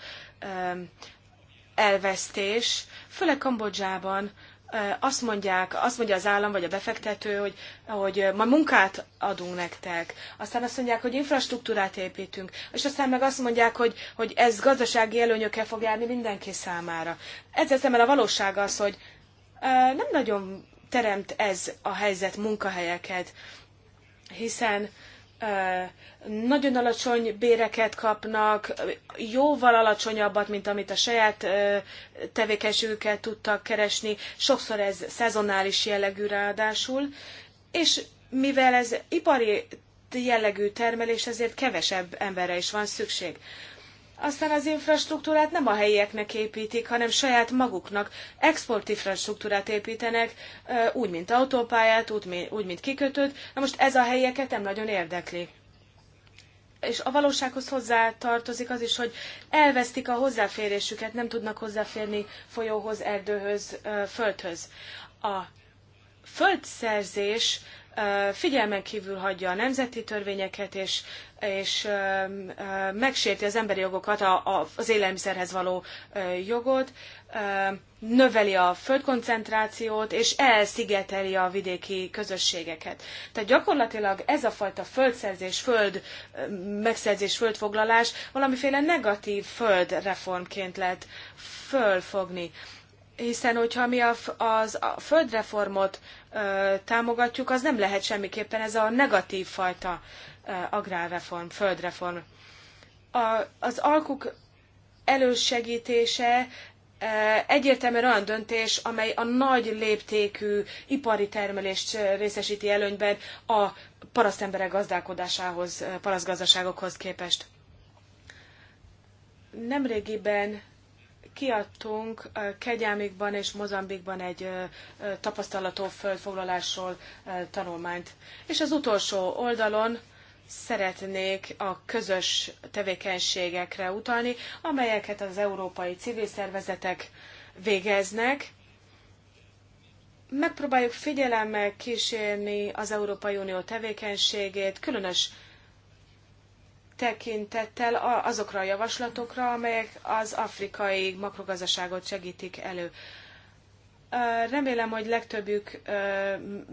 elvesztés, főleg Kambodzsában azt mondják, azt mondja az állam vagy a befektető, hogy, hogy ma munkát adunk nektek, aztán azt mondják, hogy infrastruktúrát építünk, és aztán meg azt mondják, hogy, hogy ez gazdasági előnyökkel fog járni mindenki számára. Ezzel szemben a valóság az, hogy nem nagyon teremt ez a helyzet munkahelyeket, hiszen nagyon alacsony béreket kapnak, jóval alacsonyabbat, mint amit a saját tevékenységükkel tudtak keresni, sokszor ez szezonális jellegű ráadásul, és mivel ez ipari jellegű termelés, ezért kevesebb emberre is van szükség aztán az infrastruktúrát nem a helyieknek építik, hanem saját maguknak export infrastruktúrát építenek, úgy, mint autópályát, úgy, mint kikötőt. Na most ez a helyieket nem nagyon érdekli és a valósághoz hozzá tartozik az is, hogy elvesztik a hozzáférésüket, nem tudnak hozzáférni folyóhoz, erdőhöz, földhöz. A földszerzés figyelmen kívül hagyja a nemzeti törvényeket, és, és megsérti az emberi jogokat, a, a, az élelmiszerhez való jogot, növeli a földkoncentrációt, és elszigeteli a vidéki közösségeket. Tehát gyakorlatilag ez a fajta földszerzés, föld megszerzés, földfoglalás valamiféle negatív földreformként lehet fölfogni. Hiszen, hogyha mi a, az, a földreformot ö, támogatjuk, az nem lehet semmiképpen ez a negatív fajta ö, agrárreform, földreform. A, az alkuk elősegítése ö, egyértelműen olyan döntés, amely a nagy léptékű ipari termelést részesíti előnyben a parasztemberek gazdálkodásához, parasztgazdaságokhoz képest. Nemrégiben kiadtunk Kegyelmékban és Mozambikban egy tapasztalató földfoglalásról tanulmányt. És az utolsó oldalon szeretnék a közös tevékenységekre utalni, amelyeket az európai civil szervezetek végeznek. Megpróbáljuk figyelemmel kísérni az Európai Unió tevékenységét, különös tekintettel azokra a javaslatokra, amelyek az afrikai makrogazdaságot segítik elő. Remélem, hogy legtöbbük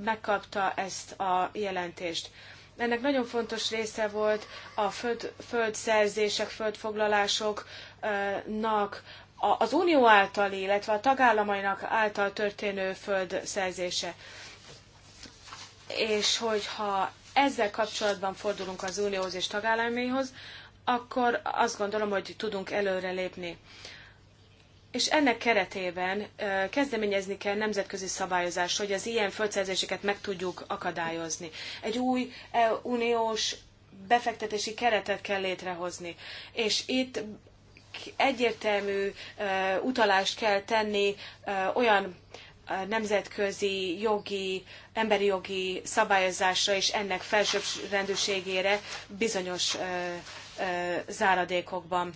megkapta ezt a jelentést. Ennek nagyon fontos része volt a föld, földszerzések, földfoglalásoknak az unió által, illetve a tagállamainak által történő földszerzése. És hogyha ezzel kapcsolatban fordulunk az Unióhoz és tagállamaihoz, akkor azt gondolom, hogy tudunk előre lépni. És ennek keretében kezdeményezni kell nemzetközi szabályozást, hogy az ilyen földszerzéseket meg tudjuk akadályozni. Egy új uniós befektetési keretet kell létrehozni. És itt egyértelmű utalást kell tenni olyan nemzetközi jogi, emberi jogi szabályozásra és ennek felsőbbrendűségére bizonyos záradékokban.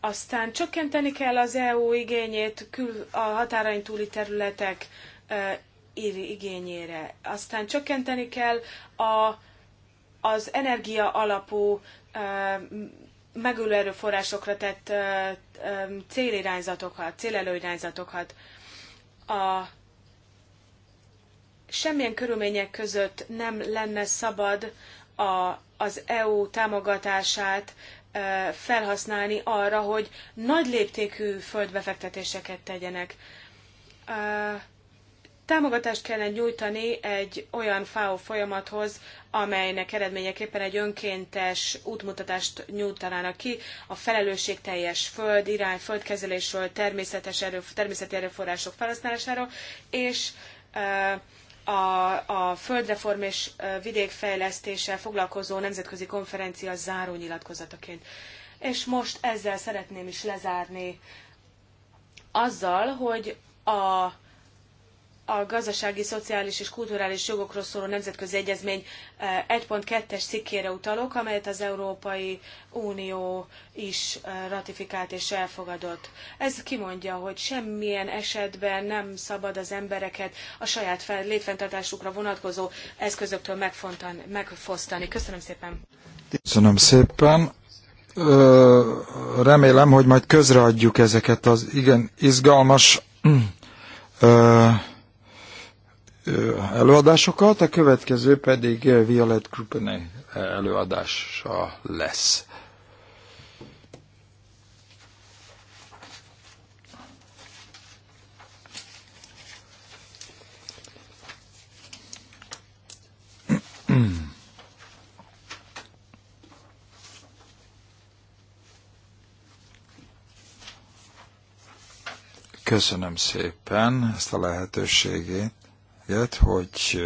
Aztán csökkenteni kell az EU igényét kül a határain túli területek igényére. Aztán csökkenteni kell a, az energia alapú megülő erőforrásokra tett célirányzatokat, célelőirányzatokat a semmilyen körülmények között nem lenne szabad a, az EU támogatását e, felhasználni arra, hogy nagy léptékű földbefektetéseket tegyenek. E, Támogatást kellene nyújtani egy olyan FAO folyamathoz, amelynek eredményeképpen egy önkéntes útmutatást nyújtanának ki a felelősségteljes föld irány, földkezelésről, természetes erő, természeti erőforrások felhasználásáról, és a, a földreform és vidékfejlesztéssel foglalkozó nemzetközi konferencia záró nyilatkozataként. És most ezzel szeretném is lezárni azzal, hogy a a gazdasági, szociális és kulturális jogokról szóló nemzetközi egyezmény 1.2-es eh, cikkére utalok, amelyet az Európai Unió is eh, ratifikált és elfogadott. Ez kimondja, hogy semmilyen esetben nem szabad az embereket a saját létfenntartásukra vonatkozó eszközöktől megfosztani. Köszönöm szépen! Köszönöm szépen! remélem, hogy majd közreadjuk ezeket az igen izgalmas előadásokat, a következő pedig Violet Krupene előadása lesz. Köszönöm szépen ezt a lehetőségét lehetőséget, hogy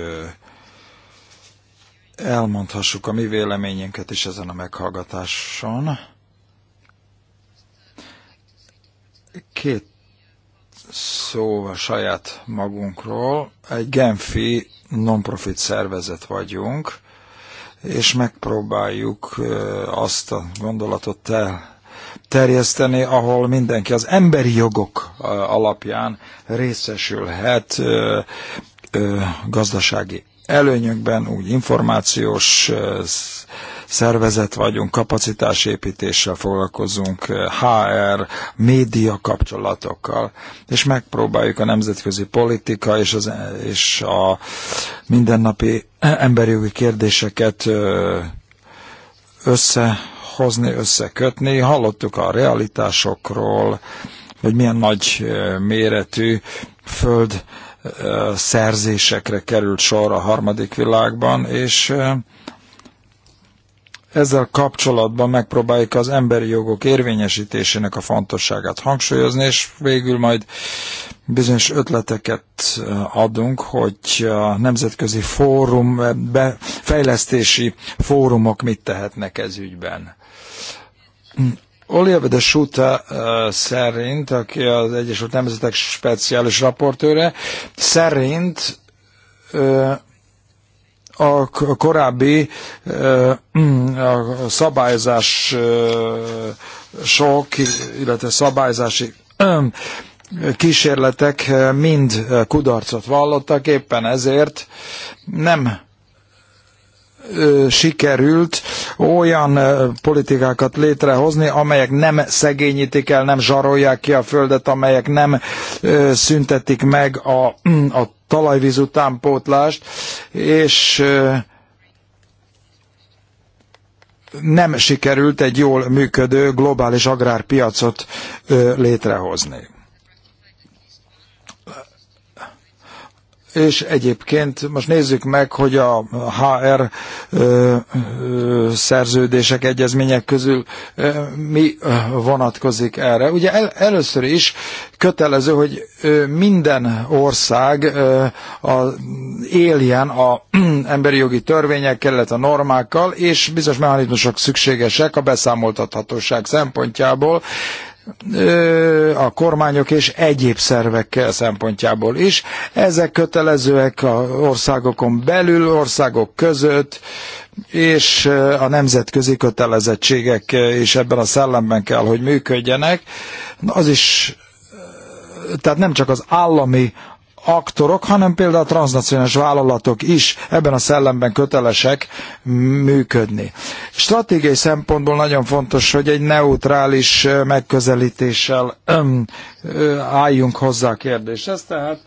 elmondhassuk a mi véleményünket is ezen a meghallgatáson. Két szó a saját magunkról. Egy Genfi non-profit szervezet vagyunk, és megpróbáljuk azt a gondolatot te terjeszteni, ahol mindenki az emberi jogok alapján részesülhet gazdasági előnyökben, úgy információs szervezet vagyunk, kapacitásépítéssel foglalkozunk, HR, média kapcsolatokkal, és megpróbáljuk a nemzetközi politika és, az, és a mindennapi emberi jogi kérdéseket összehozni, összekötni. Hallottuk a realitásokról, hogy milyen nagy méretű föld szerzésekre került sor a harmadik világban, és ezzel kapcsolatban megpróbáljuk az emberi jogok érvényesítésének a fontosságát hangsúlyozni, és végül majd bizonyos ötleteket adunk, hogy a nemzetközi fórum, fejlesztési fórumok mit tehetnek ez ügyben. Oliver de uh, szerint, aki az Egyesült Nemzetek speciális raportőre, szerint eh, a korábbi eh, a szabályzás sok, illetve szabályzási kísérletek mind kudarcot vallottak, éppen ezért nem sikerült olyan politikákat létrehozni, amelyek nem szegényítik el, nem zsarolják ki a földet, amelyek nem szüntetik meg a, a talajvíz utánpótlást, és nem sikerült egy jól működő globális agrárpiacot létrehozni. És egyébként most nézzük meg, hogy a HR ö, ö, szerződések, egyezmények közül ö, mi vonatkozik erre. Ugye el, először is kötelező, hogy ö, minden ország ö, a, éljen a ö, emberi jogi törvényekkel, illetve a normákkal, és bizonyos mechanizmusok szükségesek a beszámoltathatóság szempontjából a kormányok és egyéb szervek szempontjából is. Ezek kötelezőek a országokon belül, országok között, és a nemzetközi kötelezettségek is ebben a szellemben kell, hogy működjenek. Az is, tehát nem csak az állami aktorok, hanem például a transnacionális vállalatok is ebben a szellemben kötelesek működni. Stratégiai szempontból nagyon fontos, hogy egy neutrális megközelítéssel öm, ö, álljunk hozzá a kérdéshez, tehát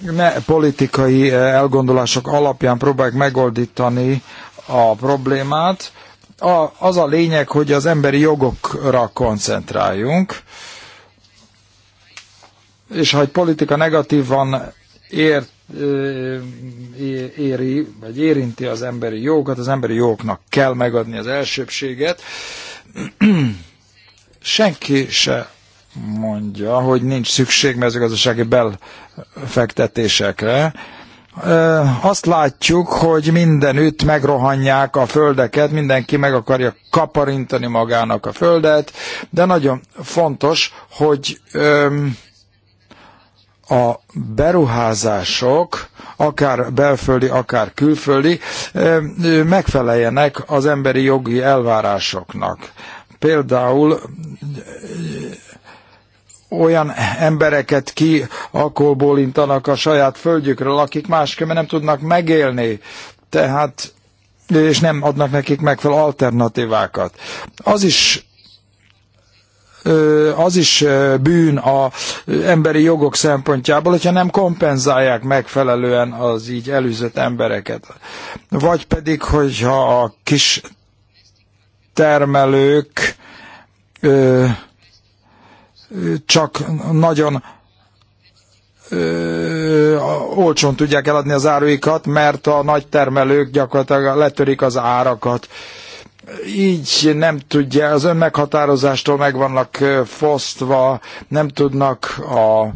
ne politikai elgondolások alapján próbáljuk megoldítani a problémát. A, az a lényeg, hogy az emberi jogokra koncentráljunk, és ha egy politika negatívan ért, éri, vagy érinti az emberi jogokat, az emberi jogoknak kell megadni az elsőbséget. Senki se mondja, hogy nincs szükség mezőgazdasági belfektetésekre. Azt látjuk, hogy mindenütt megrohanják a földeket, mindenki meg akarja kaparintani magának a földet, de nagyon fontos, hogy a beruházások, akár belföldi, akár külföldi, megfeleljenek az emberi jogi elvárásoknak. Például olyan embereket ki alkoholbólintanak a saját földjükről, akik másképpen nem tudnak megélni, tehát és nem adnak nekik megfelelő alternatívákat. Az is az is bűn az emberi jogok szempontjából, hogyha nem kompenzálják megfelelően az így előzött embereket. Vagy pedig, hogyha a kis termelők csak nagyon olcsón tudják eladni az áruikat, mert a nagy termelők gyakorlatilag letörik az árakat. Ö, így nem tudja, az önmeghatározástól meg vannak fosztva, nem tudnak a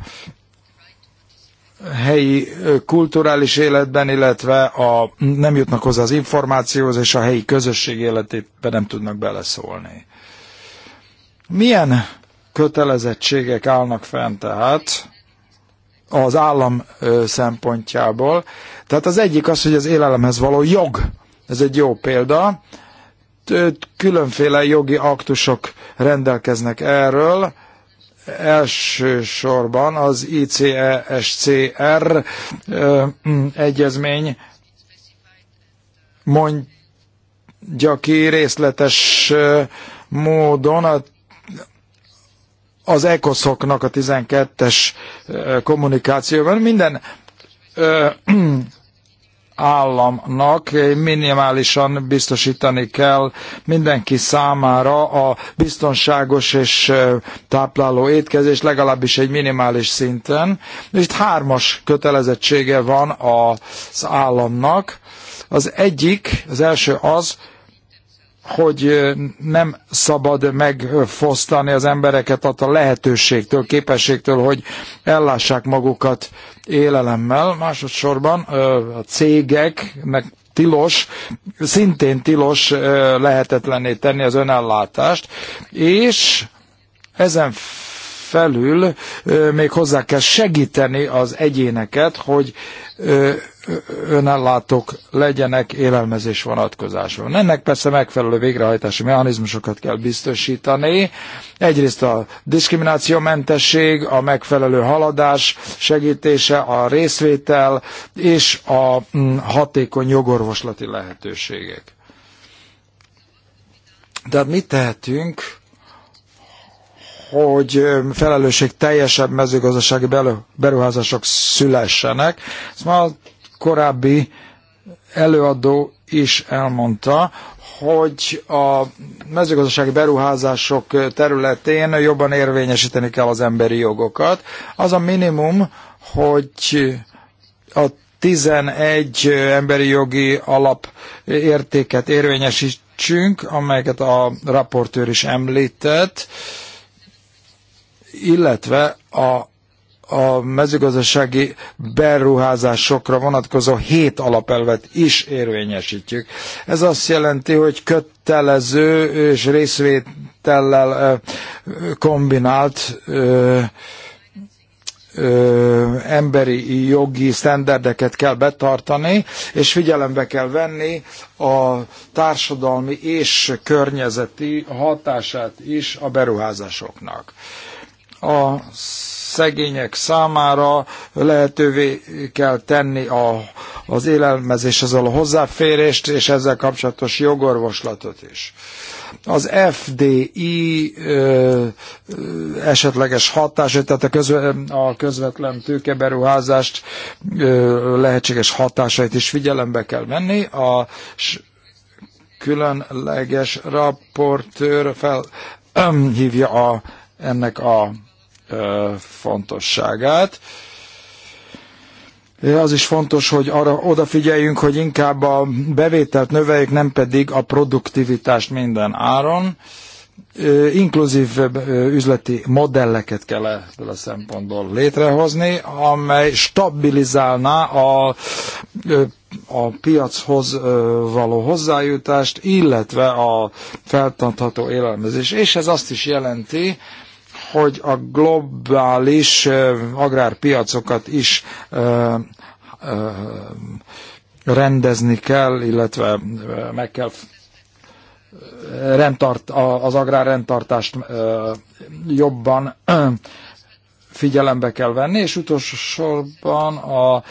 helyi kulturális életben, illetve a, nem jutnak hozzá az információhoz, és a helyi közösség életében nem tudnak beleszólni. Milyen kötelezettségek állnak fent tehát az állam szempontjából? Tehát az egyik az, hogy az élelemhez való jog. Ez egy jó példa különféle jogi aktusok rendelkeznek erről, elsősorban az ICESCR mm, egyezmény mondja ki részletes módon a az ECOSZoknak a 12-es kommunikációban minden ö, államnak minimálisan biztosítani kell mindenki számára a biztonságos és tápláló étkezés legalábbis egy minimális szinten. És itt hármas kötelezettsége van az államnak. Az egyik, az első az, hogy nem szabad megfosztani az embereket attól a lehetőségtől, képességtől, hogy ellássák magukat élelemmel. Másodszorban a cégeknek tilos, szintén tilos lehetetlenné tenni az önellátást, és ezen felül még hozzá kell segíteni az egyéneket, hogy önellátók legyenek élelmezés vonatkozásban. Ennek persze megfelelő végrehajtási mechanizmusokat kell biztosítani. Egyrészt a diszkriminációmentesség, a megfelelő haladás segítése, a részvétel és a mm, hatékony jogorvoslati lehetőségek. De hát mit tehetünk, hogy mm, felelősség teljesebb mezőgazdasági beruházások szülessenek? Ezt már korábbi előadó is elmondta, hogy a mezőgazdasági beruházások területén jobban érvényesíteni kell az emberi jogokat. Az a minimum, hogy a 11 emberi jogi alap értéket érvényesítsünk, amelyeket a raportőr is említett, illetve a a mezőgazdasági beruházásokra vonatkozó hét alapelvet is érvényesítjük. Ez azt jelenti, hogy kötelező és részvétellel kombinált ö, emberi jogi sztenderdeket kell betartani, és figyelembe kell venni a társadalmi és környezeti hatását is a beruházásoknak. A szegények számára lehetővé kell tenni a, az ezzel a hozzáférést, és ezzel kapcsolatos jogorvoslatot is. Az FDI ö, ö, esetleges hatásait, tehát a, közve, a közvetlen tőkeberuházást ö, lehetséges hatásait is figyelembe kell venni. A különleges raportőr felhívja ennek a fontosságát. Az is fontos, hogy arra odafigyeljünk, hogy inkább a bevételt növeljük, nem pedig a produktivitást minden áron. Inkluzív üzleti modelleket kell ebből a szempontból létrehozni, amely stabilizálná a, a piachoz való hozzájutást, illetve a feltartható élelmezés. És ez azt is jelenti, hogy a globális agrárpiacokat is rendezni kell, illetve meg kell rendtart, az agrárrendtartást jobban figyelembe kell venni, és utolsó sorban a,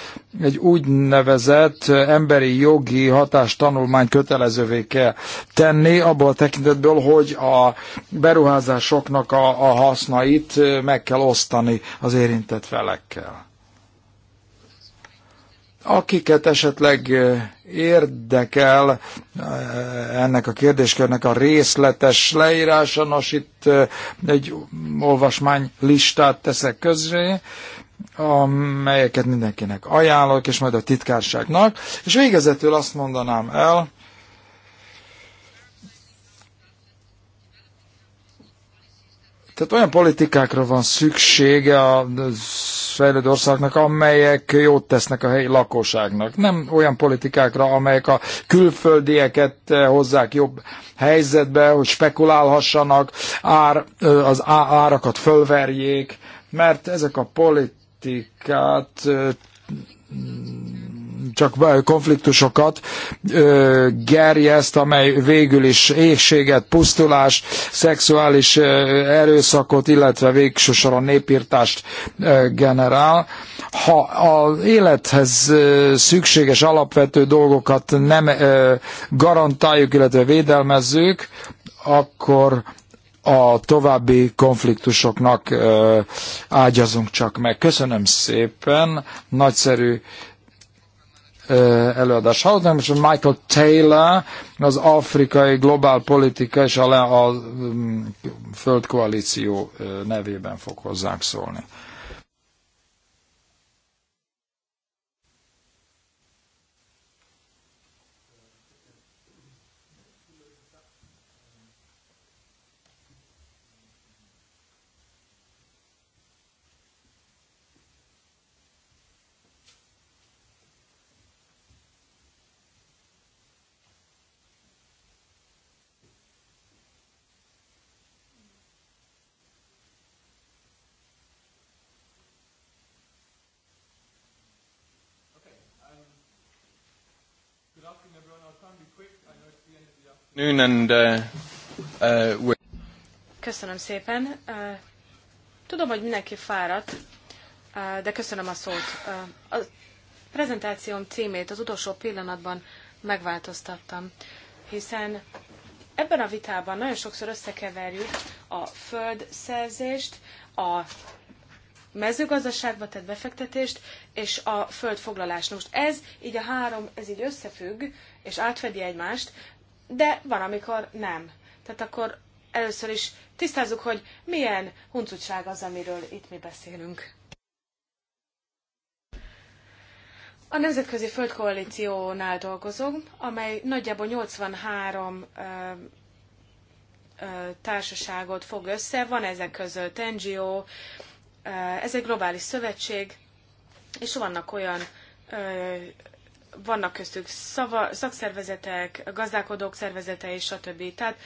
egy úgynevezett emberi jogi hatástanulmány kötelezővé kell tenni, abból a tekintetből, hogy a beruházásoknak a, a hasznait meg kell osztani az érintett felekkel. Akiket esetleg érdekel eh, ennek a kérdéskörnek a részletes leírása. Nos, itt eh, egy olvasmány listát teszek közré, amelyeket mindenkinek ajánlok, és majd a titkárságnak. És végezetül azt mondanám el, Tehát olyan politikákra van szüksége az fejlődő országnak, amelyek jót tesznek a helyi lakosságnak. Nem olyan politikákra, amelyek a külföldieket eh, hozzák jobb helyzetbe, hogy spekulálhassanak, ár, az árakat fölverjék, mert ezek a politikát csak konfliktusokat gerjeszt, amely végül is éhséget, pusztulást, szexuális erőszakot, illetve végső soron népírtást generál. Ha az élethez szükséges alapvető dolgokat nem garantáljuk, illetve védelmezzük, akkor a további konfliktusoknak ágyazunk csak meg. Köszönöm szépen, nagyszerű előadás hallottam, és Michael Taylor, az afrikai globál politika és a, a, a mm, földkoalíció nevében fog hozzánk szólni. Uh, uh, köszönöm szépen. Tudom, hogy mindenki fáradt, de köszönöm a szót. A prezentációm címét az utolsó pillanatban megváltoztattam, hiszen ebben a vitában nagyon sokszor összekeverjük a földszerzést, a mezőgazdaságba tett befektetést és a földfoglalást. Most ez így a három, ez így összefügg, és átfedi egymást, de van, amikor nem. Tehát akkor először is tisztázzuk, hogy milyen huncutság az, amiről itt mi beszélünk. A Nemzetközi Földkoalíciónál dolgozom, amely nagyjából 83 ö, ö, társaságot fog össze, van ezek között NGO, ö, ez egy globális szövetség, és vannak olyan ö, vannak köztük szava, szakszervezetek, gazdálkodók szervezete és stb. Tehát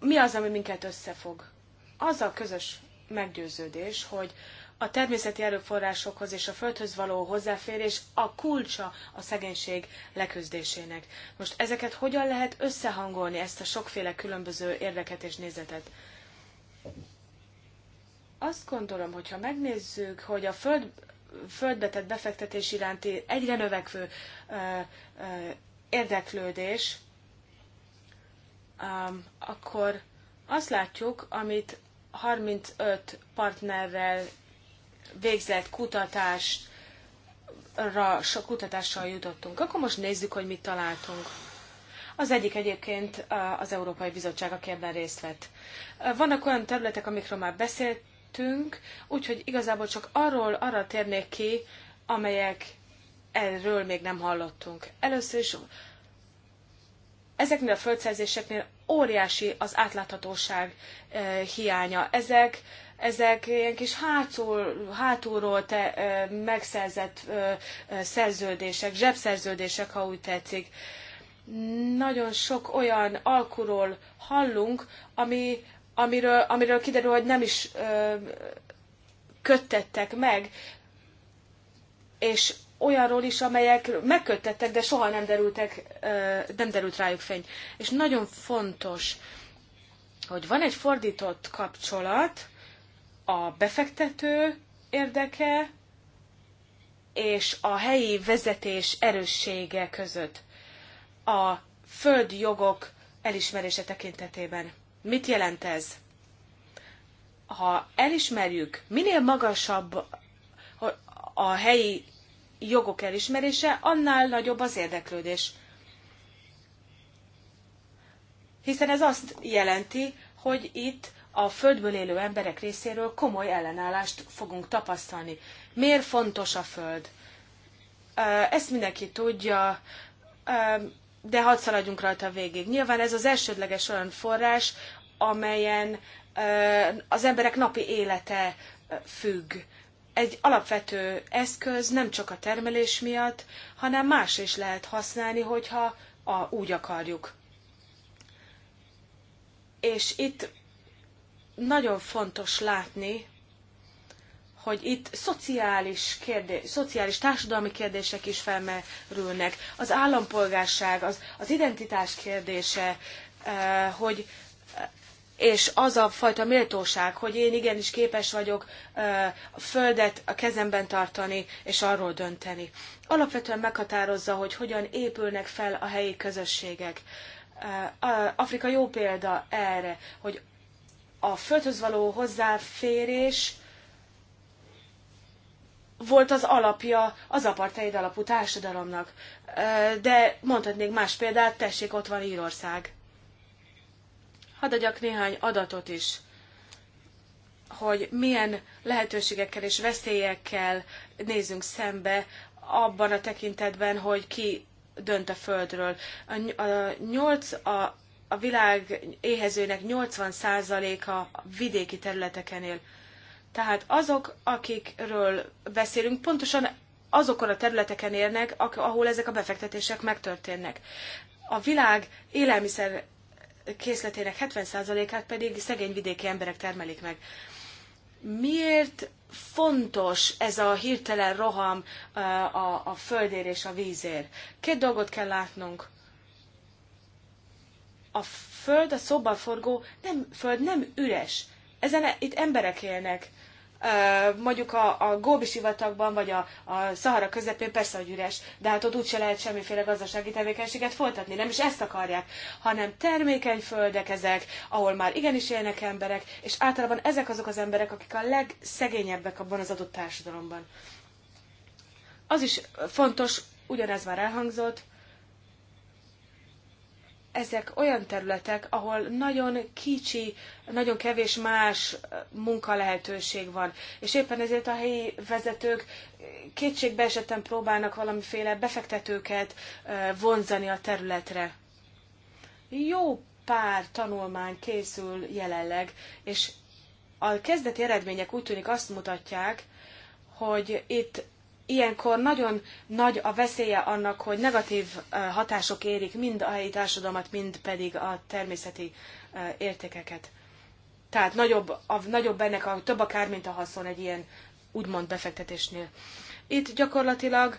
mi az, ami minket összefog? Az a közös meggyőződés, hogy a természeti erőforrásokhoz és a földhöz való hozzáférés a kulcsa a szegénység leküzdésének. Most ezeket hogyan lehet összehangolni, ezt a sokféle különböző érdeket és nézetet? Azt gondolom, hogyha megnézzük, hogy a föld tett befektetés iránti egyre növekvő érdeklődés, akkor azt látjuk, amit 35 partnerrel végzett kutatást, so kutatással jutottunk. Akkor most nézzük, hogy mit találtunk. Az egyik egyébként az Európai Bizottság, aki ebben részt vett. Vannak olyan területek, amikről már beszéltünk, tettünk, úgyhogy igazából csak arról arra térnék ki, amelyek erről még nem hallottunk. Először is ezeknél a földszerzéseknél óriási az átláthatóság e, hiánya. Ezek, ezek ilyen kis hátul, hátulról te, e, megszerzett e, szerződések, zsebszerződések, ha úgy tetszik. Nagyon sok olyan alkuról hallunk, ami amiről, amiről kiderül, hogy nem is ö, köttettek meg, és olyanról is, amelyek megköttettek, de soha nem, derültek, ö, nem derült rájuk fény. És nagyon fontos, hogy van egy fordított kapcsolat a befektető érdeke és a helyi vezetés erőssége között a földjogok elismerése tekintetében Mit jelent ez? Ha elismerjük, minél magasabb a helyi jogok elismerése, annál nagyobb az érdeklődés. Hiszen ez azt jelenti, hogy itt a földből élő emberek részéről komoly ellenállást fogunk tapasztalni. Miért fontos a föld? Ezt mindenki tudja, de hadd szaladjunk rajta végig. Nyilván ez az elsődleges olyan forrás, amelyen az emberek napi élete függ. Egy alapvető eszköz nem csak a termelés miatt, hanem más is lehet használni, hogyha a, úgy akarjuk. És itt nagyon fontos látni, hogy itt szociális, kérdés, szociális társadalmi kérdések is felmerülnek, az állampolgárság, az, az identitás kérdése, eh, hogy eh, és az a fajta méltóság, hogy én igenis képes vagyok eh, a földet a kezemben tartani és arról dönteni. Alapvetően meghatározza, hogy hogyan épülnek fel a helyi közösségek. Afrika jó példa erre, hogy a földhöz való hozzáférés volt az alapja az apartheid alapú társadalomnak. De mondhatnék más példát, tessék, ott van Írország. Hadd adjak néhány adatot is, hogy milyen lehetőségekkel és veszélyekkel nézünk szembe abban a tekintetben, hogy ki dönt a földről. A, a, nyolc, a, a világ éhezőnek 80%-a vidéki területeken él. Tehát azok, akikről beszélünk, pontosan azokon a területeken érnek, ahol ezek a befektetések megtörténnek. A világ élelmiszer készletének 70%-át pedig szegény vidéki emberek termelik meg. Miért fontos ez a hirtelen roham a, a, a földér és a vízér? Két dolgot kell látnunk. A föld, a szobaforgó nem, föld nem üres. Ezen itt emberek élnek mondjuk a, a Góbi sivatagban, vagy a, a Szahara közepén persze, hogy üres, de hát ott úgyse lehet semmiféle gazdasági tevékenységet folytatni, nem is ezt akarják, hanem termékeny földek ezek, ahol már igenis élnek emberek, és általában ezek azok az emberek, akik a legszegényebbek abban az adott társadalomban. Az is fontos, ugyanez már elhangzott, ezek olyan területek, ahol nagyon kicsi, nagyon kevés más munka lehetőség van. És éppen ezért a helyi vezetők kétségbe esetten próbálnak valamiféle befektetőket vonzani a területre. Jó pár tanulmány készül jelenleg, és a kezdeti eredmények úgy tűnik azt mutatják, hogy itt ilyenkor nagyon nagy a veszélye annak, hogy negatív hatások érik mind a helyi társadalmat, mind pedig a természeti értékeket. Tehát nagyobb, a, nagyobb ennek a több a kár, mint a haszon egy ilyen úgymond befektetésnél. Itt gyakorlatilag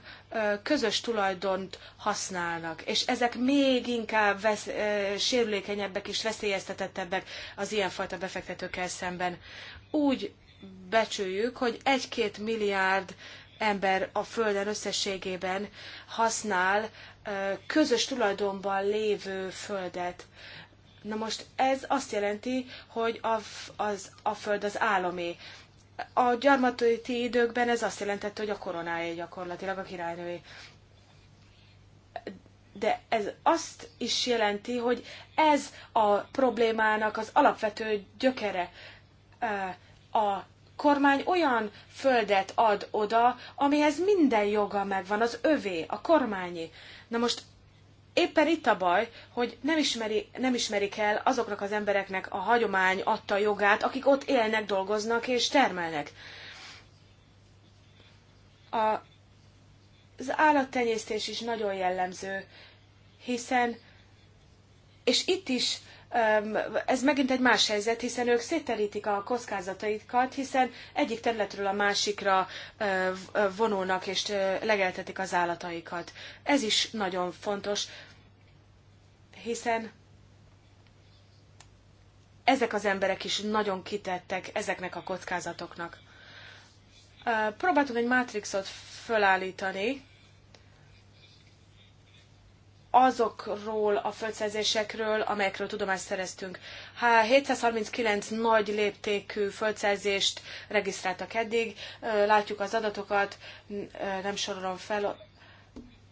közös tulajdont használnak, és ezek még inkább vesz, sérülékenyebbek és veszélyeztetettebbek az ilyenfajta befektetőkkel szemben. Úgy becsüljük, hogy 1-2 milliárd ember a Földön összességében használ közös tulajdonban lévő földet. Na most ez azt jelenti, hogy a, az, a föld az államé. A gyarmatoti időkben ez azt jelentette, hogy a koronája gyakorlatilag a királynői. De ez azt is jelenti, hogy ez a problémának az alapvető gyökere. A kormány olyan földet ad oda, amihez minden joga megvan, az övé, a kormányi. Na most éppen itt a baj, hogy nem, ismeri, nem ismerik el azoknak az embereknek a hagyomány adta jogát, akik ott élnek, dolgoznak és termelnek. A, az állattenyésztés is nagyon jellemző, hiszen, és itt is ez megint egy más helyzet, hiszen ők szétterítik a kockázataikat, hiszen egyik területről a másikra vonulnak és legeltetik az állataikat. Ez is nagyon fontos, hiszen ezek az emberek is nagyon kitettek ezeknek a kockázatoknak. Próbáltunk egy mátrixot fölállítani, azokról a földszerzésekről, amelyekről tudomást szereztünk. 739 nagy léptékű földszerzést regisztráltak eddig, látjuk az adatokat, nem sorolom fel,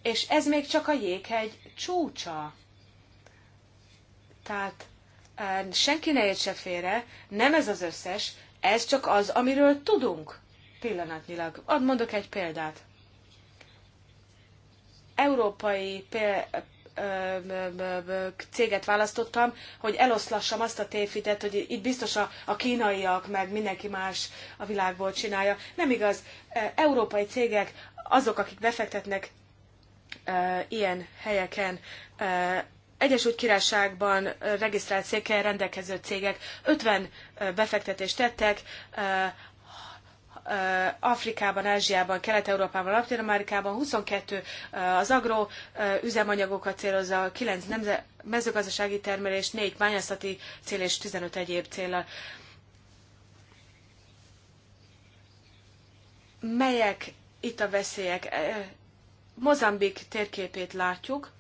és ez még csak a jéghegy csúcsa. Tehát senki ne értse félre, nem ez az összes, ez csak az, amiről tudunk pillanatnyilag. Ad mondok egy példát európai céget választottam, hogy eloszlassam azt a tévhitet, hogy itt biztos a, a kínaiak, meg mindenki más a világból csinálja. Nem igaz. Európai cégek, azok, akik befektetnek ilyen helyeken, Egyesült Királyságban regisztrált székkel rendelkező cégek 50 befektetést tettek, Afrikában, Ázsiában, Kelet-Európában, Latin-Amerikában 22 az agro üzemanyagokat célozza, 9 nemze- mezőgazdasági termelés, 4 bányászati cél és 15 egyéb célra. Melyek itt a veszélyek? Mozambik térképét látjuk.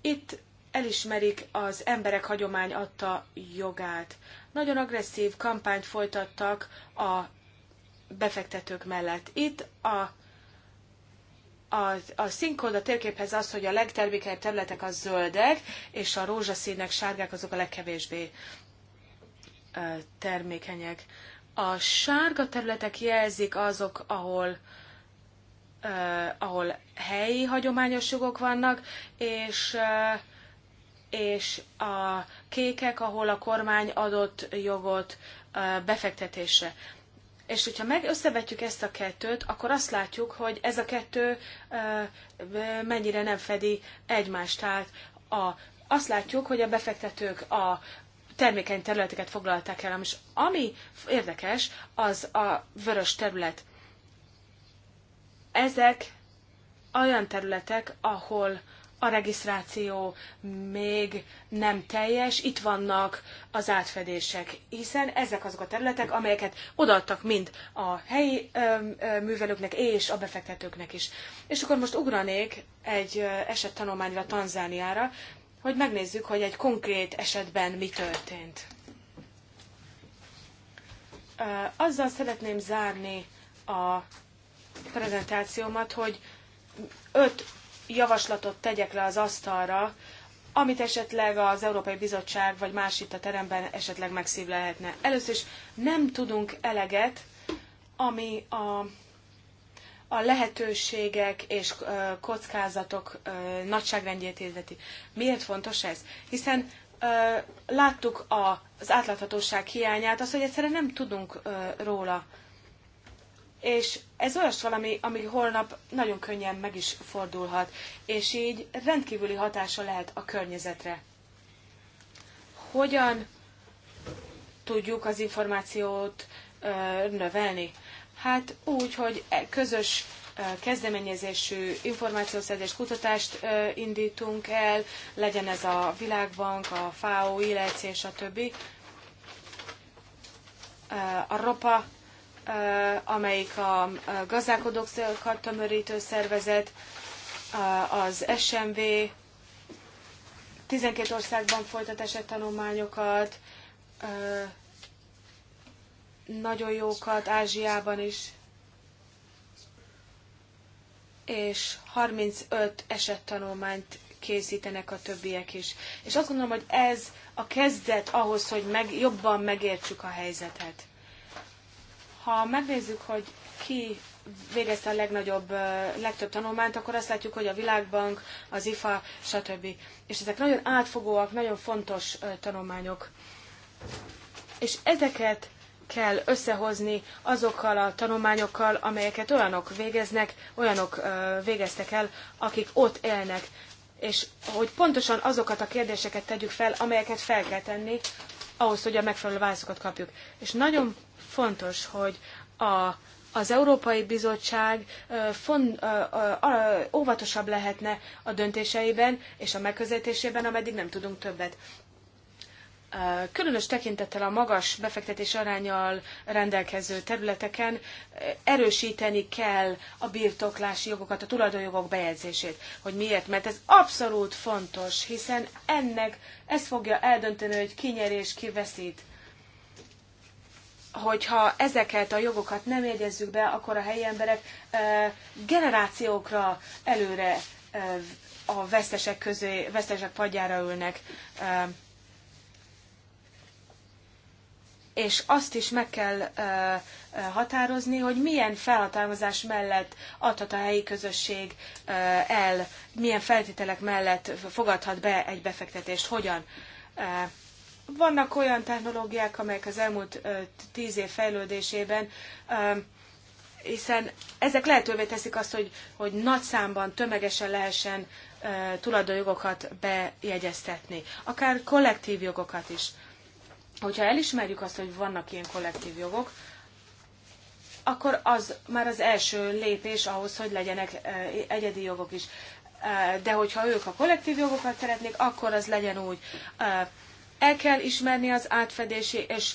Itt elismerik az emberek hagyomány adta jogát. Nagyon agresszív kampányt folytattak a befektetők mellett. Itt a a, a színkód a térképhez az, hogy a legtermékenyebb területek az zöldek, és a rózsaszínek, sárgák azok a legkevésbé termékenyek. A sárga területek jelzik azok, ahol, eh, ahol helyi hagyományos jogok vannak, és, eh, és a kékek, ahol a kormány adott jogot eh, befektetésre. És hogyha meg összevetjük ezt a kettőt, akkor azt látjuk, hogy ez a kettő mennyire nem fedi egymást. Tehát a, azt látjuk, hogy a befektetők a termékeny területeket foglalták el, és ami érdekes, az a vörös terület. Ezek olyan területek, ahol a regisztráció még nem teljes, itt vannak az átfedések, hiszen ezek azok a területek, amelyeket odaadtak mind a helyi ö, ö, művelőknek és a befektetőknek is. És akkor most ugranék egy esettanulmányra Tanzániára, hogy megnézzük, hogy egy konkrét esetben mi történt. Azzal szeretném zárni a prezentációmat, hogy öt javaslatot tegyek le az asztalra, amit esetleg az Európai Bizottság vagy más itt a teremben esetleg megszívlelhetne. Először is nem tudunk eleget, ami a, a lehetőségek és kockázatok nagyságrendjét illeti. Miért fontos ez? Hiszen láttuk az átláthatóság hiányát, az, hogy egyszerűen nem tudunk róla és ez olyas valami, ami holnap nagyon könnyen meg is fordulhat, és így rendkívüli hatása lehet a környezetre. Hogyan tudjuk az információt ö, növelni? Hát úgy, hogy e közös kezdeményezésű információszerzés kutatást indítunk el, legyen ez a Világbank, a FAO, ILC és a többi. E a ROPA Eh, amelyik a gazdálkodókat tömörítő szervezet, eh, az SMV, 12 országban folytat esettanulmányokat, eh, nagyon jókat, Ázsiában is, és 35 esettanulmányt készítenek a többiek is. És azt gondolom, hogy ez a kezdet ahhoz, hogy meg, jobban megértsük a helyzetet. Ha megnézzük, hogy ki végezte a legnagyobb, legtöbb tanulmányt, akkor azt látjuk, hogy a Világbank, az IFA, stb. És ezek nagyon átfogóak, nagyon fontos tanulmányok. És ezeket kell összehozni azokkal a tanulmányokkal, amelyeket olyanok végeznek, olyanok végeztek el, akik ott élnek. És hogy pontosan azokat a kérdéseket tegyük fel, amelyeket fel kell tenni, ahhoz, hogy a megfelelő válaszokat kapjuk. És nagyon fontos, hogy a, az Európai Bizottság fon, ö, ö, óvatosabb lehetne a döntéseiben és a megközelítésében, ameddig nem tudunk többet. Különös tekintettel a magas befektetés arányal rendelkező területeken erősíteni kell a birtoklási jogokat, a tulajdonjogok bejegyzését. Hogy miért? Mert ez abszolút fontos, hiszen ennek ez fogja eldönteni, hogy ki nyer és ki veszít hogyha ezeket a jogokat nem jegyezzük be, akkor a helyi emberek generációkra előre a vesztesek közé, vesztesek padjára ülnek. És azt is meg kell határozni, hogy milyen felhatalmazás mellett adhat a helyi közösség el, milyen feltételek mellett fogadhat be egy befektetést, hogyan vannak olyan technológiák, amelyek az elmúlt tíz év fejlődésében hiszen ezek lehetővé teszik azt, hogy, hogy nagy számban, tömegesen lehessen e, tulajdonjogokat bejegyeztetni, akár kollektív jogokat is. Hogyha elismerjük azt, hogy vannak ilyen kollektív jogok, akkor az már az első lépés ahhoz, hogy legyenek egyedi jogok is. de hogyha ők a kollektív jogokat szeretnék, akkor az legyen úgy el kell ismerni az átfedési és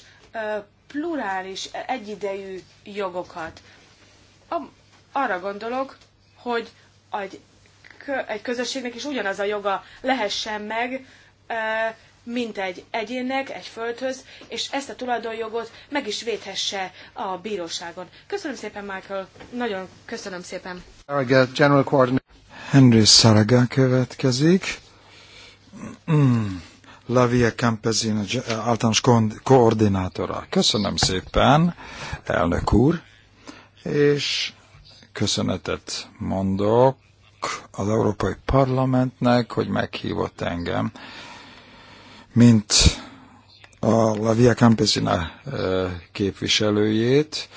plurális, e, egyidejű jogokat. Arra gondolok, hogy egy, egy közösségnek is ugyanaz a joga lehessen meg, mint egy egyénnek, egy földhöz, és ezt a tulajdonjogot meg is védhesse a bíróságon. Köszönöm szépen, Michael. Nagyon köszönöm szépen. General Henry Saraga következik. Mm. Via Campesina eh, általános koordinátora. Köszönöm szépen, elnök úr, és köszönetet mondok az Európai Parlamentnek, hogy meghívott engem, mint a Via Campesina eh, képviselőjét,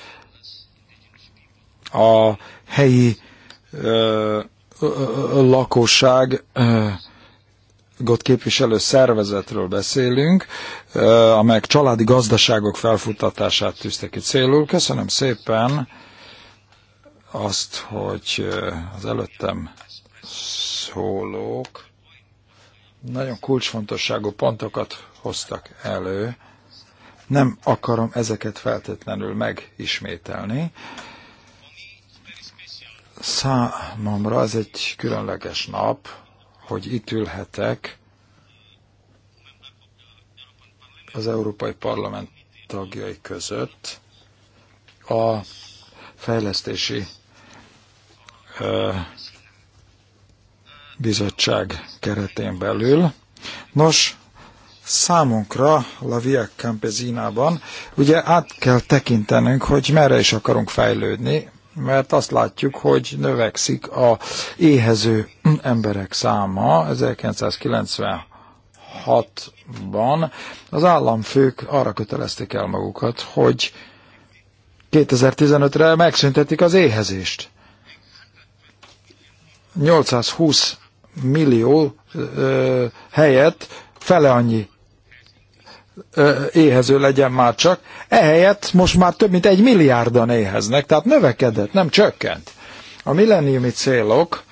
a helyi eh, lakosság gazdaságot képviselő szervezetről beszélünk, amelyek családi gazdaságok felfuttatását tűzte ki célul. Köszönöm szépen azt, hogy az előttem szólók nagyon kulcsfontosságú pontokat hoztak elő. Nem akarom ezeket feltétlenül megismételni. Számomra ez egy különleges nap, hogy itt ülhetek az Európai Parlament tagjai között a fejlesztési bizottság keretén belül. Nos, számunkra La Via Campesinában ugye át kell tekintenünk, hogy merre is akarunk fejlődni, mert azt látjuk, hogy növekszik a éhező emberek száma 1996-ban. Az államfők arra kötelezték el magukat, hogy 2015-re megszüntetik az éhezést. 820 millió ö, helyett fele annyi éhező legyen már csak, ehelyett most már több mint egy milliárdan éheznek, tehát növekedett, nem csökkent. A milleniumi célok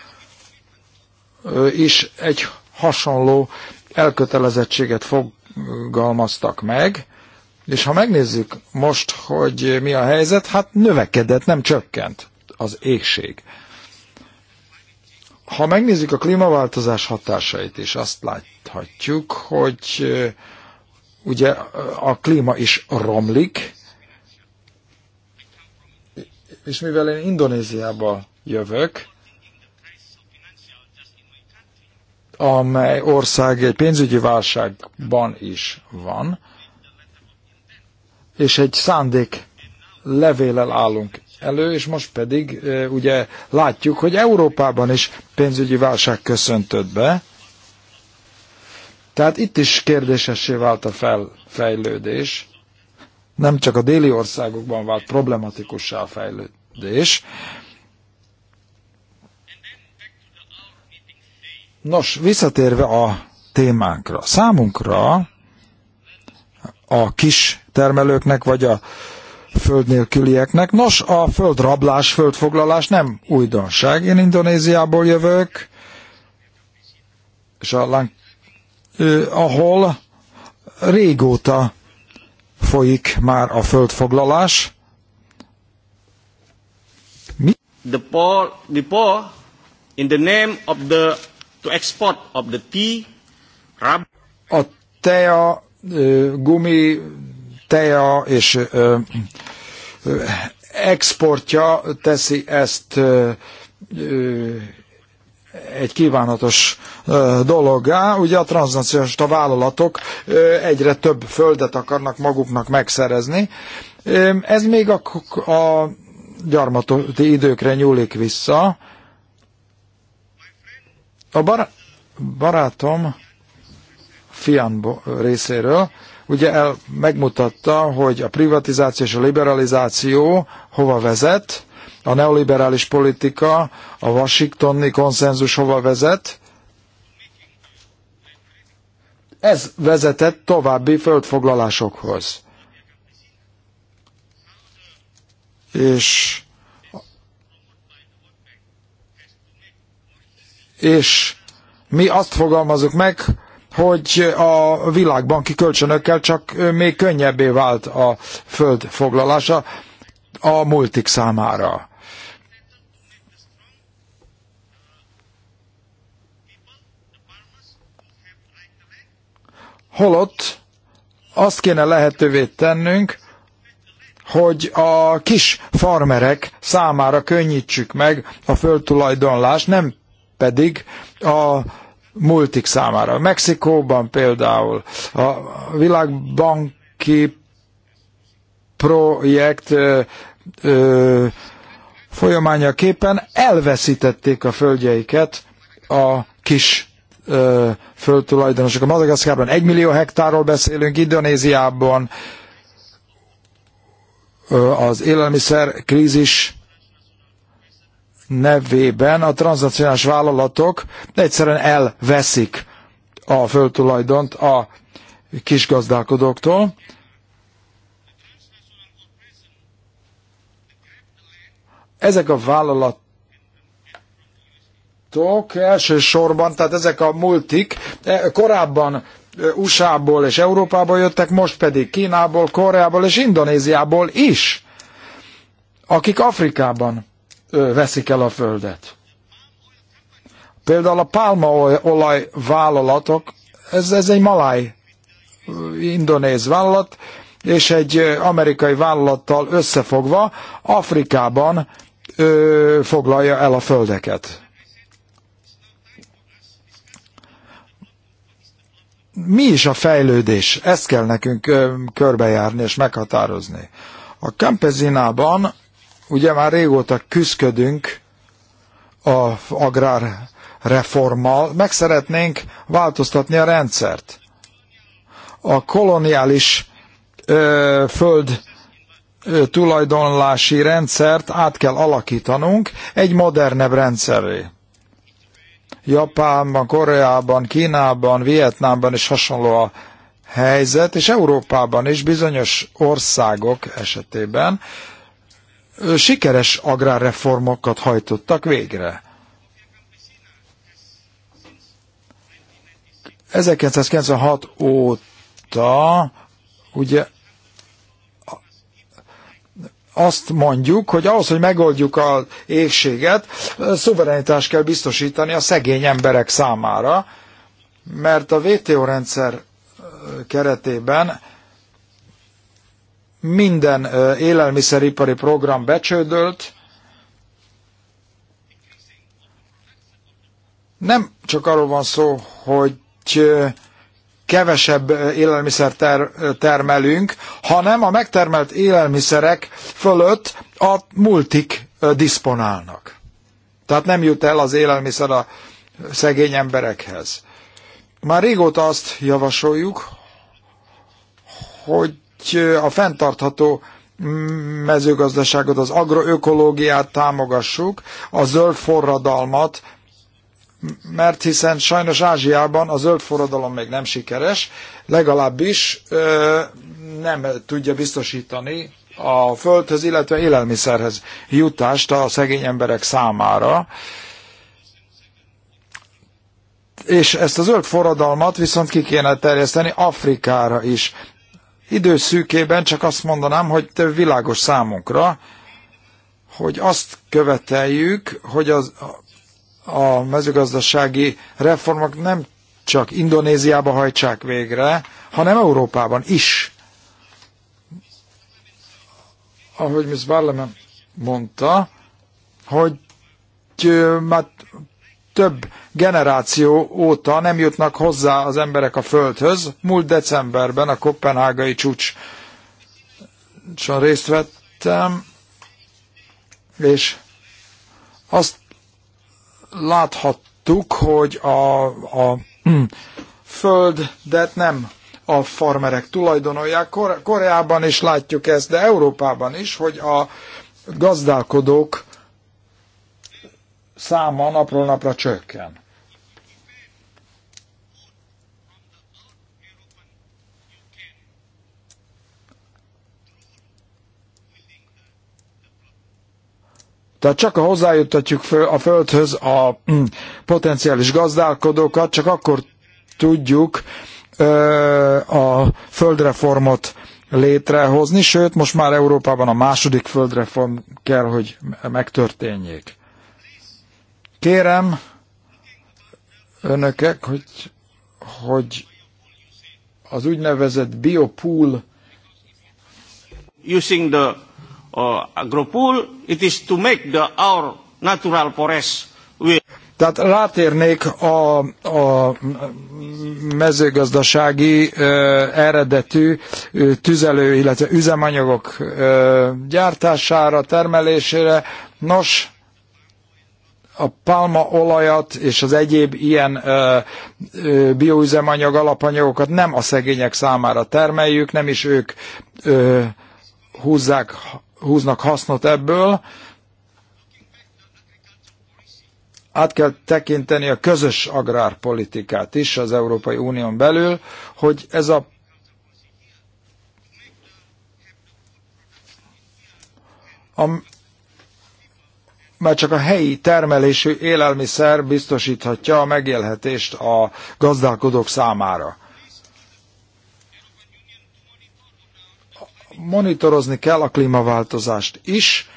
is egy hasonló elkötelezettséget fogalmaztak meg, és ha megnézzük most, hogy mi a helyzet, hát növekedett, nem csökkent az égség. Ha megnézzük a klímaváltozás hatásait is, azt láthatjuk, hogy Ugye a klíma is romlik, és mivel én Indonéziába jövök, amely ország egy pénzügyi válságban is van, és egy szándék levélel állunk elő, és most pedig eh, ugye látjuk, hogy Európában is pénzügyi válság köszöntött be, tehát itt is kérdésessé vált a fel, fejlődés. Nem csak a déli országokban vált problematikussá a fejlődés. Nos, visszatérve a témánkra. Számunkra a kis termelőknek, vagy a föld nélkülieknek. Nos, a földrablás, földfoglalás nem újdonság. Én Indonéziából jövök, és a ahol régóta folyik már a földfoglalás. Mi? The poor, the poor, in the name of the to export of the tea, rub... A tea, gumi, tea és exportja teszi ezt egy kívánatos dologgá. Ugye a transznacionalista vállalatok egyre több földet akarnak maguknak megszerezni. Ez még a, a gyarmatoti időkre nyúlik vissza. A bar, barátom fian részéről ugye el, megmutatta, hogy a privatizáció és a liberalizáció hova vezet, a neoliberális politika, a washingtoni konszenzus hova vezet? Ez vezetett további földfoglalásokhoz. És és mi azt fogalmazunk meg, hogy a világbanki kölcsönökkel csak még könnyebbé vált a föld foglalása a multik számára. Holott azt kéne lehetővé tennünk, hogy a kis farmerek számára könnyítsük meg a földtulajdonlást, nem pedig a multik számára. Mexikóban például a világbanki projekt ö, ö, folyamányaképpen elveszítették a földjeiket a kis földtulajdonosok. A Madagaszkárban 1 millió hektárról beszélünk, Indonéziában az élelmiszer krízis nevében a transnacionális vállalatok egyszerűen elveszik a földtulajdont a kisgazdálkodóktól. Ezek a vállalat vállalatok elsősorban, tehát ezek a multik e, korábban e, USA-ból és Európából jöttek, most pedig Kínából, Koreából és Indonéziából is, akik Afrikában veszik el a földet. Például a pálmaolaj vállalatok, ez, ez egy maláj indonéz vállalat, és egy amerikai vállalattal összefogva Afrikában ö, foglalja el a földeket. mi is a fejlődés? Ezt kell nekünk körbejárni és meghatározni. A Kempezinában ugye már régóta küzdködünk a agrárreformmal, meg szeretnénk változtatni a rendszert. A koloniális ö, föld ö, tulajdonlási rendszert át kell alakítanunk egy modernebb rendszerre. Japánban, Koreában, Kínában, Vietnámban is hasonló a helyzet, és Európában is bizonyos országok esetében sikeres agrárreformokat hajtottak végre. 1996 óta ugye azt mondjuk, hogy ahhoz, hogy megoldjuk az égséget, szuverenitást kell biztosítani a szegény emberek számára, mert a WTO rendszer keretében minden élelmiszeripari program becsődölt, nem csak arról van szó, hogy kevesebb eh, élelmiszer ter, termelünk, hanem a megtermelt élelmiszerek fölött a multik eh, disponálnak. Tehát nem jut el az élelmiszer a szegény emberekhez. Már régóta azt javasoljuk, hogy eh, a fenntartható mezőgazdaságot, az agroökológiát támogassuk, a zöld forradalmat mert hiszen sajnos Ázsiában a zöld forradalom még nem sikeres, legalábbis nem tudja biztosítani a földhöz, illetve élelmiszerhez jutást a szegény emberek számára. És ezt a zöld forradalmat viszont ki kéne terjeszteni Afrikára is. Időszűkében csak azt mondanám, hogy világos számunkra, hogy azt követeljük, hogy az, a mezőgazdasági reformok nem csak Indonéziába hajtsák végre, hanem Európában is. Ahogy Ms. Barlemen mondta, hogy már több generáció óta nem jutnak hozzá az emberek a földhöz. Múlt decemberben a kopenhágai csúcson részt vettem, és azt láthattuk, hogy a, a hmm, földet nem a farmerek tulajdonolják. Kor- Koreában is látjuk ezt, de Európában is, hogy a gazdálkodók száma napról napra csökken. Tehát csak ha hozzájuttatjuk a földhöz a mm, potenciális gazdálkodókat, csak akkor tudjuk a földreformot létrehozni, sőt, most már Európában a második földreform kell, hogy megtörténjék. Kérem önökek, hogy, hogy az úgynevezett biopool using the uh, agro it is to make the, our natural forest tehát rátérnék a, a mezőgazdasági ö, uh, eredetű ö, uh, tüzelő, illetve üzemanyagok ö, uh, gyártására, termelésére. Nos, a pálmaolajat és az egyéb ilyen ö, ö, bioüzemanyag alapanyagokat nem a szegények számára termeljük, nem is ők ö, húzzák húznak hasznot ebből. Át kell tekinteni a közös agrárpolitikát is az Európai Unión belül, hogy ez a a, mert csak a helyi termelésű élelmiszer biztosíthatja a megélhetést a gazdálkodók számára. monitorozni kell a klímaváltozást is,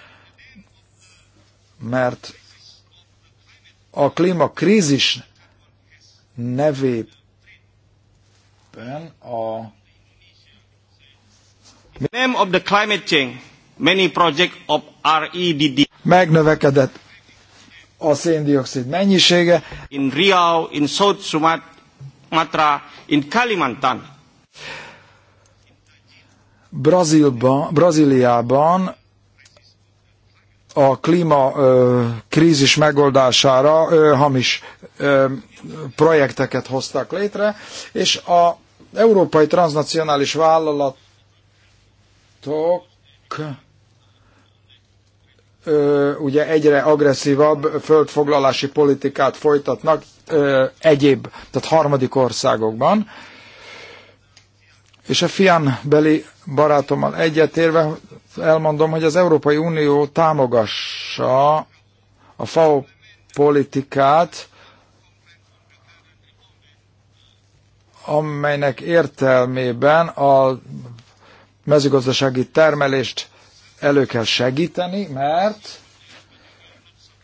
mert a klímakrízis nevében a name of the climate change many project of REDD megnövekedett a széndiokszid mennyisége in Riau, in South Sumatra, in Kalimantan Brazílban, Brazíliában a klíma ö, krízis megoldására ö, hamis ö, projekteket hoztak létre, és a európai transnacionális vállalatok ö, ugye egyre agresszívabb földfoglalási politikát folytatnak ö, egyéb, tehát harmadik országokban, és a fián beli barátommal egyetérve elmondom, hogy az Európai Unió támogassa a FAO politikát, amelynek értelmében a mezőgazdasági termelést elő kell segíteni, mert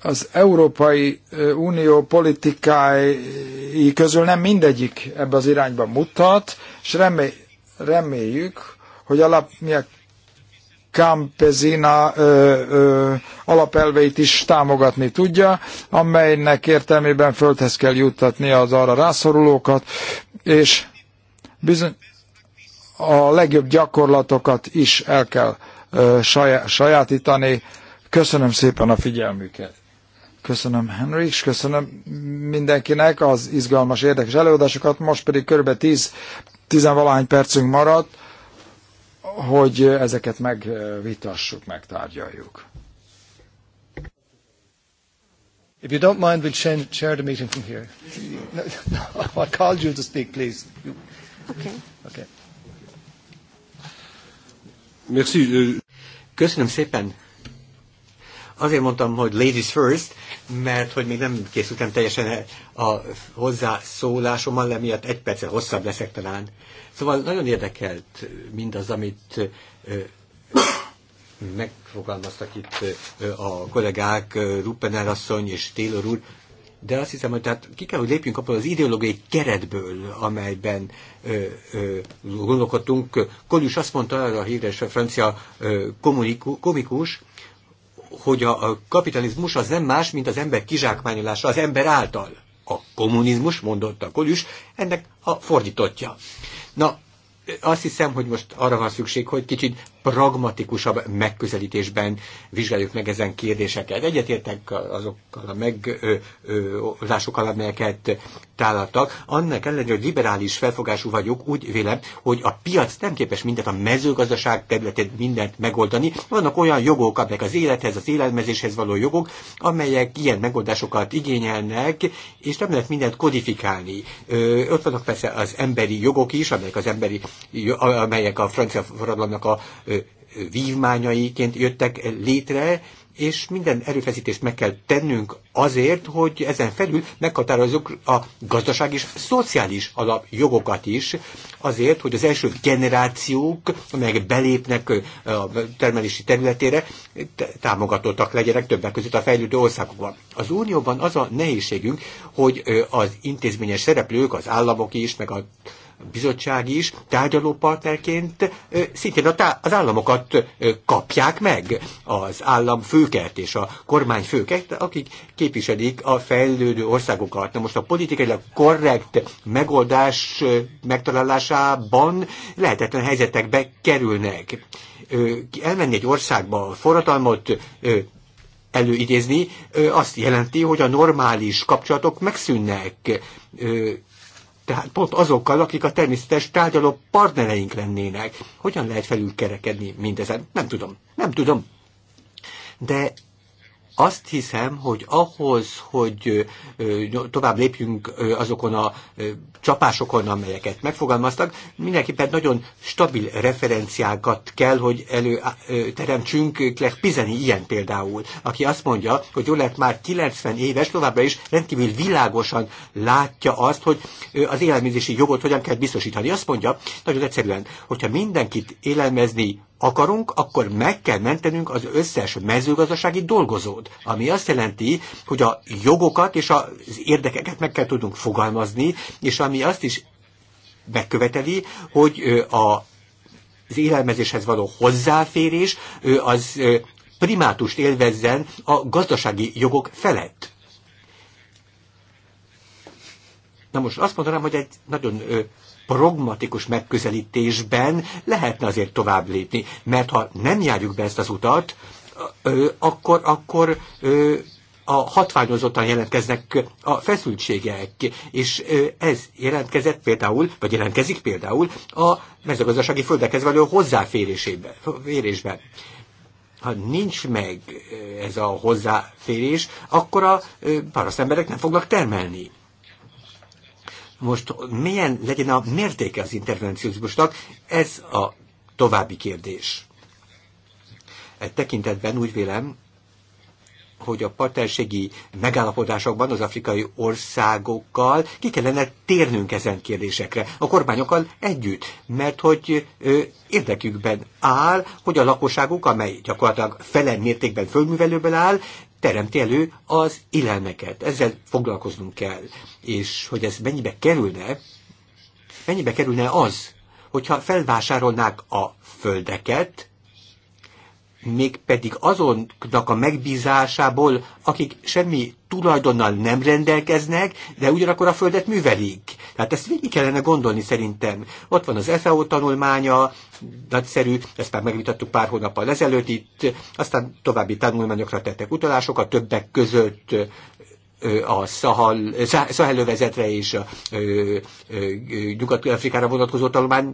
az Európai Unió politikái közül nem mindegyik ebbe az irányba mutat, és remély, reméljük, hogy alap, mi a Campesina ö, ö, alapelveit is támogatni tudja, amelynek értelmében földhez kell juttatni az arra rászorulókat, és bizony a legjobb gyakorlatokat is el kell ö, saját, sajátítani. Köszönöm szépen a figyelmüket! Köszönöm Henry, és köszönöm mindenkinek az izgalmas, érdekes előadásokat. Most pedig kb. 10 valahány percünk maradt hogy ezeket megvitassuk, megtárgyaljuk. If you don't mind, we'll share the meeting from here. No, no, I called you to speak, please. You... Okay. Okay. Merci. Euh. Köszönöm szépen. Azért mondtam, hogy ladies first, mert hogy még nem készültem teljesen a hozzászólásommal, emiatt egy perccel hosszabb leszek talán. Szóval nagyon érdekelt mindaz, amit megfogalmaztak itt a kollégák, Ruppener asszony és Taylor úr, de azt hiszem, hogy tehát ki kell, hogy lépjünk abból az ideológiai keretből, amelyben gondolkodtunk. Kolus azt mondta a híres francia ö, komikus, hogy a kapitalizmus az nem más, mint az ember kizsákmányolása az ember által. A kommunizmus, mondotta Kolüs, ennek a fordítottja. Na, azt hiszem, hogy most arra van szükség, hogy kicsit pragmatikusabb megközelítésben vizsgáljuk meg ezen kérdéseket. Egyetértek azokkal a meglásokkal, amelyeket tálaltak. Annak ellenére, hogy liberális felfogású vagyok, úgy vélem, hogy a piac nem képes mindent a mezőgazdaság területén mindent megoldani. Vannak olyan jogok, amelyek az élethez, az élelmezéshez való jogok, amelyek ilyen megoldásokat igényelnek, és nem lehet mindent kodifikálni. Ö, ott vannak persze az emberi jogok is, amelyek, az emberi, amelyek a francia forradalomnak a ö, vívmányaiként jöttek létre, és minden erőfeszítést meg kell tennünk azért, hogy ezen felül meghatározzuk a gazdaság és szociális alapjogokat is, azért, hogy az első generációk, amelyek belépnek a termelési területére, támogatottak legyenek többek között a fejlődő országokban. Az Unióban az a nehézségünk, hogy az intézményes szereplők, az államok is, meg a bizottság is tárgyalópartnerként szintén az államokat kapják meg, az állam főket és a kormány főket, akik képviselik a fejlődő országokat. Na most a politikailag korrekt megoldás megtalálásában lehetetlen helyzetekbe kerülnek. Elmenni egy országba, forradalmat előidézni, azt jelenti, hogy a normális kapcsolatok megszűnnek tehát pont azokkal, akik a természetes tárgyaló partnereink lennének. Hogyan lehet felülkerekedni mindezen? Nem tudom. Nem tudom. De azt hiszem, hogy ahhoz, hogy tovább lépjünk azokon a csapásokon, amelyeket megfogalmaztak, mindenképpen nagyon stabil referenciákat kell, hogy előteremtsünk. Klech Pizeni ilyen például, aki azt mondja, hogy jól lehet már 90 éves, továbbra is rendkívül világosan látja azt, hogy az élelmezési jogot hogyan kell biztosítani. Azt mondja, nagyon egyszerűen, hogyha mindenkit élelmezni akarunk, akkor meg kell mentenünk az összes mezőgazdasági dolgozót, ami azt jelenti, hogy a jogokat és az érdekeket meg kell tudnunk fogalmazni, és ami ami azt is beköveteli, hogy a, az élelmezéshez való hozzáférés az primátust élvezzen a gazdasági jogok felett. Na most azt mondanám, hogy egy nagyon pragmatikus megközelítésben lehetne azért tovább lépni, mert ha nem járjuk be ezt az utat, akkor, akkor a hatványozottan jelentkeznek a feszültségek, és ez jelentkezett például, vagy jelentkezik például a mezőgazdasági földekhez való hozzáférésben ha nincs meg ez a hozzáférés, akkor a paraszt emberek nem fognak termelni. Most milyen legyen a mértéke az intervenciózmusnak, ez a további kérdés. egy tekintetben úgy vélem, hogy a partnerségi megállapodásokban az afrikai országokkal ki kellene térnünk ezen kérdésekre, a kormányokkal együtt, mert hogy érdekükben áll, hogy a lakosságuk, amely gyakorlatilag fele mértékben fölművelőből áll, teremti elő az élelmeket. Ezzel foglalkoznunk kell. És hogy ez mennyibe kerülne, mennyibe kerülne az, hogyha felvásárolnák a földeket, mégpedig azonnak a megbízásából, akik semmi tulajdonnal nem rendelkeznek, de ugyanakkor a földet művelik. Tehát ezt végig kellene gondolni szerintem. Ott van az FAO e tanulmánya, nagyszerű, ezt már megvitattuk pár hónappal ezelőtt itt, aztán további tanulmányokra tettek utalásokat, többek között a Szahal, Szahelövezetre és a Nyugat-Afrikára vonatkozó tanulmányra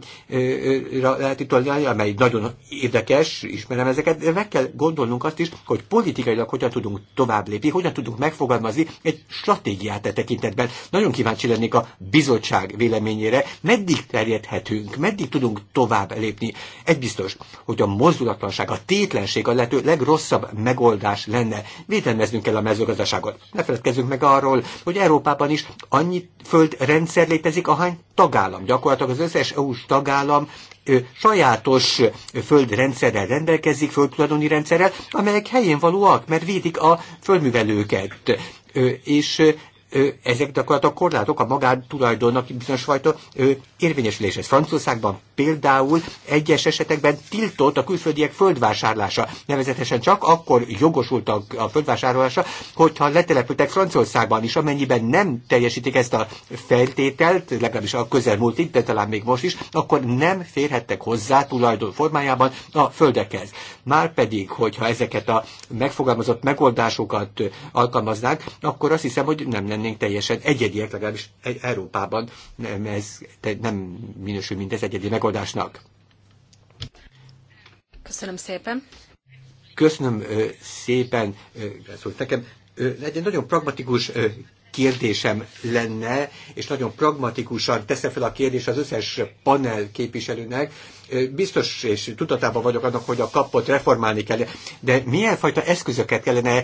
lehet itt tanulni, amely nagyon érdekes, ismerem ezeket, de meg kell gondolnunk azt is, hogy politikailag hogyan tudunk tovább lépni, hogyan tudunk megfogalmazni egy stratégiát e tekintetben. Nagyon kíváncsi lennék a bizottság véleményére, meddig terjedhetünk, meddig tudunk tovább lépni. Egy biztos, hogy a mozdulatlanság, a tétlenség a lehető legrosszabb megoldás lenne. Védelmeznünk kell a mezőgazdaságot. Ne feledkezzünk győzünk meg arról, hogy Európában is annyi földrendszer létezik, ahány tagállam. Gyakorlatilag az összes EU-s tagállam ö, sajátos földrendszerrel rendelkezik, földtulajdoni rendszerrel, amelyek helyén valóak, mert védik a földművelőket és ezek gyakorlatilag korlátok a magántulajdonnak bizonyos fajta érvényesüléshez. Franciaországban például egyes esetekben tiltott a külföldiek földvásárlása. Nevezetesen csak akkor jogosultak a földvásárlásra, hogyha letelepültek Franciaországban is, amennyiben nem teljesítik ezt a feltételt, legalábbis a közelmúltig, de talán még most is, akkor nem férhettek hozzá tulajdon formájában a földekhez. Márpedig, hogyha ezeket a megfogalmazott megoldásokat alkalmaznák, akkor azt hiszem, hogy nem lenne lennénk teljesen egyediek, legalábbis Európában nem, ez, nem minősül mindez egyedi megoldásnak. Köszönöm szépen. Köszönöm szépen, Szóval, nekem. Egy nagyon pragmatikus kérdésem lenne, és nagyon pragmatikusan teszem fel a kérdést az összes panel képviselőnek. Biztos és tudatában vagyok annak, hogy a kapot reformálni kell, de milyen fajta eszközöket kellene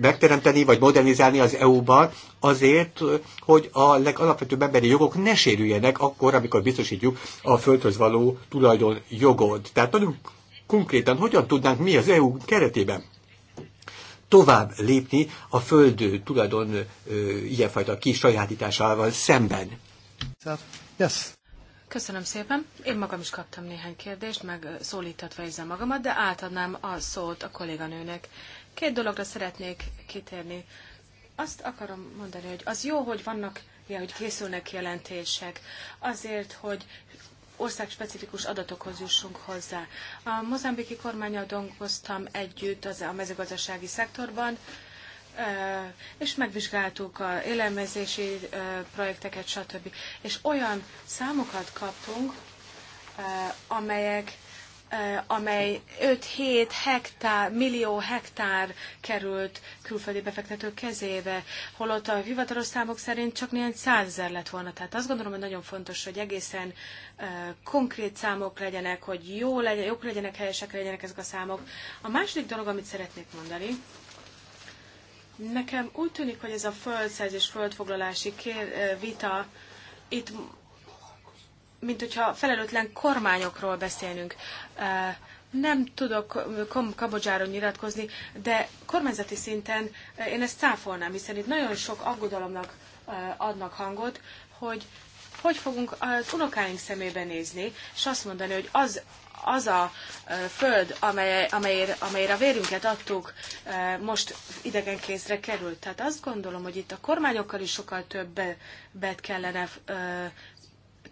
megteremteni vagy modernizálni az EU-ban azért, hogy a legalapvetőbb emberi jogok ne sérüljenek akkor, amikor biztosítjuk a földhöz való tulajdon jogod. Tehát nagyon konkrétan hogyan tudnánk mi az EU keretében tovább lépni a föld tulajdon ilyenfajta kisajátításával szemben. Yes. Köszönöm szépen. Én magam is kaptam néhány kérdést, meg szólítatva érzem magamat, de átadnám a szót a kolléganőnek. Két dologra szeretnék kitérni. Azt akarom mondani, hogy az jó, hogy vannak, ja, hogy készülnek jelentések, azért, hogy országspecifikus adatokhoz jussunk hozzá. A mozambiki kormányal dolgoztam együtt az a mezőgazdasági szektorban, és megvizsgáltuk a élelmezési projekteket, stb. És olyan számokat kaptunk, amelyek Eh, amely 5-7 hektár, millió hektár került külföldi befektetők kezébe, holott a hivatalos számok szerint csak néhány százezer lett volna. Tehát azt gondolom, hogy nagyon fontos, hogy egészen eh, konkrét számok legyenek, hogy jó legyen, jók legyenek, helyesek legyenek ezek a számok. A második dolog, amit szeretnék mondani, nekem úgy tűnik, hogy ez a földszerzés, földfoglalási eh, vita itt mint hogyha felelőtlen kormányokról beszélnünk. Nem tudok Kambodzsáról nyilatkozni, de kormányzati szinten én ezt cáfolnám, hiszen itt nagyon sok aggodalomnak adnak hangot, hogy hogy fogunk az unokáink szemébe nézni, és azt mondani, hogy az, az a föld, amely, amelyre, amelyre a vérünket adtuk, most kézre került. Tehát azt gondolom, hogy itt a kormányokkal is sokkal többet kellene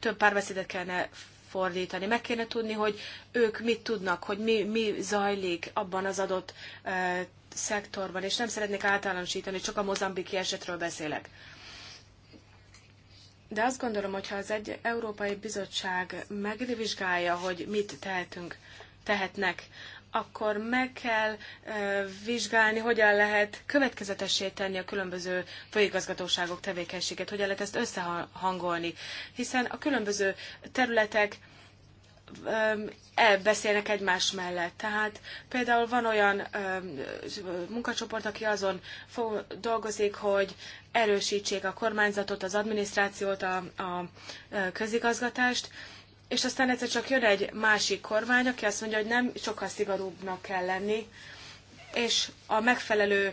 több párbeszédet kellene fordítani. Meg kéne tudni, hogy ők mit tudnak, hogy mi, mi zajlik abban az adott e, szektorban, és nem szeretnék általánosítani, csak a mozambiki esetről beszélek. De azt gondolom, hogy ha az egy Európai Bizottság megvizsgálja, hogy mit tehetünk, tehetnek akkor meg kell vizsgálni, hogyan lehet következetessé tenni a különböző főigazgatóságok tevékenységet, hogyan lehet ezt összehangolni. Hiszen a különböző területek elbeszélnek egymás mellett. Tehát például van olyan munkacsoport, aki azon fog, dolgozik, hogy erősítsék a kormányzatot, az adminisztrációt, a, a közigazgatást, és aztán egyszer csak jön egy másik kormány, aki azt mondja, hogy nem, sokkal szigorúbbnak kell lenni, és a megfelelő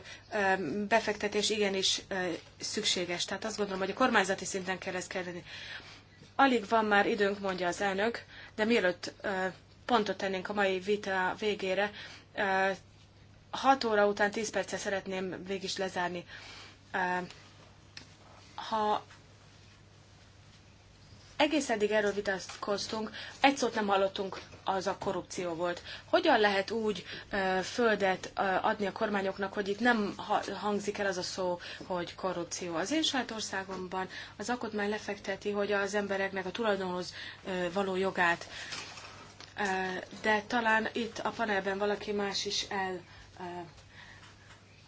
befektetés igenis szükséges. Tehát azt gondolom, hogy a kormányzati szinten kell ezt kell Alig van már időnk, mondja az elnök, de mielőtt pontot tennénk a mai vita végére, 6 óra után 10 perccel szeretném végig is lezárni. Ha egész eddig erről vitatkoztunk, egy szót nem hallottunk, az a korrupció volt. Hogyan lehet úgy földet adni a kormányoknak, hogy itt nem hangzik el az a szó, hogy korrupció? Az én saját országomban az alkotmány lefekteti, hogy az embereknek a tulajdonhoz való jogát, de talán itt a panelben valaki más is el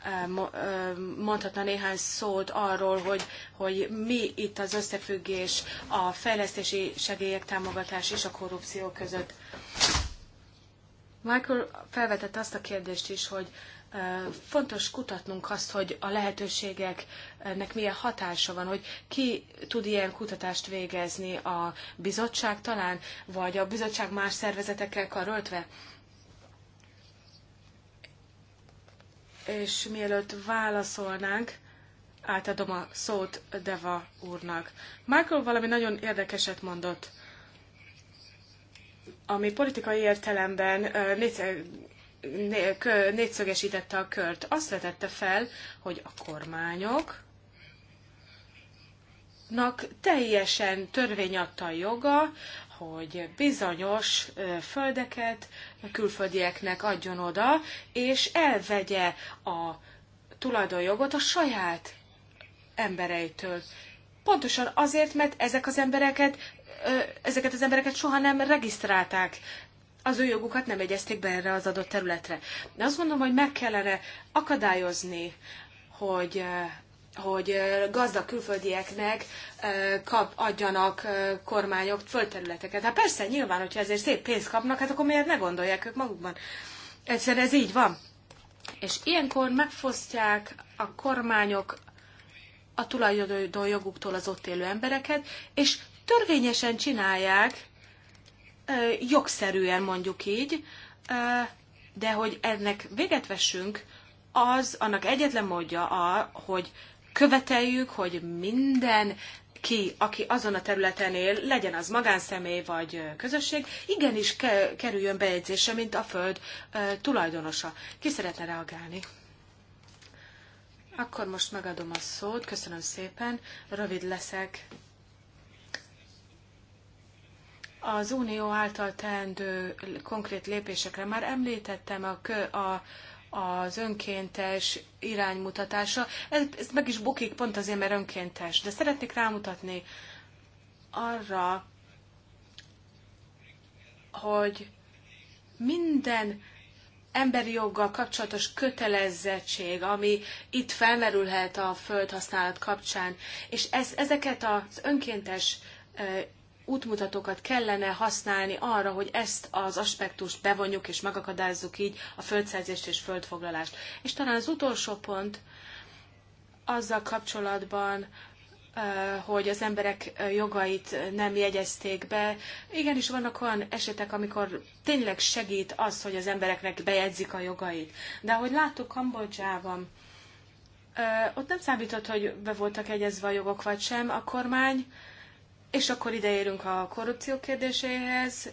Eh, eh, mondhatna néhány szót arról, hogy, hogy mi itt az összefüggés a fejlesztési segélyek támogatás és a korrupció között. Michael felvetett azt a kérdést is, hogy eh, fontos kutatnunk azt, hogy a lehetőségeknek milyen hatása van, hogy ki tud ilyen kutatást végezni, a bizottság talán, vagy a bizottság más szervezetekkel karöltve. és mielőtt válaszolnánk, átadom a szót Deva úrnak. Michael valami nagyon érdekeset mondott, ami politikai értelemben négyszögesítette a kört. Azt vetette fel, hogy a kormányok teljesen törvény adta a joga hogy bizonyos földeket a külföldieknek adjon oda, és elvegye a tulajdonjogot a saját embereitől. Pontosan azért, mert ezek az embereket, ezeket az embereket soha nem regisztrálták, az ő jogukat nem egyezték be erre az adott területre. De azt gondolom, hogy meg kellene akadályozni, hogy hogy gazdag külföldieknek kap, adjanak kormányok földterületeket. Hát persze, nyilván, hogyha ezért szép pénzt kapnak, hát akkor miért ne gondolják ők magukban? Egyszerűen ez így van. És ilyenkor megfosztják a kormányok a tulajdonjoguktól az ott élő embereket, és törvényesen csinálják, jogszerűen mondjuk így, de hogy ennek véget vessünk, az annak egyetlen módja, a, hogy követeljük, hogy minden ki, aki azon a területen él, legyen az magánszemély vagy közösség, igenis ke- kerüljön bejegyzése, mint a föld e, tulajdonosa. Ki szeretne reagálni? Akkor most megadom a szót, köszönöm szépen, rövid leszek. Az Unió által teendő konkrét lépésekre már említettem a, kö, a az önkéntes iránymutatása. Ez, ez meg is bukik pont azért, mert önkéntes. De szeretnék rámutatni arra, hogy minden emberi joggal kapcsolatos kötelezettség, ami itt felmerülhet a földhasználat kapcsán, és ez, ezeket az önkéntes útmutatókat kellene használni arra, hogy ezt az aspektust bevonjuk és megakadályozzuk így a földszerzést és földfoglalást. És talán az utolsó pont azzal kapcsolatban, hogy az emberek jogait nem jegyezték be. Igenis vannak olyan esetek, amikor tényleg segít az, hogy az embereknek bejegyzik a jogait. De ahogy láttuk Kambodzsában, ott nem számított, hogy be voltak egyezve a jogok vagy sem, a kormány és akkor ideérünk a korrupció kérdéséhez.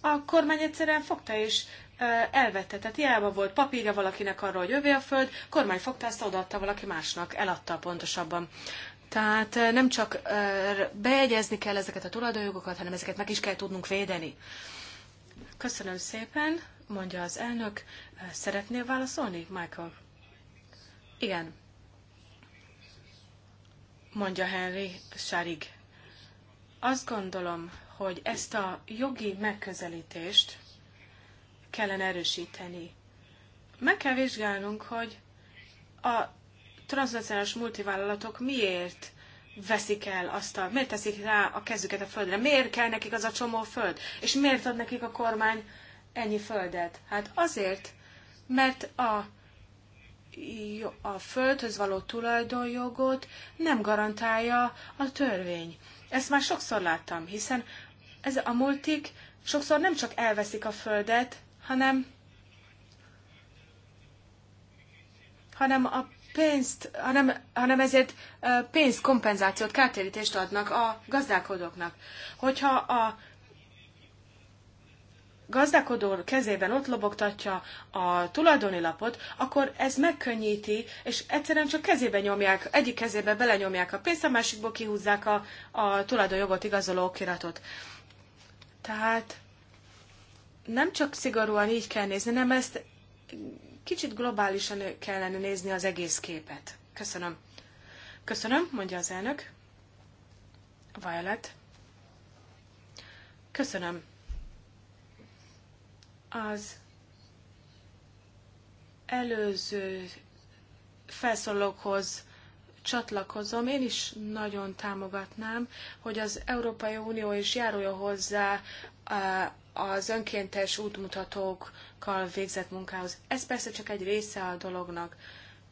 A kormány egyszerűen fogta és elvette. Tehát hiába volt papírja valakinek arról, hogy övé a föld, kormány fogta, ezt odaadta valaki másnak, eladta pontosabban. Tehát nem csak bejegyezni kell ezeket a tulajdonjogokat, hanem ezeket meg is kell tudnunk védeni. Köszönöm szépen, mondja az elnök. Szeretnél válaszolni, Michael? Igen. Mondja Henry Sárig. Azt gondolom, hogy ezt a jogi megközelítést kellene erősíteni. Meg kell vizsgálnunk, hogy a transnacionális multivállalatok miért veszik el azt a, miért teszik rá a kezüket a földre, miért kell nekik az a csomó föld, és miért ad nekik a kormány ennyi földet? Hát azért, mert a, a földhöz való tulajdonjogot nem garantálja a törvény. Ezt már sokszor láttam, hiszen ez a multik sokszor nem csak elveszik a földet, hanem, hanem a pénzt, hanem, hanem ezért pénzkompenzációt, kártérítést adnak a gazdálkodóknak. Hogyha a gazdálkodó kezében ott lobogtatja a tulajdoni lapot, akkor ez megkönnyíti, és egyszerűen csak kezébe nyomják, egyik kezébe belenyomják a pénzt, a másikból kihúzzák a, a tulajdonjogot igazoló okiratot. Tehát nem csak szigorúan így kell nézni, nem ezt kicsit globálisan kellene nézni az egész képet. Köszönöm. Köszönöm, mondja az elnök. Violet. Köszönöm. Az előző felszólókhoz csatlakozom, én is nagyon támogatnám, hogy az Európai Unió is járulja hozzá az önkéntes útmutatókkal végzett munkához. Ez persze csak egy része a dolognak.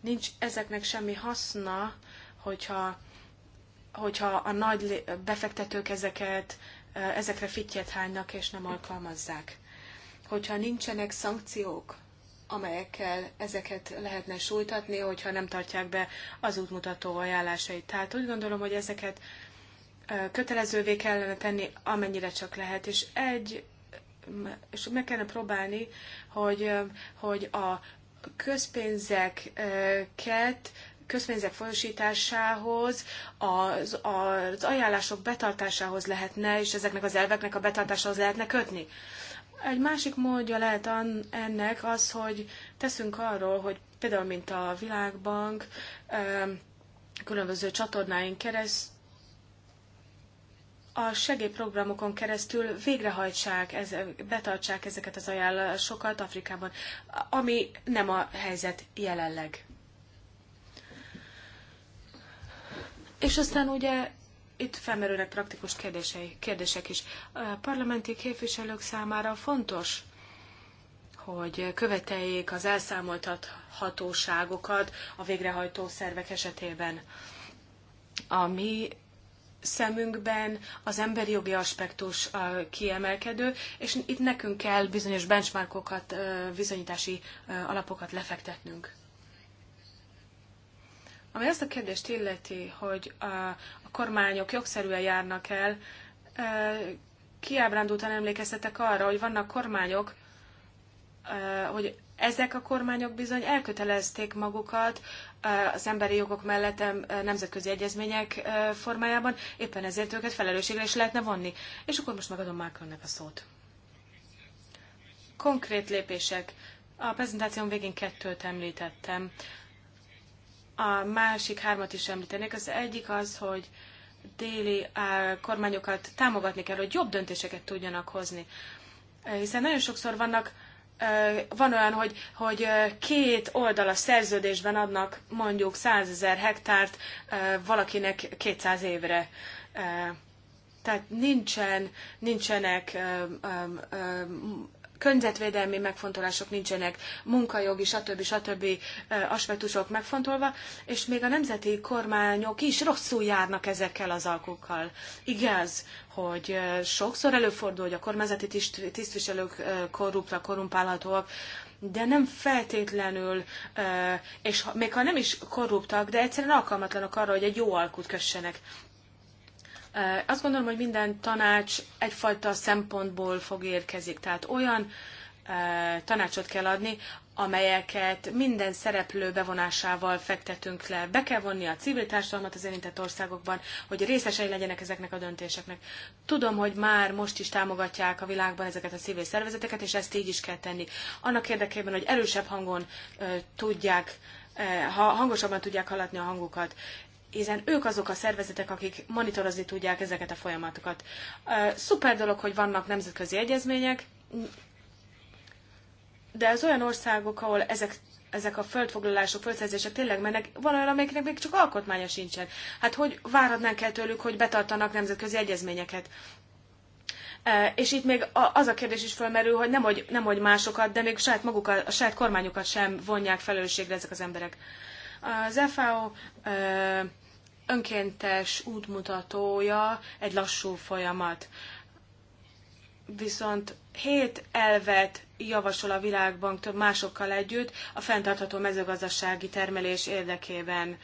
Nincs ezeknek semmi haszna, hogyha, hogyha a nagy befektetők ezeket, ezekre fittyet hánynak és nem alkalmazzák hogyha nincsenek szankciók, amelyekkel ezeket lehetne sújtatni, hogyha nem tartják be az útmutató ajánlásait. Tehát úgy gondolom, hogy ezeket kötelezővé kellene tenni, amennyire csak lehet, és egy, és meg kellene próbálni, hogy, hogy a közpénzeket közpénzek folyosításához, az, az ajánlások betartásához lehetne, és ezeknek az elveknek a betartásához lehetne kötni. Egy másik módja lehet ennek az, hogy teszünk arról, hogy például, mint a Világbank, különböző csatornáin keresztül, a segélyprogramokon keresztül végrehajtsák, ez, betartsák ezeket az ajánlásokat Afrikában, ami nem a helyzet jelenleg. És aztán ugye itt felmerülnek praktikus kérdései, kérdések is. A parlamenti képviselők számára fontos, hogy követeljék az elszámoltat hatóságokat, a végrehajtó szervek esetében. A mi szemünkben az emberi jogi aspektus kiemelkedő, és itt nekünk kell bizonyos benchmarkokat, bizonyítási alapokat lefektetnünk. Ami azt a kérdést illeti, hogy kormányok jogszerűen járnak el, kiábrándultan emlékeztetek arra, hogy vannak kormányok, hogy ezek a kormányok bizony elkötelezték magukat az emberi jogok mellett nemzetközi egyezmények formájában, éppen ezért őket felelősségre is lehetne vonni. És akkor most megadom Macronnek a szót. Konkrét lépések. A prezentáción végén kettőt említettem. A másik hármat is említenék. Az egyik az, hogy déli kormányokat támogatni kell, hogy jobb döntéseket tudjanak hozni. Hiszen nagyon sokszor vannak van olyan, hogy, hogy két oldalas szerződésben adnak mondjuk 100 ezer hektárt valakinek 200 évre. Tehát nincsen, nincsenek környezetvédelmi megfontolások nincsenek, munkajogi, stb. stb. aspektusok megfontolva, és még a nemzeti kormányok is rosszul járnak ezekkel az alkukkal. Igaz, hogy sokszor előfordul, hogy a kormányzati tisztviselők korruptak, korumpálhatóak, de nem feltétlenül, és még ha nem is korruptak, de egyszerűen alkalmatlanok arra, hogy egy jó alkut kössenek. Azt gondolom, hogy minden tanács egyfajta szempontból fog érkezik, tehát olyan tanácsot kell adni, amelyeket minden szereplő bevonásával fektetünk le. Be kell vonni a civil társadalmat az érintett országokban, hogy részesei legyenek ezeknek a döntéseknek. Tudom, hogy már most is támogatják a világban ezeket a civil szervezeteket, és ezt így is kell tenni. Annak érdekében, hogy erősebb hangon tudják ha hangosabban tudják hallatni a hangukat hiszen ők azok a szervezetek, akik monitorozni tudják ezeket a folyamatokat. Szuper dolog, hogy vannak nemzetközi egyezmények, de az olyan országok, ahol ezek ezek a földfoglalások, földszerzések tényleg mennek, van olyan, amelyiknek még csak alkotmánya sincsen. Hát hogy várhatnánk el tőlük, hogy betartanak nemzetközi egyezményeket? És itt még az a kérdés is felmerül, hogy nem hogy, nem hogy másokat, de még saját magukat, a saját kormányukat sem vonják felelősségre ezek az emberek. Az FAO önkéntes útmutatója egy lassú folyamat. Viszont hét elvet javasol a világbank több másokkal együtt a fenntartható mezőgazdasági termelés érdekében.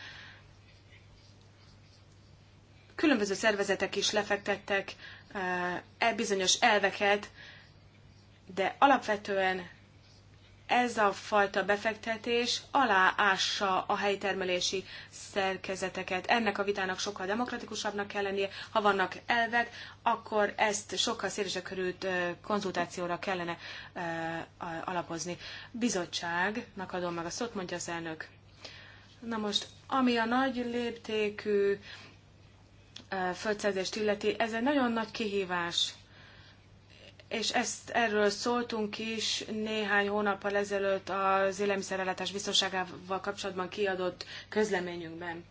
Különböző szervezetek is lefektettek eh, e bizonyos elveket, de alapvetően ez a fajta befektetés aláássa a helytermelési szerkezeteket. Ennek a vitának sokkal demokratikusabbnak kell lennie. Ha vannak elvek, akkor ezt sokkal szélesebb körült konzultációra kellene alapozni. Bizottságnak adom meg a szót, mondja az elnök. Na most, ami a nagy léptékű földszerzést illeti, ez egy nagyon nagy kihívás és ezt erről szóltunk is néhány hónappal ezelőtt az élelmiszerellátás biztonságával kapcsolatban kiadott közleményünkben.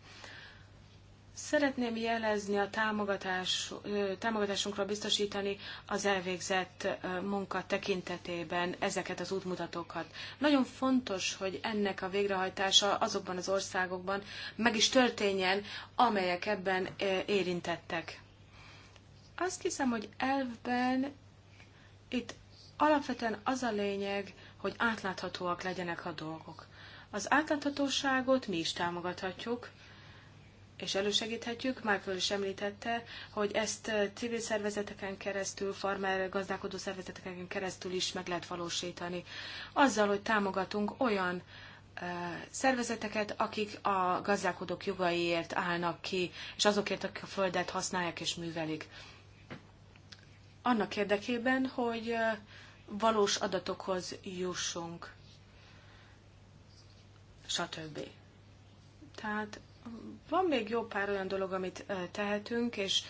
Szeretném jelezni a támogatás, támogatásunkra biztosítani az elvégzett munka tekintetében ezeket az útmutatókat. Nagyon fontos, hogy ennek a végrehajtása azokban az országokban meg is történjen, amelyek ebben érintettek. Azt hiszem, hogy elvben itt alapvetően az a lényeg, hogy átláthatóak legyenek a dolgok. Az átláthatóságot mi is támogathatjuk, és elősegíthetjük. Michael is említette, hogy ezt eh, civil szervezeteken keresztül, farmer gazdálkodó szervezeteken keresztül is meg lehet valósítani. Azzal, hogy támogatunk olyan eh, szervezeteket, akik a gazdálkodók jogaiért állnak ki, és azokért, akik a földet használják és művelik annak érdekében, hogy valós adatokhoz jussunk, stb. Tehát van még jó pár olyan dolog, amit tehetünk, és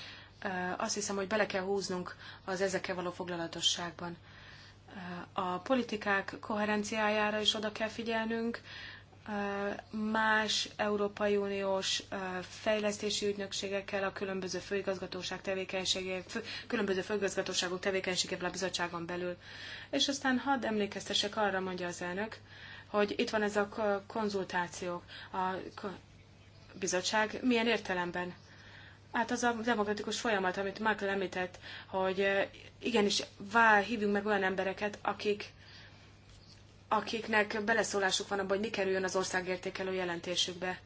azt hiszem, hogy bele kell húznunk az ezekkel való foglalatosságban. A politikák koherenciájára is oda kell figyelnünk, más Európai Uniós fejlesztési ügynökségekkel, a különböző főigazgatóság tevékenységével, különböző főigazgatóságok tevékenységével a bizottságon belül. És aztán hadd emlékeztesek arra, mondja az elnök, hogy itt van ez a konzultációk. A bizottság milyen értelemben? Hát az a demokratikus folyamat, amit Michael említett, hogy igenis vál, hívjunk meg olyan embereket, akik akiknek beleszólásuk van abban, hogy mi kerüljön az országértékelő jelentésükbe.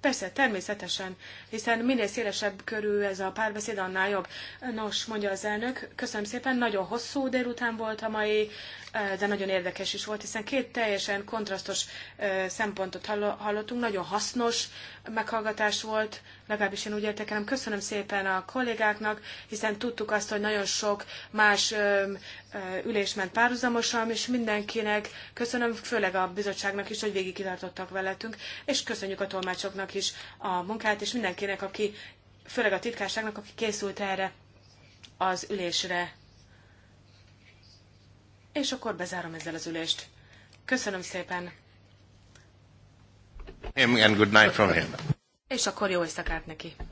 Persze, természetesen, hiszen minél szélesebb körül ez a párbeszéd, annál jobb. Nos, mondja az elnök, köszönöm szépen, nagyon hosszú délután volt a mai, de nagyon érdekes is volt, hiszen két teljesen kontrasztos szempontot hallottunk, nagyon hasznos meghallgatás volt, legalábbis én úgy értékelem. Köszönöm szépen a kollégáknak, hiszen tudtuk azt, hogy nagyon sok más ülés ment párhuzamosan, és mindenkinek köszönöm, főleg a bizottságnak is, hogy végig kitartottak veletünk, és köszönjük a tolmácsoknak is a munkát, és mindenkinek, aki, főleg a titkárságnak, aki készült erre az ülésre. És akkor bezárom ezzel az ülést. Köszönöm szépen! and good night from him és akkor jó éjszakát neki.